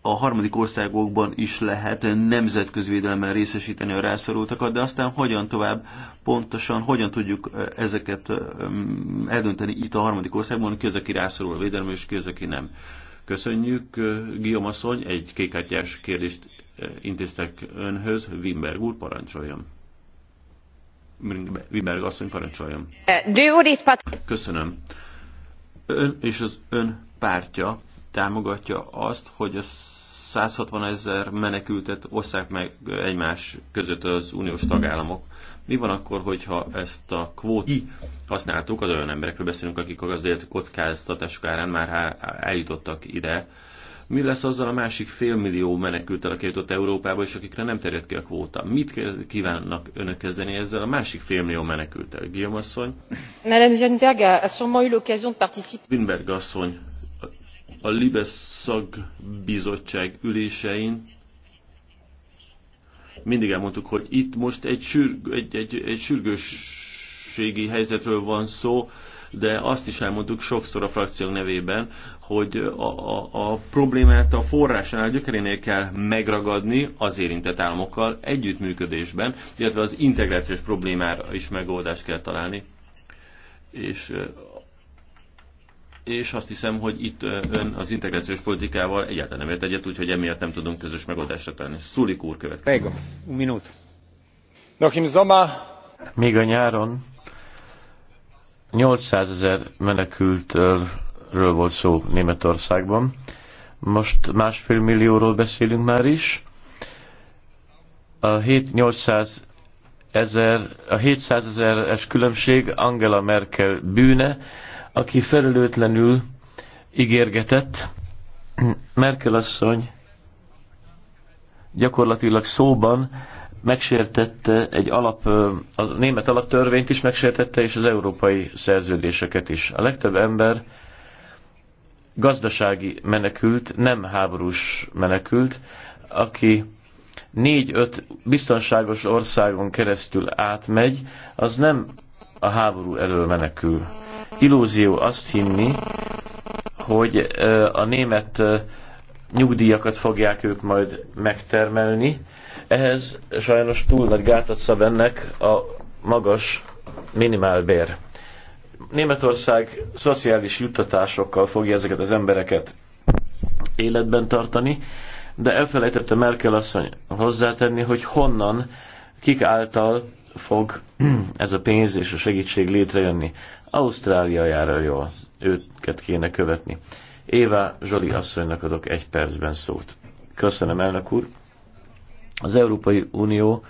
a harmadik országokban is lehet nemzetközi védelemmel részesíteni a rászorultakat, de aztán hogyan tovább, pontosan hogyan tudjuk ezeket eldönteni itt a harmadik országban, ki az, aki rászorul a védelem, és ki az, aki nem. Köszönjük, Guillaume asszony, egy kékátyás kérdést intéztek önhöz, Wimberg úr, parancsoljon. Wimberg asszony, parancsoljon. Köszönöm. Ön és az ön pártja támogatja azt, hogy a 160 ezer menekültet osszák meg egymás között az uniós tagállamok. Mi van akkor, hogyha ezt a kvóti használtuk, az olyan emberekről beszélünk, akik az élet kockáztatások árán már eljutottak ide, mi lesz azzal a másik félmillió menekültel, aki jutott Európába, és akikre nem terjed ki a kvóta? Mit kívánnak önök kezdeni ezzel a másik félmillió menekültel? Guillaume asszony? Madame Winberg a sûrement eu l'occasion de participer. Winberg asszony a libeszag bizottság ülésein mindig elmondtuk, hogy itt most egy, sürg, egy, egy, egy sürgősségi helyzetről van szó, de azt is elmondtuk sokszor a frakciók nevében, hogy a, a, a problémát a forrásánál, a gyökerénél kell megragadni az érintett államokkal együttműködésben, illetve az integrációs problémára is megoldást kell találni. És és azt hiszem, hogy itt ön az integrációs politikával egyáltalán nem ért egyet, úgyhogy emiatt nem tudunk közös megoldásra találni. Szulik úr következik. Még un minut. Még a nyáron 800 ezer menekültről volt szó Németországban. Most másfél millióról beszélünk már is. A 7-800 ezer, a 700 ezeres különbség Angela Merkel bűne, aki felelőtlenül ígérgetett. Merkel asszony gyakorlatilag szóban megsértette egy alap, a német alaptörvényt is megsértette, és az európai szerződéseket is. A legtöbb ember gazdasági menekült, nem háborús menekült, aki négy-öt biztonságos országon keresztül átmegy, az nem a háború elől menekül illúzió azt hinni, hogy a német nyugdíjakat fogják ők majd megtermelni. Ehhez sajnos túl nagy gátat szab ennek a magas minimálbér. Németország szociális juttatásokkal fogja ezeket az embereket életben tartani, de elfelejtette Merkel asszony hozzátenni, hogy honnan, kik által fog ez a pénz és a segítség létrejönni. Ausztrália jár jól. Őket kéne követni. Éva Zsoli asszonynak adok egy percben szót. Köszönöm, elnök úr. Az Európai Unió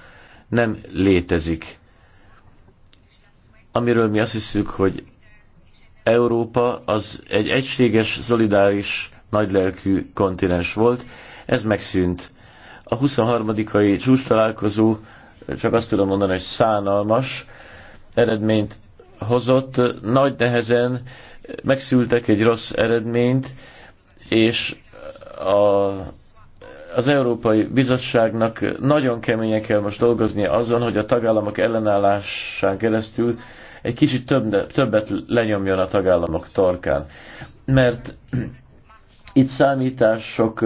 nem létezik. Amiről mi azt hiszük, hogy Európa az egy egységes, szolidáris, nagylelkű kontinens volt, ez megszűnt. A 23. csúcs találkozó, csak azt tudom mondani, hogy szánalmas eredményt hozott, nagy nehezen megszültek egy rossz eredményt, és a, az Európai Bizottságnak nagyon keményen kell most dolgoznia azon, hogy a tagállamok ellenállásán keresztül egy kicsit több, többet lenyomjon a tagállamok torkán. Mert itt számítások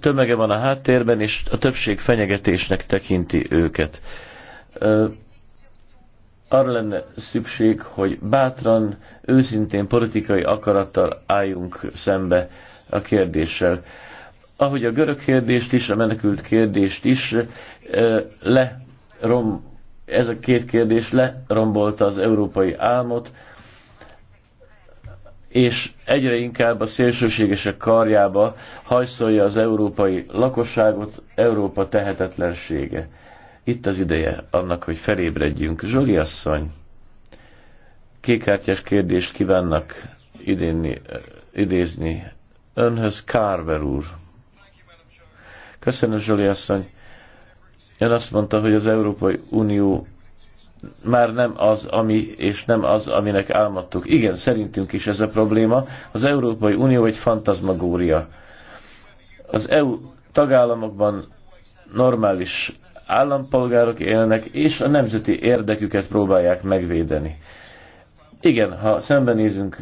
tömege van a háttérben, és a többség fenyegetésnek tekinti őket. Ö, arra lenne szükség, hogy bátran, őszintén politikai akarattal álljunk szembe a kérdéssel. Ahogy a görög kérdést is, a menekült kérdést is, eh, le rom, ez a két kérdés lerombolta az európai álmot, és egyre inkább a szélsőségesek karjába hajszolja az európai lakosságot Európa tehetetlensége. Itt az ideje annak, hogy felébredjünk. Zsoli asszony, kékártyás kérdést kívánnak idénni, idézni önhöz Carver úr. Köszönöm, Zsoli asszony. Ön azt mondta, hogy az Európai Unió már nem az, ami, és nem az, aminek álmodtuk. Igen, szerintünk is ez a probléma. Az Európai Unió egy fantazmagória. Az EU tagállamokban normális állampolgárok élnek, és a nemzeti érdeküket próbálják megvédeni. Igen, ha szembenézünk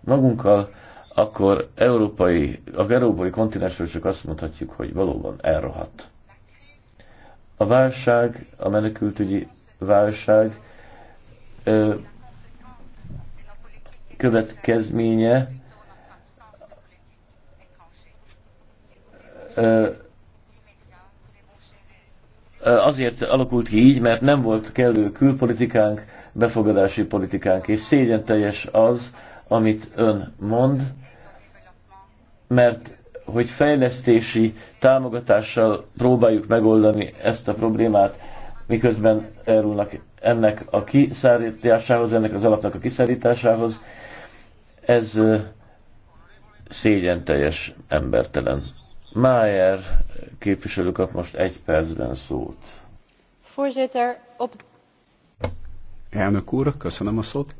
magunkkal, akkor európai, a európai kontinensről csak azt mondhatjuk, hogy valóban elrohadt. A válság, a menekültügyi válság ö, következménye ö, azért alakult ki így, mert nem volt kellő külpolitikánk, befogadási politikánk, és szégyen teljes az, amit ön mond, mert hogy fejlesztési támogatással próbáljuk megoldani ezt a problémát, miközben elrúlnak ennek a kiszállításához, ennek az alapnak a kiszállításához, ez szégyen teljes, embertelen. Maier képviselő kap most egy percben szót. Voorzitter, op... Elnök úr, köszönöm a szót.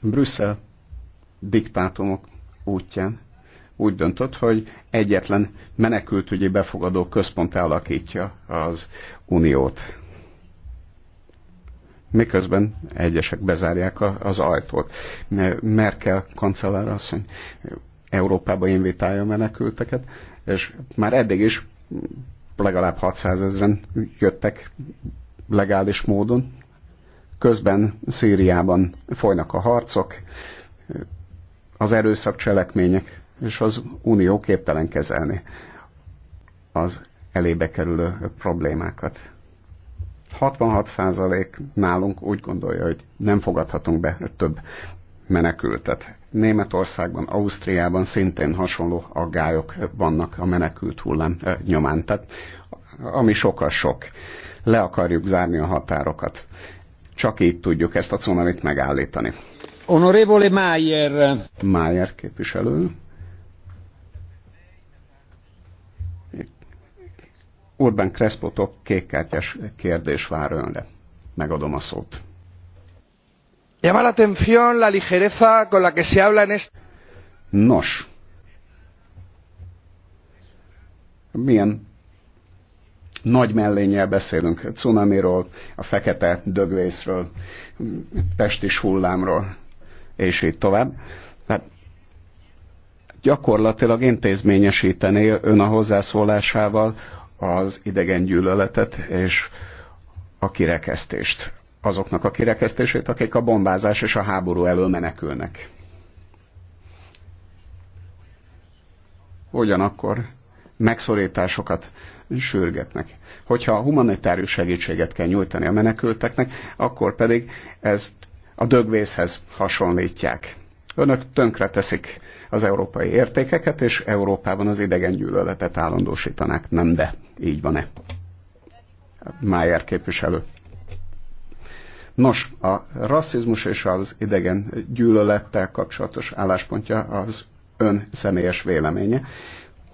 Brüsszel diktátumok útján úgy döntött, hogy egyetlen menekültügyi befogadó központ alakítja az uniót. Miközben egyesek bezárják az ajtót. Merkel kancellár asszony Európába invitálja a menekülteket, és már eddig is legalább 600 ezeren jöttek legális módon. Közben Szíriában folynak a harcok, az erőszak cselekmények, és az Unió képtelen kezelni az elébe kerülő problémákat. 66% nálunk úgy gondolja, hogy nem fogadhatunk be több menekültet. Németországban, Ausztriában szintén hasonló aggályok vannak a menekült hullám nyomán. Tehát ami sokkal sok. Le akarjuk zárni a határokat. Csak így tudjuk ezt a cunamit megállítani. Honorevole Mayer. Mayer képviselő. Urban crespo tok kékkártyás kérdés vár önre. Megadom a szót. Llama la atención la ligereza con la que se habla en este... Nos. Milyen nagy mellénnyel beszélünk, cunamiról, a fekete dögvészről, pestis hullámról, és így tovább. Tehát gyakorlatilag intézményesítené ön a hozzászólásával az idegen gyűlöletet és a kirekesztést azoknak a kirekesztését, akik a bombázás és a háború elől menekülnek. Ugyanakkor megszorításokat sürgetnek. Hogyha humanitárius segítséget kell nyújtani a menekülteknek, akkor pedig ezt a dögvészhez hasonlítják. Önök tönkre teszik az európai értékeket, és Európában az idegen gyűlöletet állandósítanák. Nem de, így van-e? Májer képviselő. Nos, a rasszizmus és az idegen gyűlölettel kapcsolatos álláspontja az ön személyes véleménye.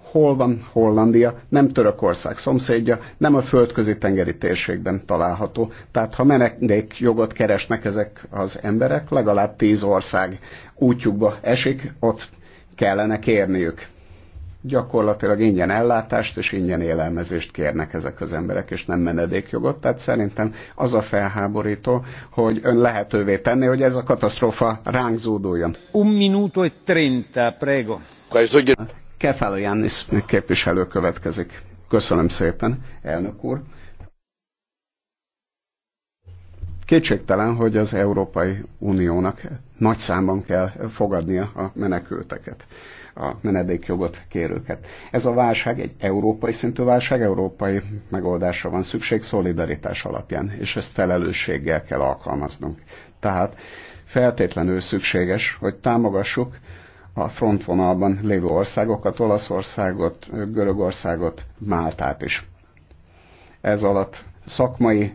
Hol van Hollandia? Nem Törökország szomszédja, nem a földközi tengeri térségben található. Tehát ha menekdék jogot keresnek ezek az emberek, legalább tíz ország útjukba esik, ott kellene kérniük gyakorlatilag ingyen ellátást és ingyen élelmezést kérnek ezek az emberek, és nem menedékjogot. Tehát szerintem az a felháborító, hogy ön lehetővé tenni, hogy ez a katasztrófa ránk zúduljon. Un minuto e trenta, prego. Kefalo Jannis képviselő következik. Köszönöm szépen, elnök úr. Kétségtelen, hogy az Európai Uniónak nagy számban kell fogadnia a menekülteket a menedékjogot kérőket. Ez a válság egy európai szintű válság, európai megoldásra van szükség szolidaritás alapján, és ezt felelősséggel kell alkalmaznunk. Tehát feltétlenül szükséges, hogy támogassuk a frontvonalban lévő országokat, Olaszországot, Görögországot, Máltát is. Ez alatt szakmai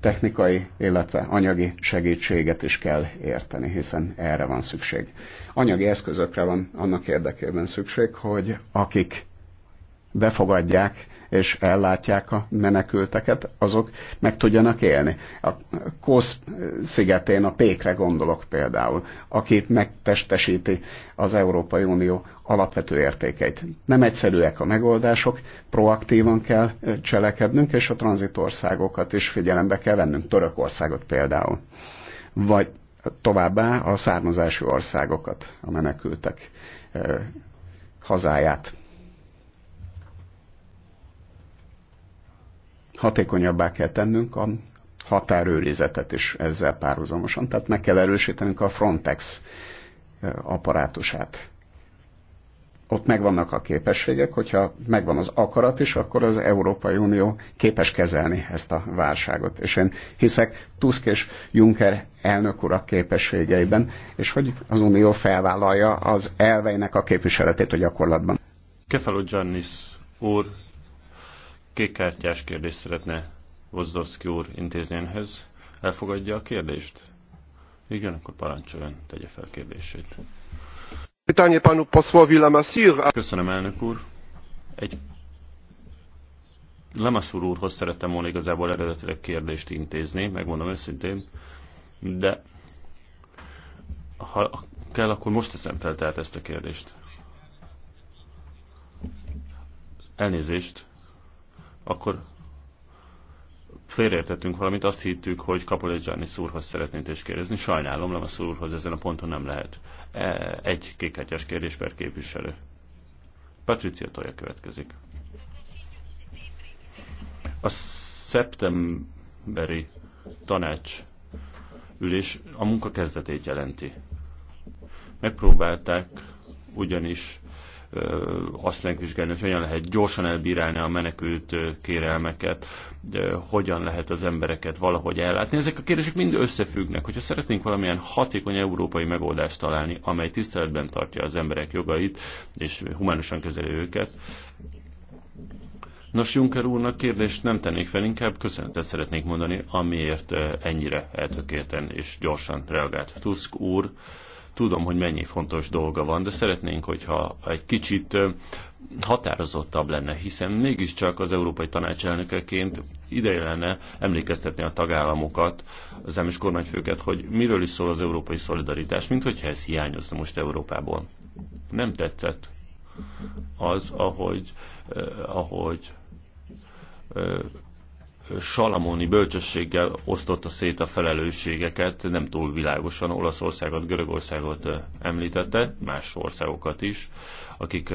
technikai, illetve anyagi segítséget is kell érteni, hiszen erre van szükség. Anyagi eszközökre van annak érdekében szükség, hogy akik befogadják és ellátják a menekülteket, azok meg tudjanak élni. A Kósz szigetén a Pékre gondolok például, aki megtestesíti az Európai Unió alapvető értékeit. Nem egyszerűek a megoldások, proaktívan kell cselekednünk, és a tranzitországokat is figyelembe kell vennünk, Törökországot például. Vagy továbbá a származási országokat, a menekültek hazáját hatékonyabbá kell tennünk a határőrizetet is ezzel párhuzamosan. Tehát meg kell erősítenünk a Frontex apparátusát. Ott megvannak a képességek, hogyha megvan az akarat is, akkor az Európai Unió képes kezelni ezt a válságot. És én hiszek Tusk és Juncker elnök urak képességeiben, és hogy az Unió felvállalja az elveinek a képviseletét a gyakorlatban. Kefalo Giannis úr kékkártyás kérdést szeretne Vozdovszki úr intézni önhöz. Elfogadja a kérdést? Igen, akkor parancsoljon, tegye fel kérdését. Köszönöm, elnök úr. Egy Lemaszúr úrhoz szerettem volna igazából eredetileg kérdést intézni, megmondom őszintén, de ha kell, akkor most teszem fel tehát ezt a kérdést. Elnézést, akkor félreértettünk valamit, azt hittük, hogy Kapolegiani szúrhoz szeretnénk is kérdezni. Sajnálom, nem a szúrhoz ezen a ponton nem lehet. E, egy kékhártyás kérdés per képviselő. Patricia Tolja következik. A szeptemberi tanács ülés a munka kezdetét jelenti. Megpróbálták ugyanis azt megvizsgálni, hogy hogyan lehet gyorsan elbírálni a menekült kérelmeket, hogyan lehet az embereket valahogy ellátni. Ezek a kérdések mind összefüggnek. Hogyha szeretnénk valamilyen hatékony európai megoldást találni, amely tiszteletben tartja az emberek jogait, és humánusan kezeli őket, Nos, Juncker úrnak kérdést nem tennék fel, inkább köszönetet szeretnék mondani, amiért ennyire eltökélten és gyorsan reagált. Tusk úr, Tudom, hogy mennyi fontos dolga van, de szeretnénk, hogyha egy kicsit határozottabb lenne, hiszen mégiscsak az Európai Tanács elnökeként ideje lenne emlékeztetni a tagállamokat, az emis kormányfőket, hogy miről is szól az európai szolidaritás, mint hogyha ez hiányozna most Európából. Nem tetszett az, ahogy, eh, ahogy salamoni bölcsességgel osztotta szét a felelősségeket, nem túl világosan Olaszországot, Görögországot említette, más országokat is, akik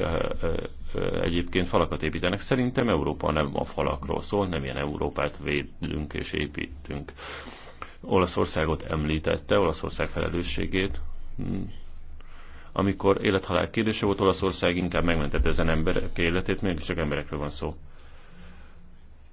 egyébként falakat építenek. Szerintem Európa nem a falakról szól, nem ilyen Európát védünk és építünk. Olaszországot említette, Olaszország felelősségét. Hmm. Amikor élethalál kérdése volt, Olaszország inkább megmentette ezen emberek életét, mégiscsak emberekről van szó.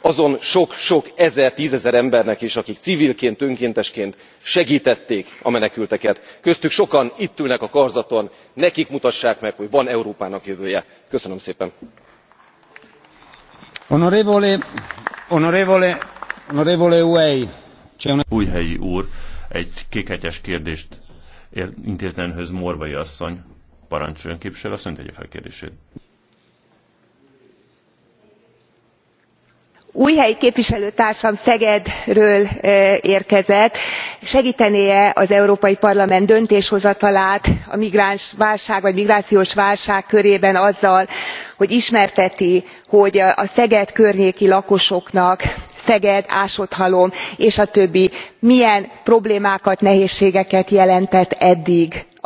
azon sok sok ezer tzezer embernek is akik civilként önkéntesként segtették a menekülteket köztük sokan itt ülnek a karzaton nekik mutassák meg hogy van európának jövője. köszönöm szépen! újhelyi úr egy kékhegyes kérdést intézne önhöz morvai asszony parancsoljon képviselő asszony tegye fel kérdését. újhelyi képviselőtársam szegedről érkezett segtené e az európai parlament döntéshozatalát a migránsválság vagy migrációs válság körében azzal hogy ismerteti hogy a szeged környéki lakosoknak szeged ásotthalom és a többi milyen problémákat nehézségeket jelentett eddig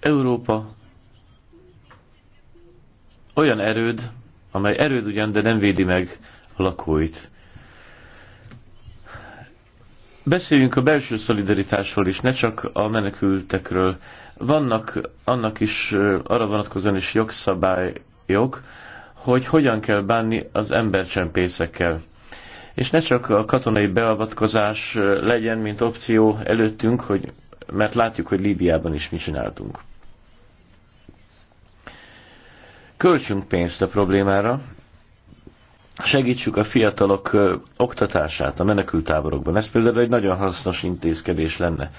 Európa olyan erőd, amely erőd ugyan, de nem védi meg a lakóit. Beszéljünk a belső szolidaritásról is, ne csak a menekültekről. Vannak annak is arra vonatkozóan is jogszabályok, hogy hogyan kell bánni az embercsempészekkel. És ne csak a katonai beavatkozás legyen, mint opció előttünk, hogy mert látjuk, hogy Líbiában is mi csináltunk. Költsünk pénzt a problémára, segítsük a fiatalok oktatását a menekültáborokban. Ez például egy nagyon hasznos intézkedés lenne.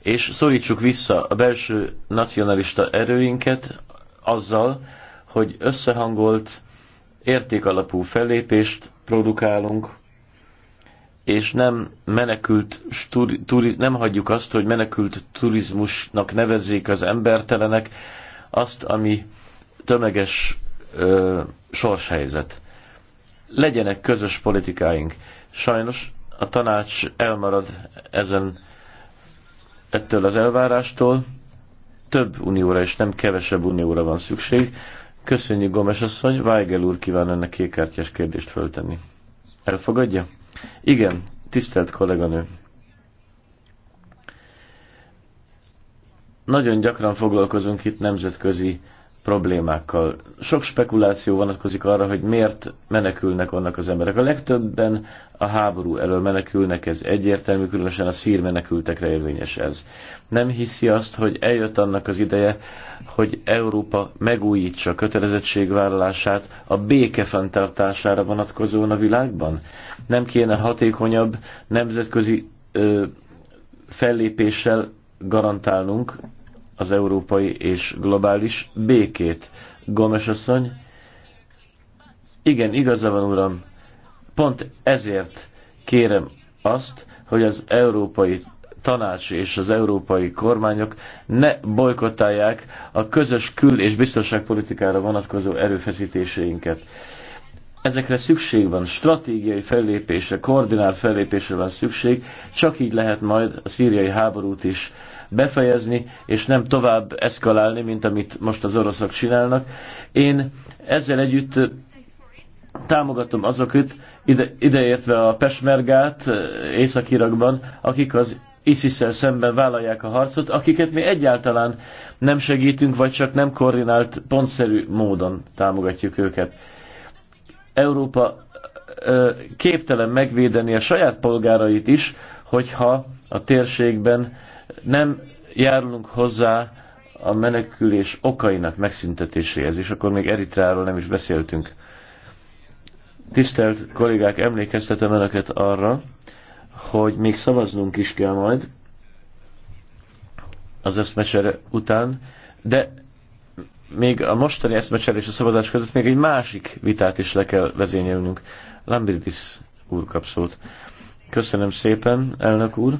És szorítsuk vissza a belső nacionalista erőinket azzal, hogy összehangolt, értékalapú fellépést produkálunk, és nem menekült turi, nem hagyjuk azt, hogy menekült turizmusnak nevezzék az embertelenek azt, ami tömeges ö, sorshelyzet. Legyenek közös politikáink. Sajnos a tanács elmarad ezen ettől az elvárástól. Több unióra és nem kevesebb unióra van szükség. Köszönjük, Gomes asszony. Weigel úr kíván önnek kékkártyás kérdést föltenni. Elfogadja? Igen, tisztelt kolléganő. Nagyon gyakran foglalkozunk itt nemzetközi problémákkal. Sok spekuláció vonatkozik arra, hogy miért menekülnek annak az emberek. A legtöbben a háború elől menekülnek, ez egyértelmű, különösen a szír menekültekre érvényes ez. Nem hiszi azt, hogy eljött annak az ideje, hogy Európa megújítsa kötelezettségvállalását a béke fenntartására vonatkozóan a világban? Nem kéne hatékonyabb nemzetközi ö, fellépéssel garantálnunk az európai és globális békét. Gomes asszony, igen, igaza van, uram, pont ezért kérem azt, hogy az európai tanács és az európai kormányok ne bolykottálják a közös kül- és biztonságpolitikára vonatkozó erőfeszítéseinket. Ezekre szükség van, stratégiai fellépésre, koordinált fellépésre van szükség, csak így lehet majd a szíriai háborút is befejezni, és nem tovább eszkalálni, mint amit most az oroszok csinálnak. Én ezzel együtt támogatom azokat, ide, ideértve a Pesmergát eh, Észak-Irakban, akik az ISIS-szel szemben vállalják a harcot, akiket mi egyáltalán nem segítünk, vagy csak nem koordinált, pontszerű módon támogatjuk őket. Európa ö, eh, képtelen megvédeni a saját polgárait is, hogyha a térségben nem járulunk hozzá a menekülés okainak megszüntetéséhez, és akkor még Eritráról nem is beszéltünk. Tisztelt kollégák, emlékeztetem Önöket arra, hogy még szavaznunk is kell majd az eszmecsere után, de még a mostani eszmecsere és a szavazás között még egy másik vitát is le kell vezényelnünk. Lambridis úr kap szót. Köszönöm szépen, elnök úr.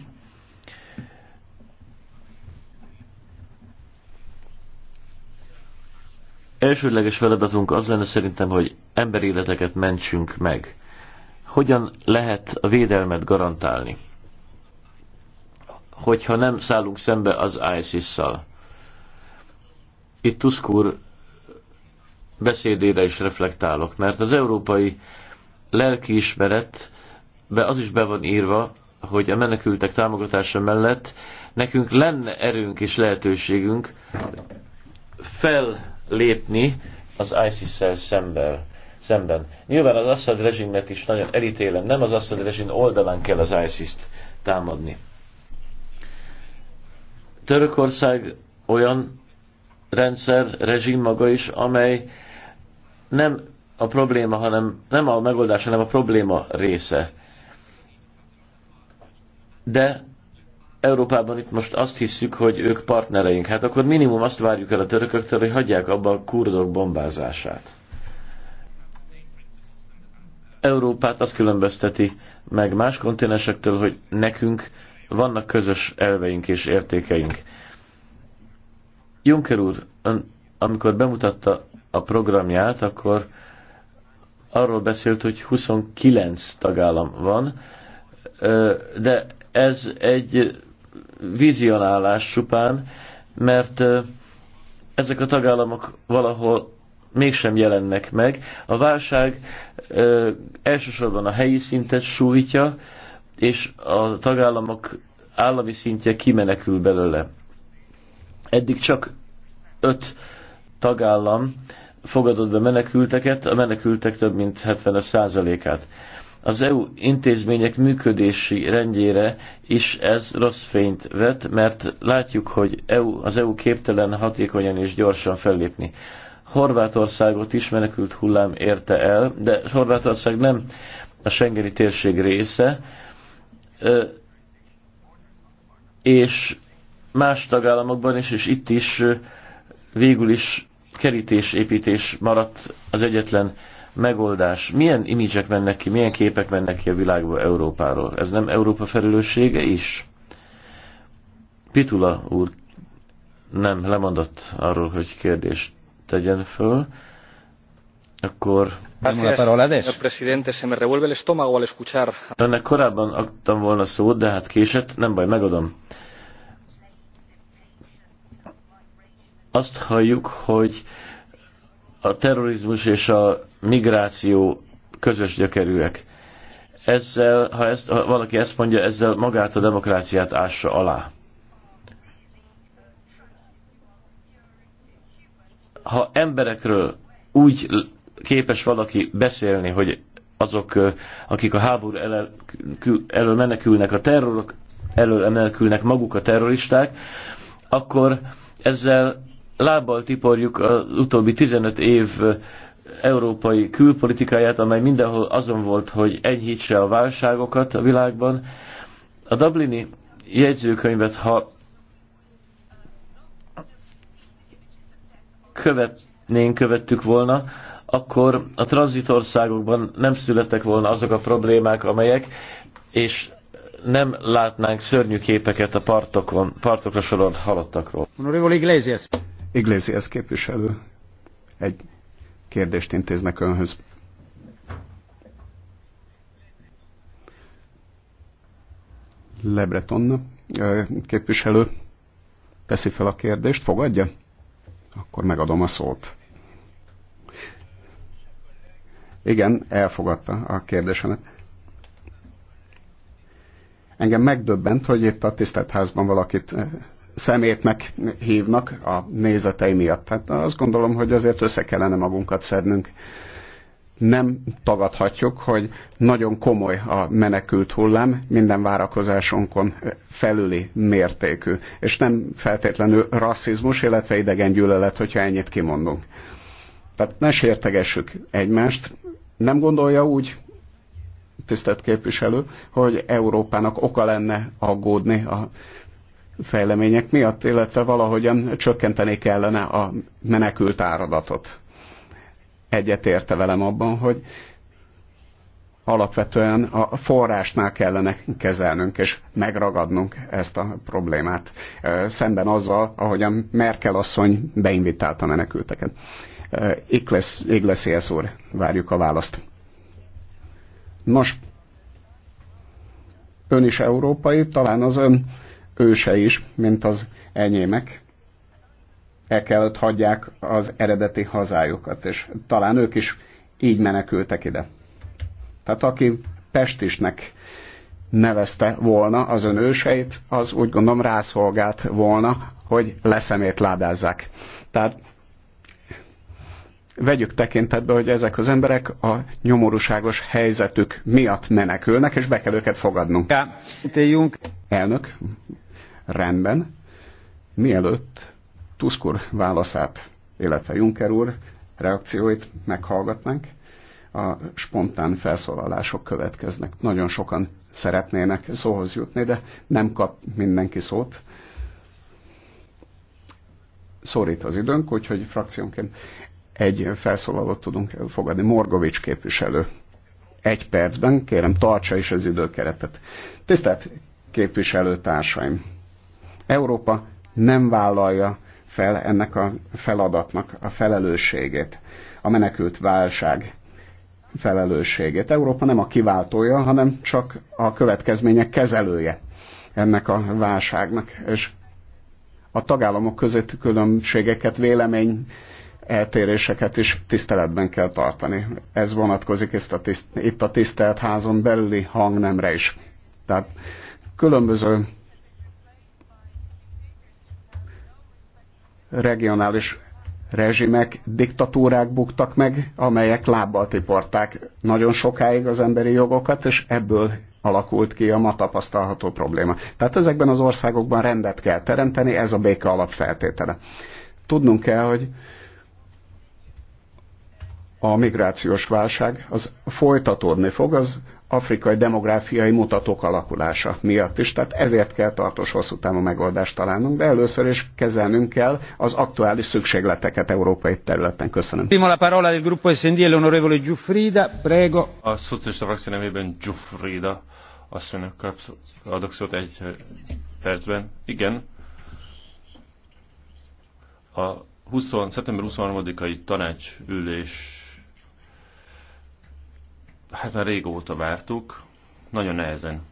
Elsődleges feladatunk az lenne szerintem, hogy emberéleteket mentsünk meg. Hogyan lehet a védelmet garantálni? Hogyha nem szállunk szembe az ISIS-szal. Itt Tusk úr beszédére is reflektálok, mert az európai lelkiismeret be az is be van írva, hogy a menekültek támogatása mellett nekünk lenne erőnk és lehetőségünk fel lépni az ISIS-szel szemben. szemben. Nyilván az Assad rezsimet is nagyon elítélem, nem az Assad rezsim oldalán kell az ISIS-t támadni. Törökország olyan rendszer, rezsim maga is, amely nem a probléma, hanem nem a megoldás, hanem a probléma része. De Európában itt most azt hisszük, hogy ők partnereink. Hát akkor minimum azt várjuk el a törököktől, hogy hagyják abba a kurdok bombázását. Európát azt különbözteti meg más kontinensektől, hogy nekünk vannak közös elveink és értékeink. Juncker úr, ön, amikor bemutatta a programját, akkor arról beszélt, hogy 29 tagállam van, de ez egy vizionálás csupán, mert ezek a tagállamok valahol mégsem jelennek meg. A válság elsősorban a helyi szintet sújtja, és a tagállamok állami szintje kimenekül belőle. Eddig csak öt tagállam fogadott be menekülteket, a menekültek több mint 75%-át az EU intézmények működési rendjére is ez rossz fényt vet, mert látjuk, hogy EU, az EU képtelen hatékonyan és gyorsan fellépni. Horvátországot is menekült hullám érte el, de Horvátország nem a Schengeni térség része, és más tagállamokban is, és itt is végül is kerítésépítés maradt az egyetlen megoldás? Milyen imidzsek mennek ki, milyen képek mennek ki a világba Európáról? Ez nem Európa felelőssége is? Pitula úr nem lemondott arról, hogy kérdést tegyen föl. Akkor... Gracias, Önnek korábban adtam volna szót, de hát késett, nem baj, megadom. Azt halljuk, hogy a terrorizmus és a migráció közös gyökerűek. Ezzel, ha, ezt, ha valaki ezt mondja, ezzel magát a demokráciát ássa alá. Ha emberekről úgy képes valaki beszélni, hogy azok, akik a háború elől, menekülnek, a terrorok elől menekülnek maguk a terroristák, akkor ezzel lábbal tiporjuk az utóbbi 15 év európai külpolitikáját, amely mindenhol azon volt, hogy enyhítse a válságokat a világban. A Dublini jegyzőkönyvet, ha követnénk, követtük volna, akkor a tranzitországokban nem születtek volna azok a problémák, amelyek, és nem látnánk szörnyű képeket a partokon, partokra sorolt halottakról. Honorable Iglesias. Iglesias képviselő. Egy kérdést intéznek önhöz. Lebreton képviselő teszi fel a kérdést, fogadja? Akkor megadom a szót. Igen, elfogadta a kérdésemet. Engem megdöbbent, hogy itt a tisztelt házban valakit szemétnek hívnak a nézetei miatt. Tehát azt gondolom, hogy azért össze kellene magunkat szednünk. Nem tagadhatjuk, hogy nagyon komoly a menekült hullám, minden várakozásunkon felüli mértékű, és nem feltétlenül rasszizmus, illetve idegen gyűlölet, hogyha ennyit kimondunk. Tehát ne sértegessük egymást, nem gondolja úgy, tisztelt képviselő, hogy Európának oka lenne aggódni a fejlemények miatt, illetve valahogyan csökkenteni kellene a menekült áradatot. Egyet érte velem abban, hogy alapvetően a forrásnál kellene kezelnünk és megragadnunk ezt a problémát, szemben azzal, ahogyan Merkel asszony beinvitálta menekülteket. Iglesias úr, várjuk a választ. Nos, ön is európai, talán az ön őse is, mint az enyémek, el kellett hagyják az eredeti hazájukat, és talán ők is így menekültek ide. Tehát aki pestisnek nevezte volna az ön őseit, az úgy gondolom rászolgált volna, hogy leszemét ládázzák. Tehát vegyük tekintetbe, hogy ezek az emberek a nyomorúságos helyzetük miatt menekülnek, és be kell őket fogadnunk. Ja, Elnök, Rendben. Mielőtt Tusk úr válaszát, illetve Juncker úr reakcióit meghallgatnánk, a spontán felszólalások következnek. Nagyon sokan szeretnének szóhoz jutni, de nem kap mindenki szót. Szorít az időnk, úgyhogy frakciónként egy felszólalót tudunk fogadni. Morgovics képviselő. Egy percben, kérem, tartsa is az időkeretet. Tisztelt képviselőtársaim! Európa nem vállalja fel ennek a feladatnak a felelősségét, a menekült válság felelősségét. Európa nem a kiváltója, hanem csak a következmények kezelője ennek a válságnak. És a tagállamok közötti különbségeket, vélemény eltéréseket is tiszteletben kell tartani. Ez vonatkozik ezt a tiszt, itt a tisztelt házon belüli hangnemre is. Tehát különböző regionális rezsimek, diktatúrák buktak meg, amelyek lábbal tiporták nagyon sokáig az emberi jogokat, és ebből alakult ki a ma tapasztalható probléma. Tehát ezekben az országokban rendet kell teremteni, ez a béke alapfeltétele. Tudnunk kell, hogy a migrációs válság az folytatódni fog, az afrikai demográfiai mutatók alakulása miatt is. Tehát ezért kell tartós hosszú távú megoldást találnunk, de először is kezelnünk kell az aktuális szükségleteket európai területen. Köszönöm. Prima la parola del gruppo SND e l'onorevole Giuffrida, prego. A szocialista frakció nevében Giuffrida asszonynak adok szót egy eh, percben. Igen. A 20, szeptember 23-ai tanácsülés hát már régóta vártuk, nagyon nehezen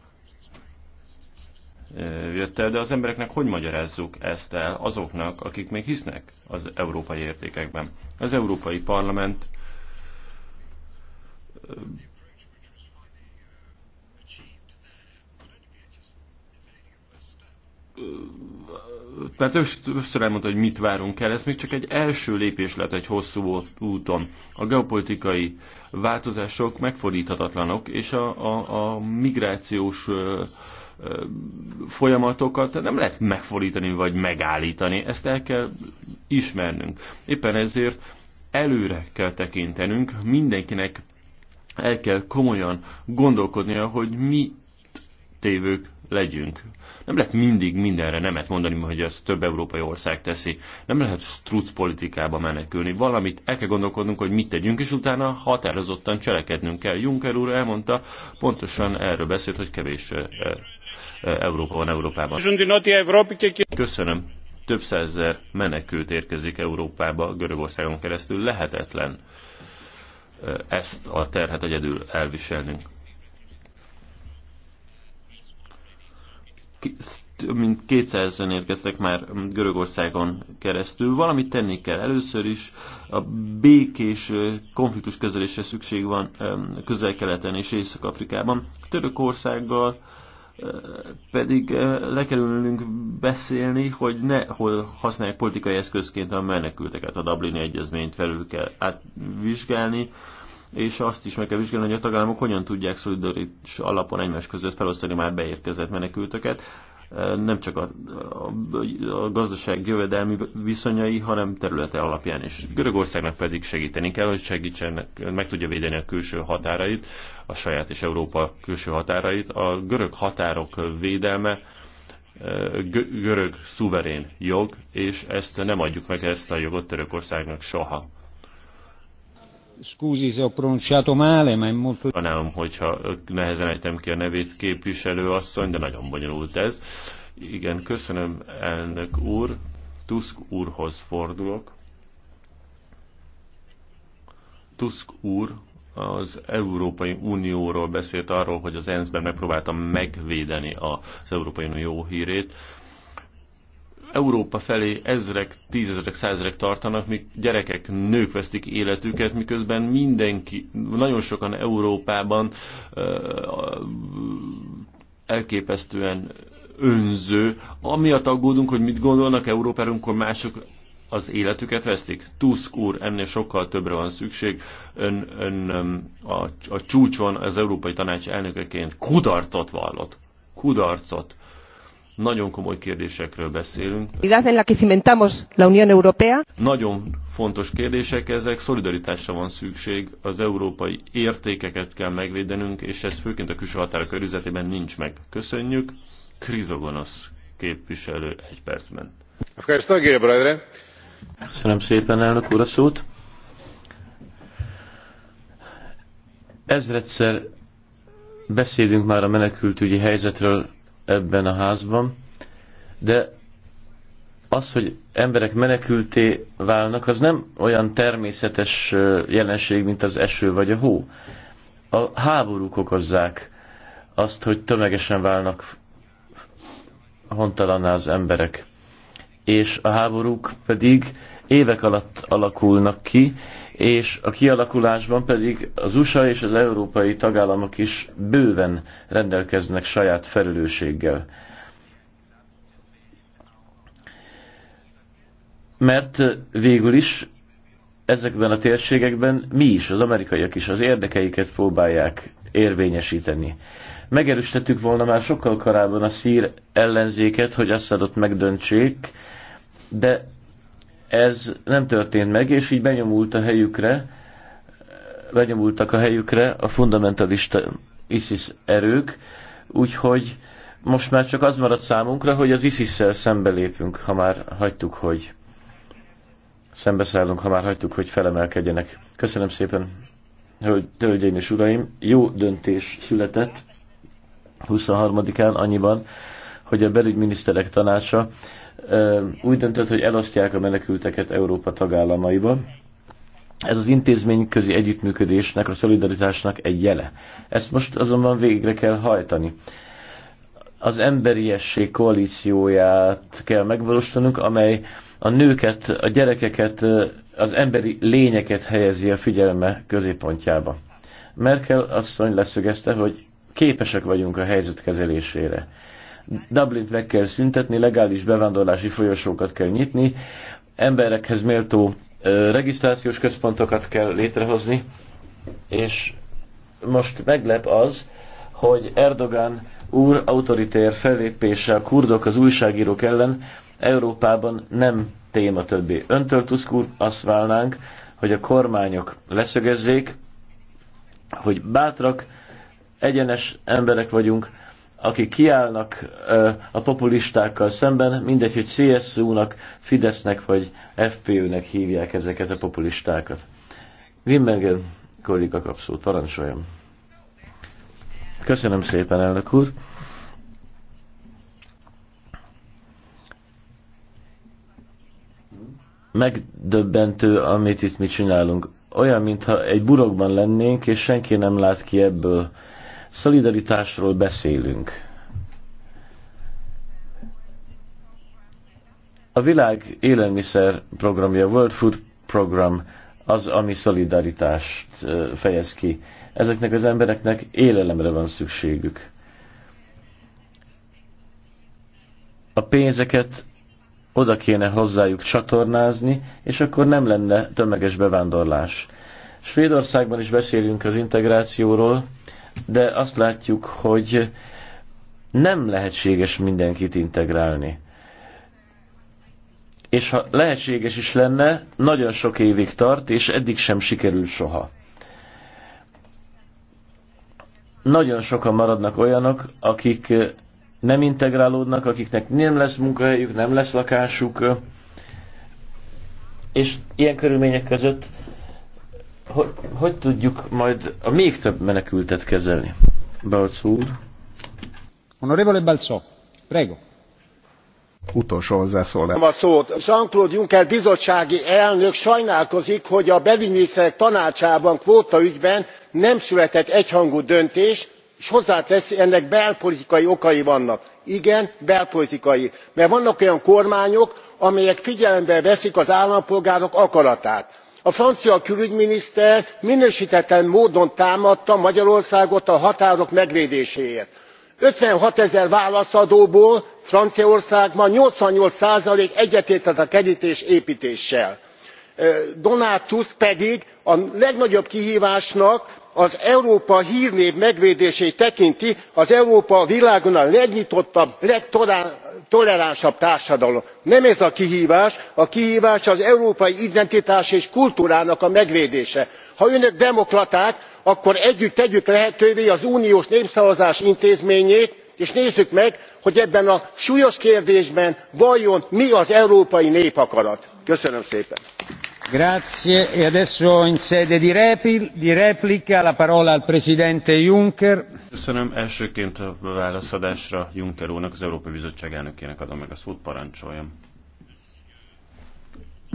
jött el, de az embereknek hogy magyarázzuk ezt el azoknak, akik még hisznek az európai értékekben? Az Európai Parlament mert többször elmondta, hogy mit várunk el, ez még csak egy első lépés lett egy hosszú úton. A geopolitikai változások megfordíthatatlanok, és a, a, a migrációs ö, ö, folyamatokat nem lehet megfordítani vagy megállítani, ezt el kell ismernünk. Éppen ezért előre kell tekintenünk, mindenkinek el kell komolyan gondolkodnia, hogy mi tévők legyünk. Nem lehet mindig mindenre nemet mondani, hogy ezt több európai ország teszi. Nem lehet struc politikába menekülni. Valamit el kell gondolkodnunk, hogy mit tegyünk, és utána határozottan cselekednünk kell. Juncker úr elmondta, pontosan erről beszélt, hogy kevés eh, eh, Európa van Európában. Köszönöm. Több százezer menekült érkezik Európába Görögországon keresztül. Lehetetlen eh, ezt a terhet egyedül elviselnünk. több mint 200-en érkeztek már Görögországon keresztül. Valamit tenni kell. Először is a békés konfliktus kezelésre szükség van közel-keleten és Észak-Afrikában. Törökországgal pedig le kell beszélni, hogy ne hol használják politikai eszközként a menekülteket. A Dublini Egyezményt felül kell átvizsgálni, és azt is meg kell vizsgálni, hogy a tagállamok hogyan tudják szolidaritás alapon egymás között felosztani már beérkezett menekülteket nem csak a, a, a gazdaság jövedelmi viszonyai, hanem területe alapján is. Görögországnak pedig segíteni kell, hogy segítsen, meg tudja védeni a külső határait, a saját és Európa külső határait. A görög határok védelme görög szuverén jog, és ezt nem adjuk meg ezt a jogot Törökországnak soha. Scusi Tanám, hogyha nehezen ejtem ki a nevét képviselő asszony, de nagyon bonyolult ez. Igen, köszönöm elnök úr. Tusk úrhoz fordulok. Tusk úr az Európai Unióról beszélt arról, hogy az ENSZ-ben megpróbáltam megvédeni az Európai Unió hírét Európa felé ezrek, tízezrek, százezrek tartanak, míg gyerekek, nők vesztik életüket, miközben mindenki, nagyon sokan Európában elképesztően önző. Amiatt aggódunk, hogy mit gondolnak Európáról, amikor mások az életüket vesztik. Tusk úr, ennél sokkal többre van szükség. Ön, ön a, a csúcson az Európai Tanács elnökeként kudarcot vallott. Kudarcot nagyon komoly kérdésekről beszélünk. Nagyon fontos kérdések ezek, szolidaritásra van szükség, az európai értékeket kell megvédenünk, és ez főként a külső határok körüzetében nincs meg. Köszönjük. Krizogonosz képviselő egy percben. Köszönöm szépen, elnök úr, a szót. Ezredszer beszélünk már a menekültügyi helyzetről ebben a házban, de az, hogy emberek menekülté válnak, az nem olyan természetes jelenség, mint az eső vagy a hó. A háborúk okozzák azt, hogy tömegesen válnak hontalanná az emberek. És a háborúk pedig évek alatt alakulnak ki, és a kialakulásban pedig az USA és az európai tagállamok is bőven rendelkeznek saját felelősséggel. Mert végül is ezekben a térségekben mi is, az amerikaiak is az érdekeiket próbálják érvényesíteni. Megerősítettük volna már sokkal korábban a szír ellenzéket, hogy Assadot megdöntsék, de ez nem történt meg, és így benyomult a helyükre, benyomultak a helyükre a fundamentalista ISIS erők, úgyhogy most már csak az maradt számunkra, hogy az ISIS-szel szembelépünk, ha már hagytuk, hogy szembeszállunk, ha már hagytuk, hogy felemelkedjenek. Köszönöm szépen, tölgyeim és uraim. Jó döntés született 23-án annyiban, hogy a belügyminiszterek tanácsa úgy döntött, hogy elosztják a menekülteket Európa tagállamaiba. Ez az közi együttműködésnek, a szolidaritásnak egy jele. Ezt most azonban végre kell hajtani. Az emberiesség koalícióját kell megvalósítanunk, amely a nőket, a gyerekeket, az emberi lényeket helyezi a figyelme középpontjába. Merkel asszony leszögezte, hogy képesek vagyunk a helyzet kezelésére Dublint meg kell szüntetni, legális bevándorlási folyosókat kell nyitni, emberekhez méltó regisztrációs központokat kell létrehozni, és most meglep az, hogy Erdogan úr autoritér fellépése a kurdok az újságírók ellen Európában nem téma többé. Öntől, Tusk úr, azt válnánk, hogy a kormányok leszögezzék, hogy bátrak, egyenes emberek vagyunk, akik kiállnak a populistákkal szemben, mindegy, hogy CSU-nak, Fidesznek vagy FPÖ-nek hívják ezeket a populistákat. Wimbergen kolléga kapszót, parancsoljam. Köszönöm szépen, elnök úr. Megdöbbentő, amit itt mi csinálunk. Olyan, mintha egy burokban lennénk, és senki nem lát ki ebből Szolidaritásról beszélünk. A világ élelmiszer programja, World Food Program az, ami szolidaritást fejez ki. Ezeknek az embereknek élelemre van szükségük. A pénzeket oda kéne hozzájuk csatornázni, és akkor nem lenne tömeges bevándorlás. Svédországban is beszélünk az integrációról, de azt látjuk, hogy nem lehetséges mindenkit integrálni. És ha lehetséges is lenne, nagyon sok évig tart, és eddig sem sikerül soha. Nagyon sokan maradnak olyanok, akik nem integrálódnak, akiknek nem lesz munkahelyük, nem lesz lakásuk, és ilyen körülmények között hogy, hogy tudjuk majd a még több menekültet kezelni? Balc úr. Honorevole Balco, prego. Utolsó hozzászólás. A szót. Jean-Claude Juncker bizottsági elnök sajnálkozik, hogy a belügyminiszterek tanácsában kvótaügyben nem született egyhangú döntés, és hozzáteszi ennek belpolitikai okai vannak. igen belpolitikai mert vannak olyan kormányok amelyek figyelembe veszik az állampolgárok akaratát a francia külügyminiszter minőstetlen módon támadta magyarországot a határok megvédéséért. fifty six ezer válaszadóból franciaország ma eighty eight egyetértett a kertés éptéssel donald tusk pedig a legnagyobb kihvásnak az európa hrnév megvédését tekinti az európa a világon a legnyitottabb legtoleránsabb toleránsabb társadalom. nem ez a kihvás a kihvás az európai identitás és kultúrának a megvédése. ha önök demokraták akkor együtt tegyük lehetővé az uniós népszavazás intézményét és nézzük meg hogy ebben a súlyos kérdésben vajon mi az európai népakarat. köszönöm szépen! Grazie. E adesso in sede di, replica la parola al Presidente Juncker. Köszönöm. Elsőként a válaszadásra Juncker úrnak, az Európai Bizottság elnökének adom meg a szót, parancsoljam.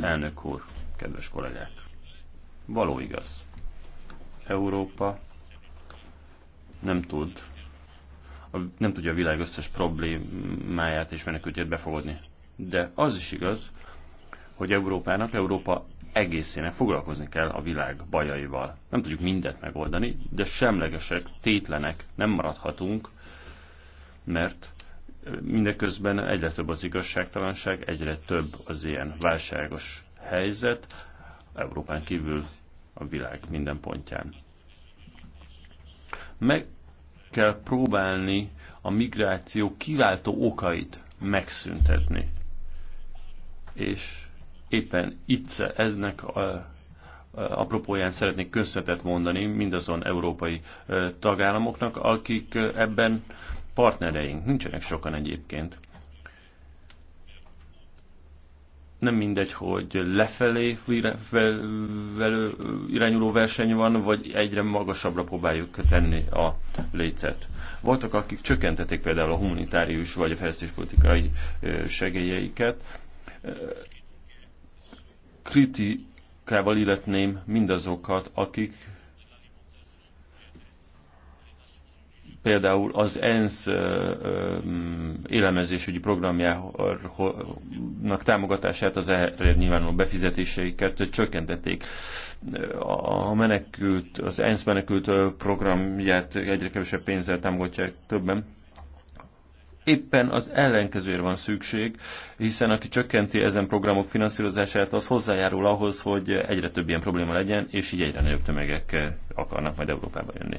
Elnök úr, kedves kollégák! Való igaz. Európa nem tud, nem tudja a világ összes problémáját és menekültjét befogadni. De az is igaz, hogy Európának, Európa egészének foglalkozni kell a világ bajaival. Nem tudjuk mindent megoldani, de semlegesek, tétlenek nem maradhatunk, mert mindeközben egyre több az igazságtalanság, egyre több az ilyen válságos helyzet Európán kívül a világ minden pontján. Meg kell próbálni a migráció kiváltó okait megszüntetni. És éppen itt eznek a apropóján szeretnék köszönetet mondani mindazon európai tagállamoknak, akik ebben partnereink. Nincsenek sokan egyébként. Nem mindegy, hogy lefelé irányuló verseny van, vagy egyre magasabbra próbáljuk tenni a lécet. Voltak, akik csökkentették például a humanitárius vagy a fejlesztéspolitikai segélyeiket, kritikával illetném mindazokat, akik például az ENSZ élemezésügyi programjának támogatását, az erre nyilvánuló befizetéseiket csökkentették. A menekült, az ENSZ menekült programját egyre kevesebb pénzzel támogatják többen. Éppen az ellenkezőre van szükség, hiszen aki csökkenti ezen programok finanszírozását, az hozzájárul ahhoz, hogy egyre több ilyen probléma legyen, és így egyre nagyobb tömegek akarnak majd Európába jönni.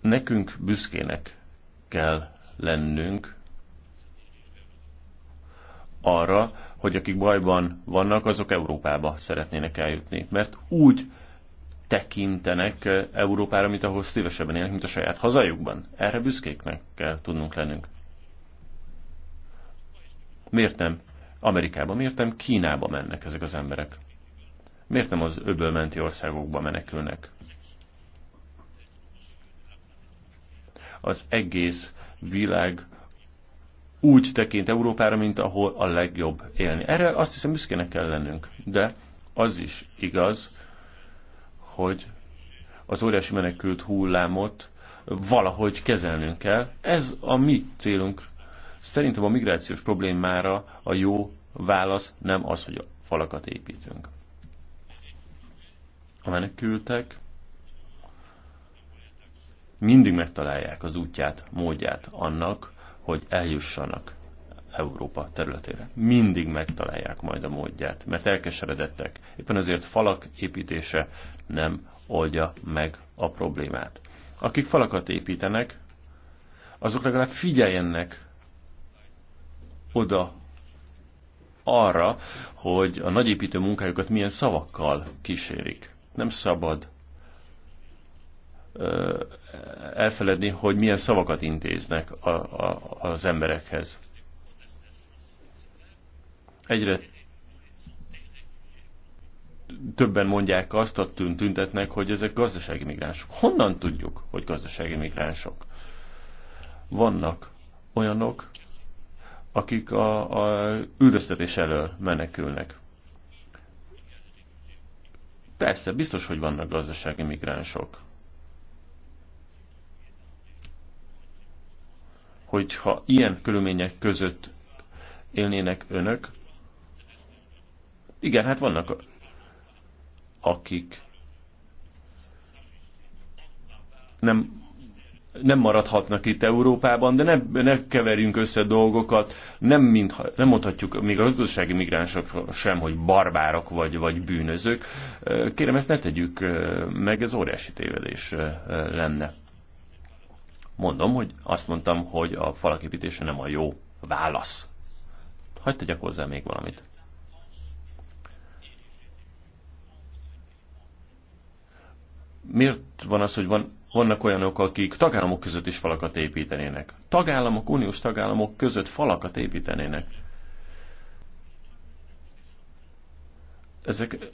Nekünk büszkének kell lennünk arra, hogy akik bajban vannak, azok Európába szeretnének eljutni. Mert úgy tekintenek Európára, mint ahol szívesebben élnek, mint a saját hazajukban. Erre büszkéknek kell tudnunk lennünk. Miért nem Amerikába, miért nem Kínába mennek ezek az emberek? Miért nem az öbölmenti országokba menekülnek? Az egész világ úgy tekint Európára, mint ahol a legjobb élni. Erre azt hiszem büszkének kell lennünk. De az is igaz, hogy az óriási menekült hullámot valahogy kezelnünk kell. Ez a mi célunk. Szerintem a migrációs problémára a jó válasz nem az, hogy a falakat építünk. A menekültek mindig megtalálják az útját, módját annak, hogy eljussanak Európa területére. Mindig megtalálják majd a módját, mert elkeseredettek. Éppen ezért falak építése nem oldja meg a problémát. Akik falakat építenek, azok legalább figyeljenek oda arra, hogy a nagyépítő munkájukat milyen szavakkal kísérik. Nem szabad elfeledni, hogy milyen szavakat intéznek a, a, az emberekhez egyre többen mondják azt, a tüntetnek, hogy ezek gazdasági migránsok. Honnan tudjuk, hogy gazdasági migránsok? Vannak olyanok, akik a, a üldöztetés elől menekülnek. Persze, biztos, hogy vannak gazdasági migránsok. Hogyha ilyen körülmények között élnének önök, igen, hát vannak akik nem, nem maradhatnak itt Európában, de ne, ne keverjünk össze dolgokat, nem, mintha, nem mondhatjuk még a gazdasági migránsok sem, hogy barbárok vagy, vagy bűnözők. Kérem, ezt ne tegyük eh, meg, ez óriási tévedés eh, lenne. Mondom, hogy azt mondtam, hogy a falaképítése nem a jó válasz. Hagy tegyek hozzá még valamit. miért van az, hogy van, vannak olyanok, akik tagállamok között is falakat építenének? Tagállamok, uniós tagállamok között falakat építenének. Ezek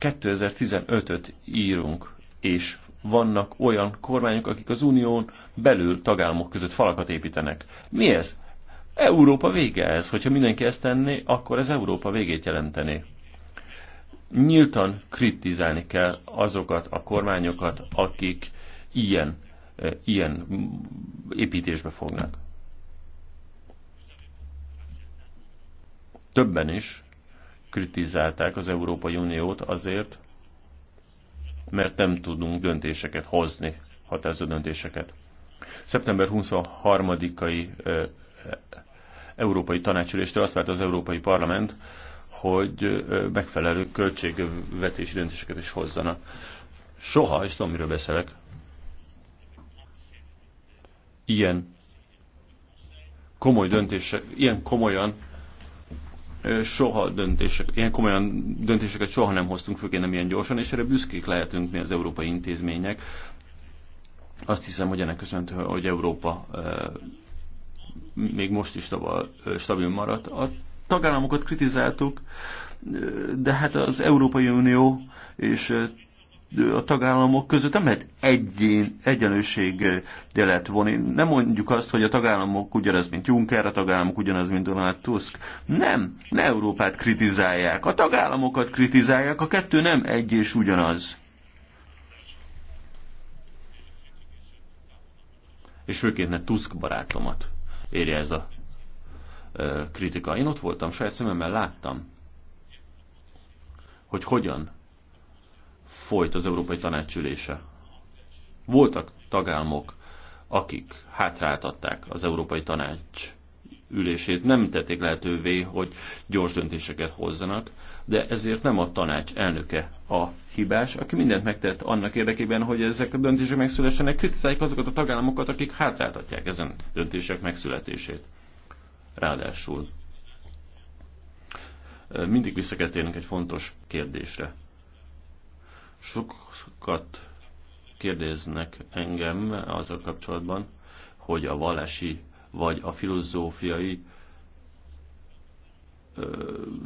2015-öt írunk, és vannak olyan kormányok, akik az unión belül tagállamok között falakat építenek. Mi ez? Európa vége ez. Hogyha mindenki ezt tenné, akkor ez Európa végét jelenteni. Nyíltan kritizálni kell azokat a kormányokat, akik ilyen, ilyen építésbe fognak. Többen is kritizálták az Európai Uniót azért, mert nem tudunk döntéseket hozni, határozó döntéseket. Szeptember 23-ai e, Európai Tanácsüléstől azt várt az Európai Parlament, hogy megfelelő költségvetési döntéseket is hozzanak. Soha, és tudom, miről beszélek, ilyen komoly döntések, ilyen komolyan soha döntések, ilyen komolyan döntéseket soha nem hoztunk, főként nem ilyen gyorsan, és erre büszkék lehetünk mi az európai intézmények. Azt hiszem, hogy ennek köszönhető, hogy Európa még most is stabil maradt. A tagállamokat kritizáltuk, de hát az Európai Unió és a tagállamok között nem lehet egyén, egyenlőség jelet vonni. Nem mondjuk azt, hogy a tagállamok ugyanaz, mint Juncker, a tagállamok ugyanaz, mint Donald Tusk. Nem, ne Európát kritizálják, a tagállamokat kritizálják, a kettő nem egy és ugyanaz. És főként ne Tusk barátomat érje ez a kritika. Én ott voltam, saját szememmel láttam, hogy hogyan folyt az Európai Tanácsülése. Voltak tagállamok, akik hátráltatták az Európai Tanács ülését, nem tették lehetővé, hogy gyors döntéseket hozzanak, de ezért nem a tanács elnöke a hibás, aki mindent megtett annak érdekében, hogy ezek a döntések megszülessenek, kritizálják azokat a tagállamokat, akik hátráltatják ezen döntések megszületését. Ráadásul mindig vissza kell térnünk egy fontos kérdésre. Sokat kérdeznek engem azzal kapcsolatban, hogy a vallási vagy a filozófiai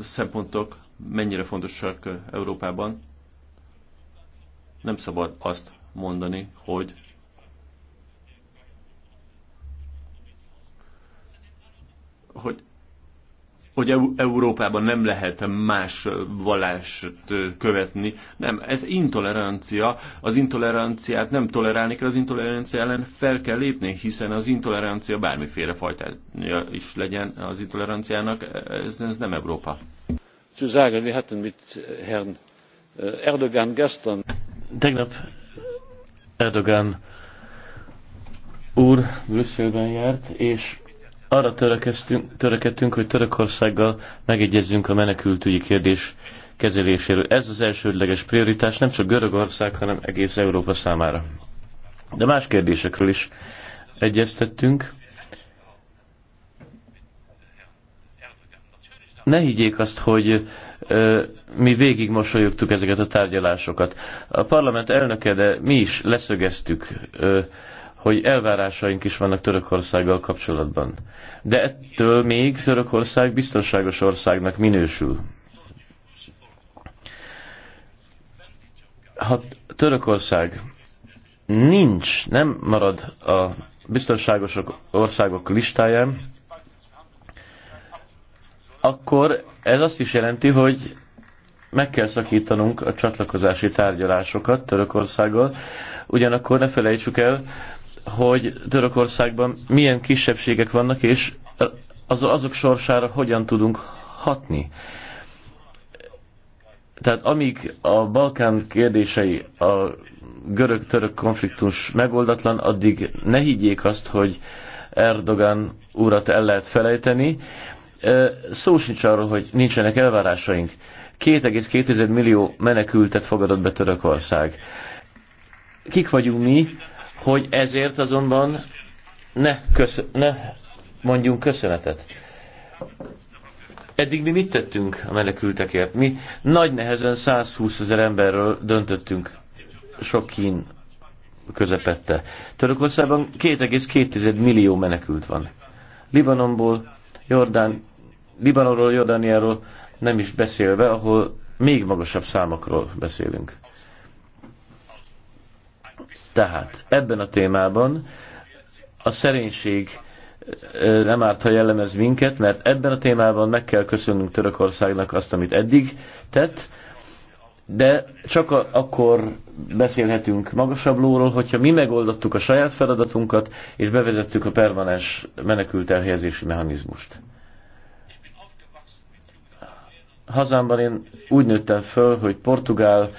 szempontok mennyire fontosak Európában. Nem szabad azt mondani, hogy hogy hogy Európában nem lehet más vallást követni. Nem, ez intolerancia. Az intoleranciát nem tolerálni kell, az intolerancia ellen fel kell lépni, hiszen az intolerancia bármiféle fajtája is legyen az intoleranciának, ez, ez nem Európa. mit äh, Erdogan gestern. Tegnap Erdogan úr Brüsszelben járt, és arra törekedtünk, hogy Törökországgal megegyezzünk a menekültügyi kérdés kezeléséről. Ez az elsődleges prioritás nem csak Görögország, hanem egész Európa számára. De más kérdésekről is egyeztettünk. Ne higgyék azt, hogy ö, mi végig mosolyogtuk ezeket a tárgyalásokat. A parlament elnöke, de mi is leszögeztük, ö, hogy elvárásaink is vannak Törökországgal kapcsolatban. De ettől még Törökország biztonságos országnak minősül. Ha Törökország nincs, nem marad a biztonságos országok listáján, akkor ez azt is jelenti, hogy meg kell szakítanunk a csatlakozási tárgyalásokat Törökországgal. Ugyanakkor ne felejtsük el, hogy Törökországban milyen kisebbségek vannak, és az, azok sorsára hogyan tudunk hatni. Tehát amíg a Balkán kérdései a görög-török konfliktus megoldatlan, addig ne higgyék azt, hogy Erdogan urat el lehet felejteni. Szó sincs arról, hogy nincsenek elvárásaink. 2,2 millió menekültet fogadott be Törökország. Kik vagyunk mi, hogy ezért azonban ne, kösz, ne mondjunk köszönetet. Eddig mi mit tettünk a menekültekért? Mi nagy nehezen 120 ezer emberről döntöttünk sok kín közepette. Törökországban 2,2 millió menekült van. Libanonból, Jordán, Libanonról, Jordániáról nem is beszélve, ahol még magasabb számokról beszélünk. Tehát ebben a témában a szerénység nem árt, ha jellemez minket, mert ebben a témában meg kell köszönnünk Törökországnak azt, amit eddig tett, de csak a, akkor beszélhetünk magasabb lóról, hogyha mi megoldottuk a saját feladatunkat, és bevezettük a permanens menekült elhelyezési mechanizmust. Hazámban én úgy nőttem föl, hogy portugál,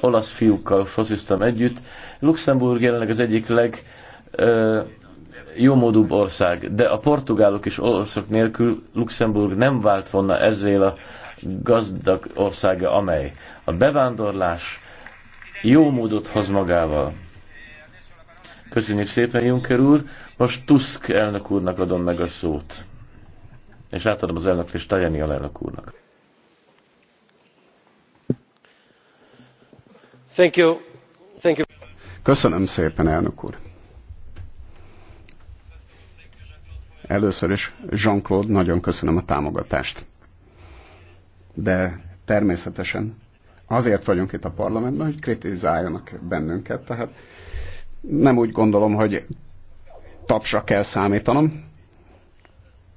olasz fiúkkal fociztam együtt. Luxemburg jelenleg az egyik leg ö, jómódúbb ország, de a portugálok és olaszok nélkül Luxemburg nem vált volna ezzel a gazdag országa, amely a bevándorlás jó módot hoz magával. Köszönjük szépen, Juncker úr. Most Tusk elnök úrnak adom meg a szót. És átadom az és Tajani elnök úrnak. Thank you. Thank you. Köszönöm szépen, elnök úr. Először is, Jean-Claude, nagyon köszönöm a támogatást. De természetesen azért vagyunk itt a parlamentben, hogy kritizáljanak bennünket, tehát nem úgy gondolom, hogy tapsra kell számítanom.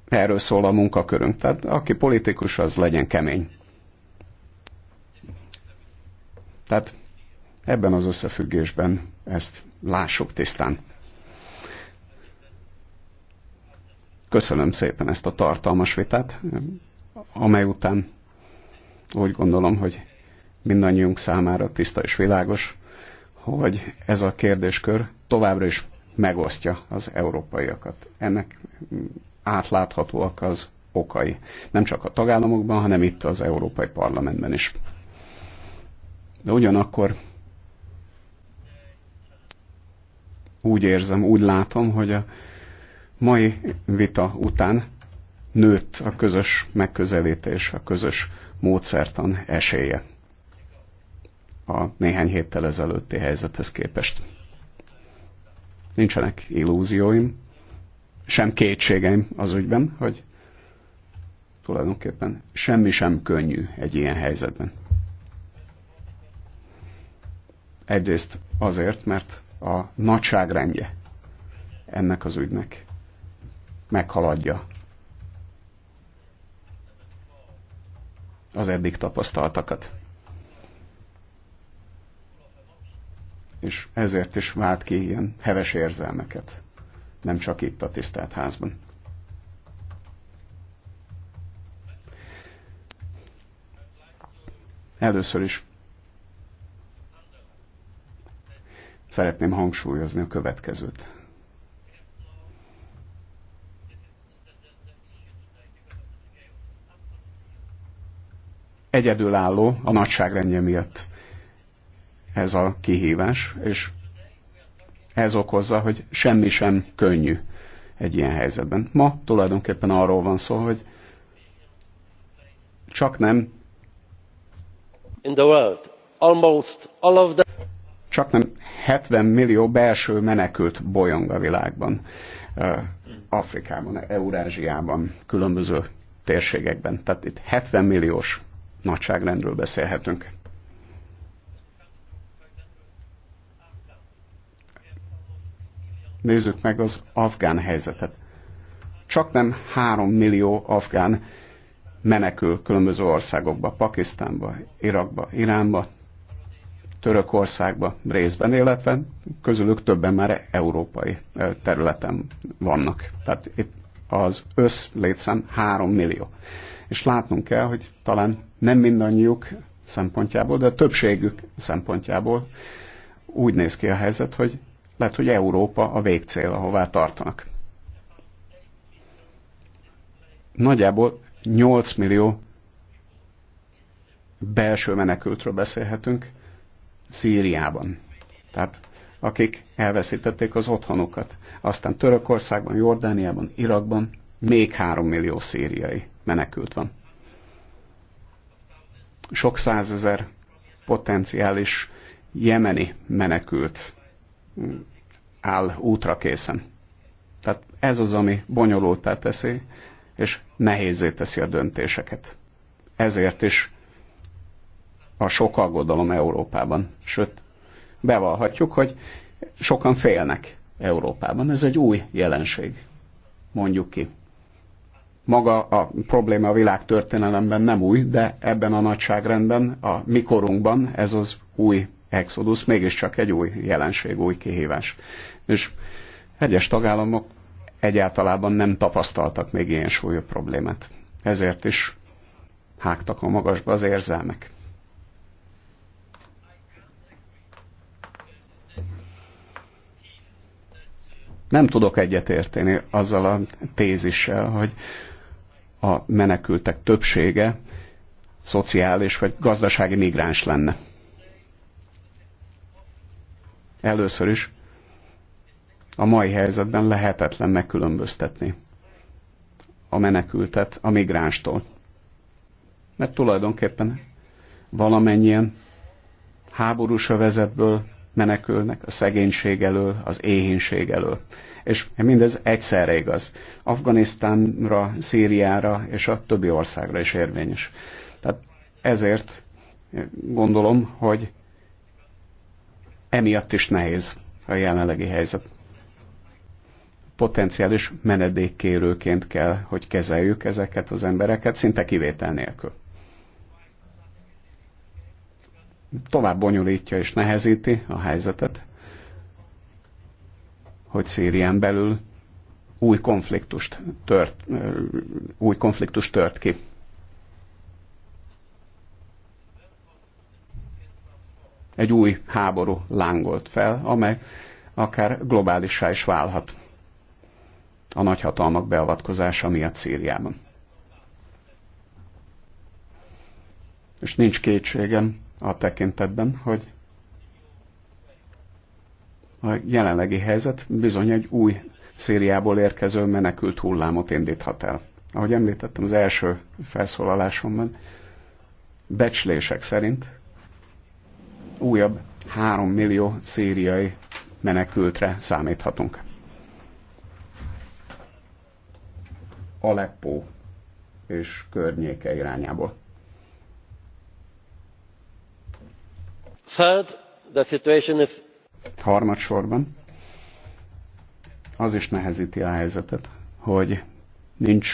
Erről szól a munkakörünk. Tehát aki politikus, az legyen kemény. Tehát Ebben az összefüggésben ezt lássuk tisztán. Köszönöm szépen ezt a tartalmas vitát, amely után úgy gondolom, hogy mindannyiunk számára tiszta és világos, hogy ez a kérdéskör továbbra is megosztja az európaiakat. Ennek átláthatóak az okai. Nem csak a tagállamokban, hanem itt az Európai Parlamentben is. De ugyanakkor úgy érzem, úgy látom, hogy a mai vita után nőtt a közös megközelítés, a közös módszertan esélye a néhány héttel ezelőtti helyzethez képest. Nincsenek illúzióim, sem kétségeim az ügyben, hogy tulajdonképpen semmi sem könnyű egy ilyen helyzetben. Egyrészt azért, mert a nagyságrendje ennek az ügynek meghaladja az eddig tapasztaltakat. És ezért is vált ki ilyen heves érzelmeket, nem csak itt a tisztelt házban. Először is szeretném hangsúlyozni a következőt. Egyedülálló a nagyságrendje miatt ez a kihívás, és ez okozza, hogy semmi sem könnyű egy ilyen helyzetben. Ma tulajdonképpen arról van szó, hogy csak nem In the world, almost all of csak nem 70 millió belső menekült bolyong a világban, Afrikában, Eurázsiában, különböző térségekben. Tehát itt 70 milliós nagyságrendről beszélhetünk. Nézzük meg az afgán helyzetet. Csak nem 3 millió afgán menekül különböző országokba, Pakisztánba, Irakba, Iránba, Törökországba részben, illetve közülük többen már európai területen vannak. Tehát itt az össz létszám 3 millió. És látnunk kell, hogy talán nem mindannyiuk szempontjából, de a többségük szempontjából úgy néz ki a helyzet, hogy lehet, hogy Európa a végcél, ahová tartanak. Nagyjából 8 millió belső menekültről beszélhetünk, Szíriában. Tehát akik elveszítették az otthonukat. Aztán Törökországban, Jordániában, Irakban még három millió szíriai menekült van. Sok százezer potenciális jemeni menekült mm, áll útra készen. Tehát ez az, ami bonyolultá teszi, és nehézé teszi a döntéseket. Ezért is a sok aggodalom Európában. Sőt, bevallhatjuk, hogy sokan félnek Európában. Ez egy új jelenség, mondjuk ki. Maga a probléma a világtörténelemben nem új, de ebben a nagyságrendben, a mikorunkban ez az új exodus mégiscsak egy új jelenség, új kihívás. És egyes tagállamok egyáltalában nem tapasztaltak még ilyen súlyú problémát. Ezért is hágtak a magasba az érzelmek. Nem tudok egyetérteni azzal a tézissel, hogy a menekültek többsége szociális vagy gazdasági migráns lenne. Először is a mai helyzetben lehetetlen megkülönböztetni a menekültet a migránstól. Mert tulajdonképpen valamennyien háborús övezetből menekülnek a szegénység elől, az éhénység elől. És mindez egyszerre igaz. Afganisztánra, Szíriára és a többi országra is érvényes. Tehát ezért gondolom, hogy emiatt is nehéz a jelenlegi helyzet. Potenciális menedékkérőként kell, hogy kezeljük ezeket az embereket, szinte kivétel nélkül. tovább bonyolítja és nehezíti a helyzetet, hogy Szírián belül új konfliktust tört, új konfliktust tört ki. Egy új háború lángolt fel, amely akár globálissá is válhat a nagyhatalmak beavatkozása miatt Szíriában. És nincs kétségem, a tekintetben, hogy a jelenlegi helyzet bizony egy új Szíriából érkező menekült hullámot indíthat el. Ahogy említettem az első felszólalásomban, becslések szerint újabb 3 millió szíriai menekültre számíthatunk. Aleppo és környéke irányából. Harmadsorban az is nehezíti a helyzetet, hogy nincs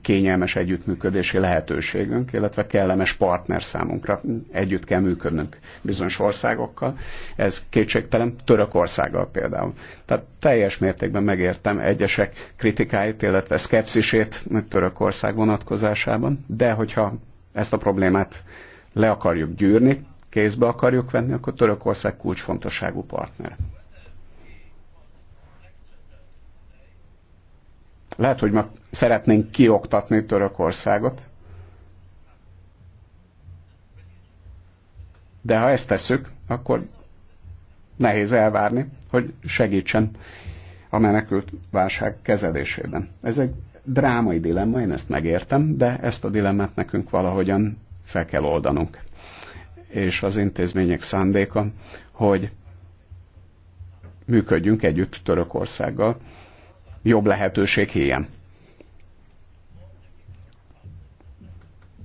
kényelmes együttműködési lehetőségünk, illetve kellemes partner számunkra. Együtt kell működnünk bizonyos országokkal. Ez kétségtelen Törökországgal például. Tehát teljes mértékben megértem egyesek kritikáit, illetve szkepszisét Törökország vonatkozásában, de hogyha ezt a problémát le akarjuk gyűrni, kézbe akarjuk venni, akkor Törökország kulcsfontosságú partner. Lehet, hogy ma szeretnénk kioktatni Törökországot, de ha ezt tesszük, akkor nehéz elvárni, hogy segítsen a menekült válság kezelésében. Ez egy drámai dilemma, én ezt megértem, de ezt a dilemmát nekünk valahogyan fel kell oldanunk. És az intézmények szándéka, hogy működjünk együtt Törökországgal, jobb lehetőség híján.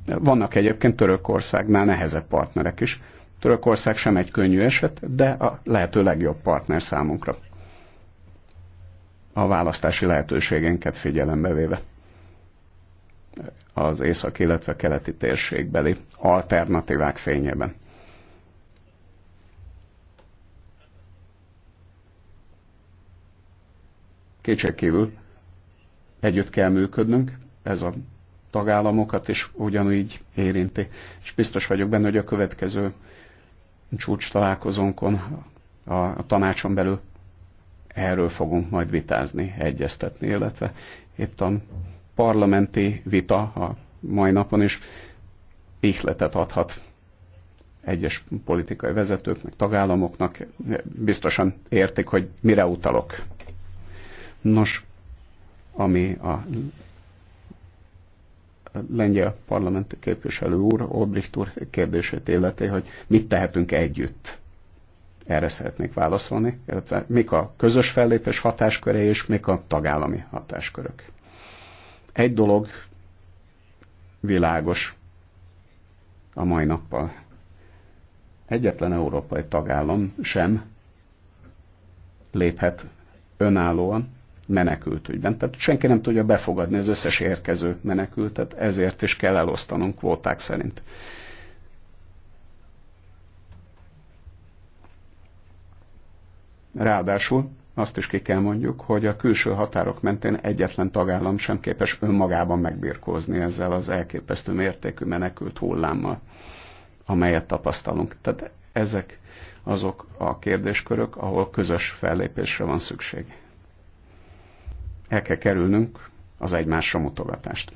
Vannak egyébként Törökországnál nehezebb partnerek is. Törökország sem egy könnyű eset, de a lehető legjobb partner számunkra a választási lehetőségeinket figyelembe véve az észak, illetve keleti térségbeli alternatívák fényében. Kétségkívül együtt kell működnünk, ez a tagállamokat is ugyanúgy érinti. És biztos vagyok benne, hogy a következő csúcs találkozónkon a tanácson belül Erről fogunk majd vitázni, egyeztetni, illetve itt a parlamenti vita a mai napon is ihletet adhat egyes politikai vezetőknek, tagállamoknak, biztosan értik, hogy mire utalok. Nos, ami a lengyel parlamenti képviselő úr, Olbricht úr kérdését illeti, hogy mit tehetünk együtt erre szeretnék válaszolni, illetve mik a közös fellépés hatásköre és mik a tagállami hatáskörök. Egy dolog világos a mai nappal. Egyetlen európai tagállam sem léphet önállóan menekült ügyben. Tehát senki nem tudja befogadni az összes érkező menekültet, ezért is kell elosztanunk kvóták szerint. Ráadásul azt is ki kell mondjuk, hogy a külső határok mentén egyetlen tagállam sem képes önmagában megbirkózni ezzel az elképesztő mértékű menekült hullámmal, amelyet tapasztalunk. Tehát ezek azok a kérdéskörök, ahol közös fellépésre van szükség. El kell kerülnünk az egymásra mutogatást.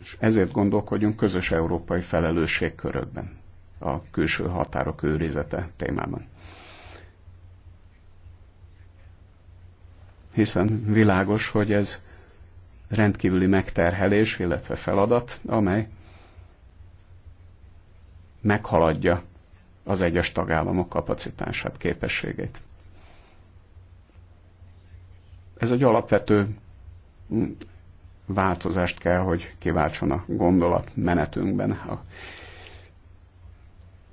És ezért gondolkodjunk közös európai felelősségkörökben a külső határok őrizete témában. Hiszen világos, hogy ez rendkívüli megterhelés, illetve feladat, amely meghaladja az egyes tagállamok kapacitását, képességét. Ez egy alapvető változást kell, hogy kiváltson a menetünkben, a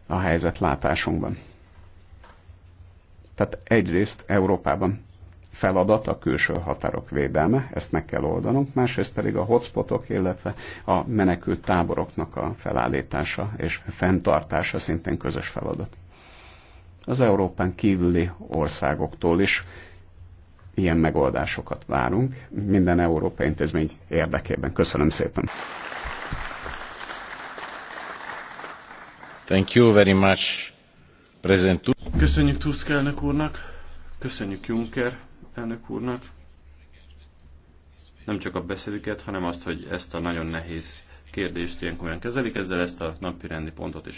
a helyzet látásunkban. Tehát egyrészt Európában feladat a külső határok védelme, ezt meg kell oldanunk, másrészt pedig a hotspotok, illetve a menekült táboroknak a felállítása és fenntartása szintén közös feladat. Az Európán kívüli országoktól is ilyen megoldásokat várunk. Minden európai intézmény érdekében. Köszönöm szépen! Köszönjük Tusk elnök úrnak, köszönjük Juncker elnök úrnak. Nem csak a beszédüket, hanem azt, hogy ezt a nagyon nehéz kérdést ilyen komolyan kezelik, ezzel ezt a napi rendi pontot is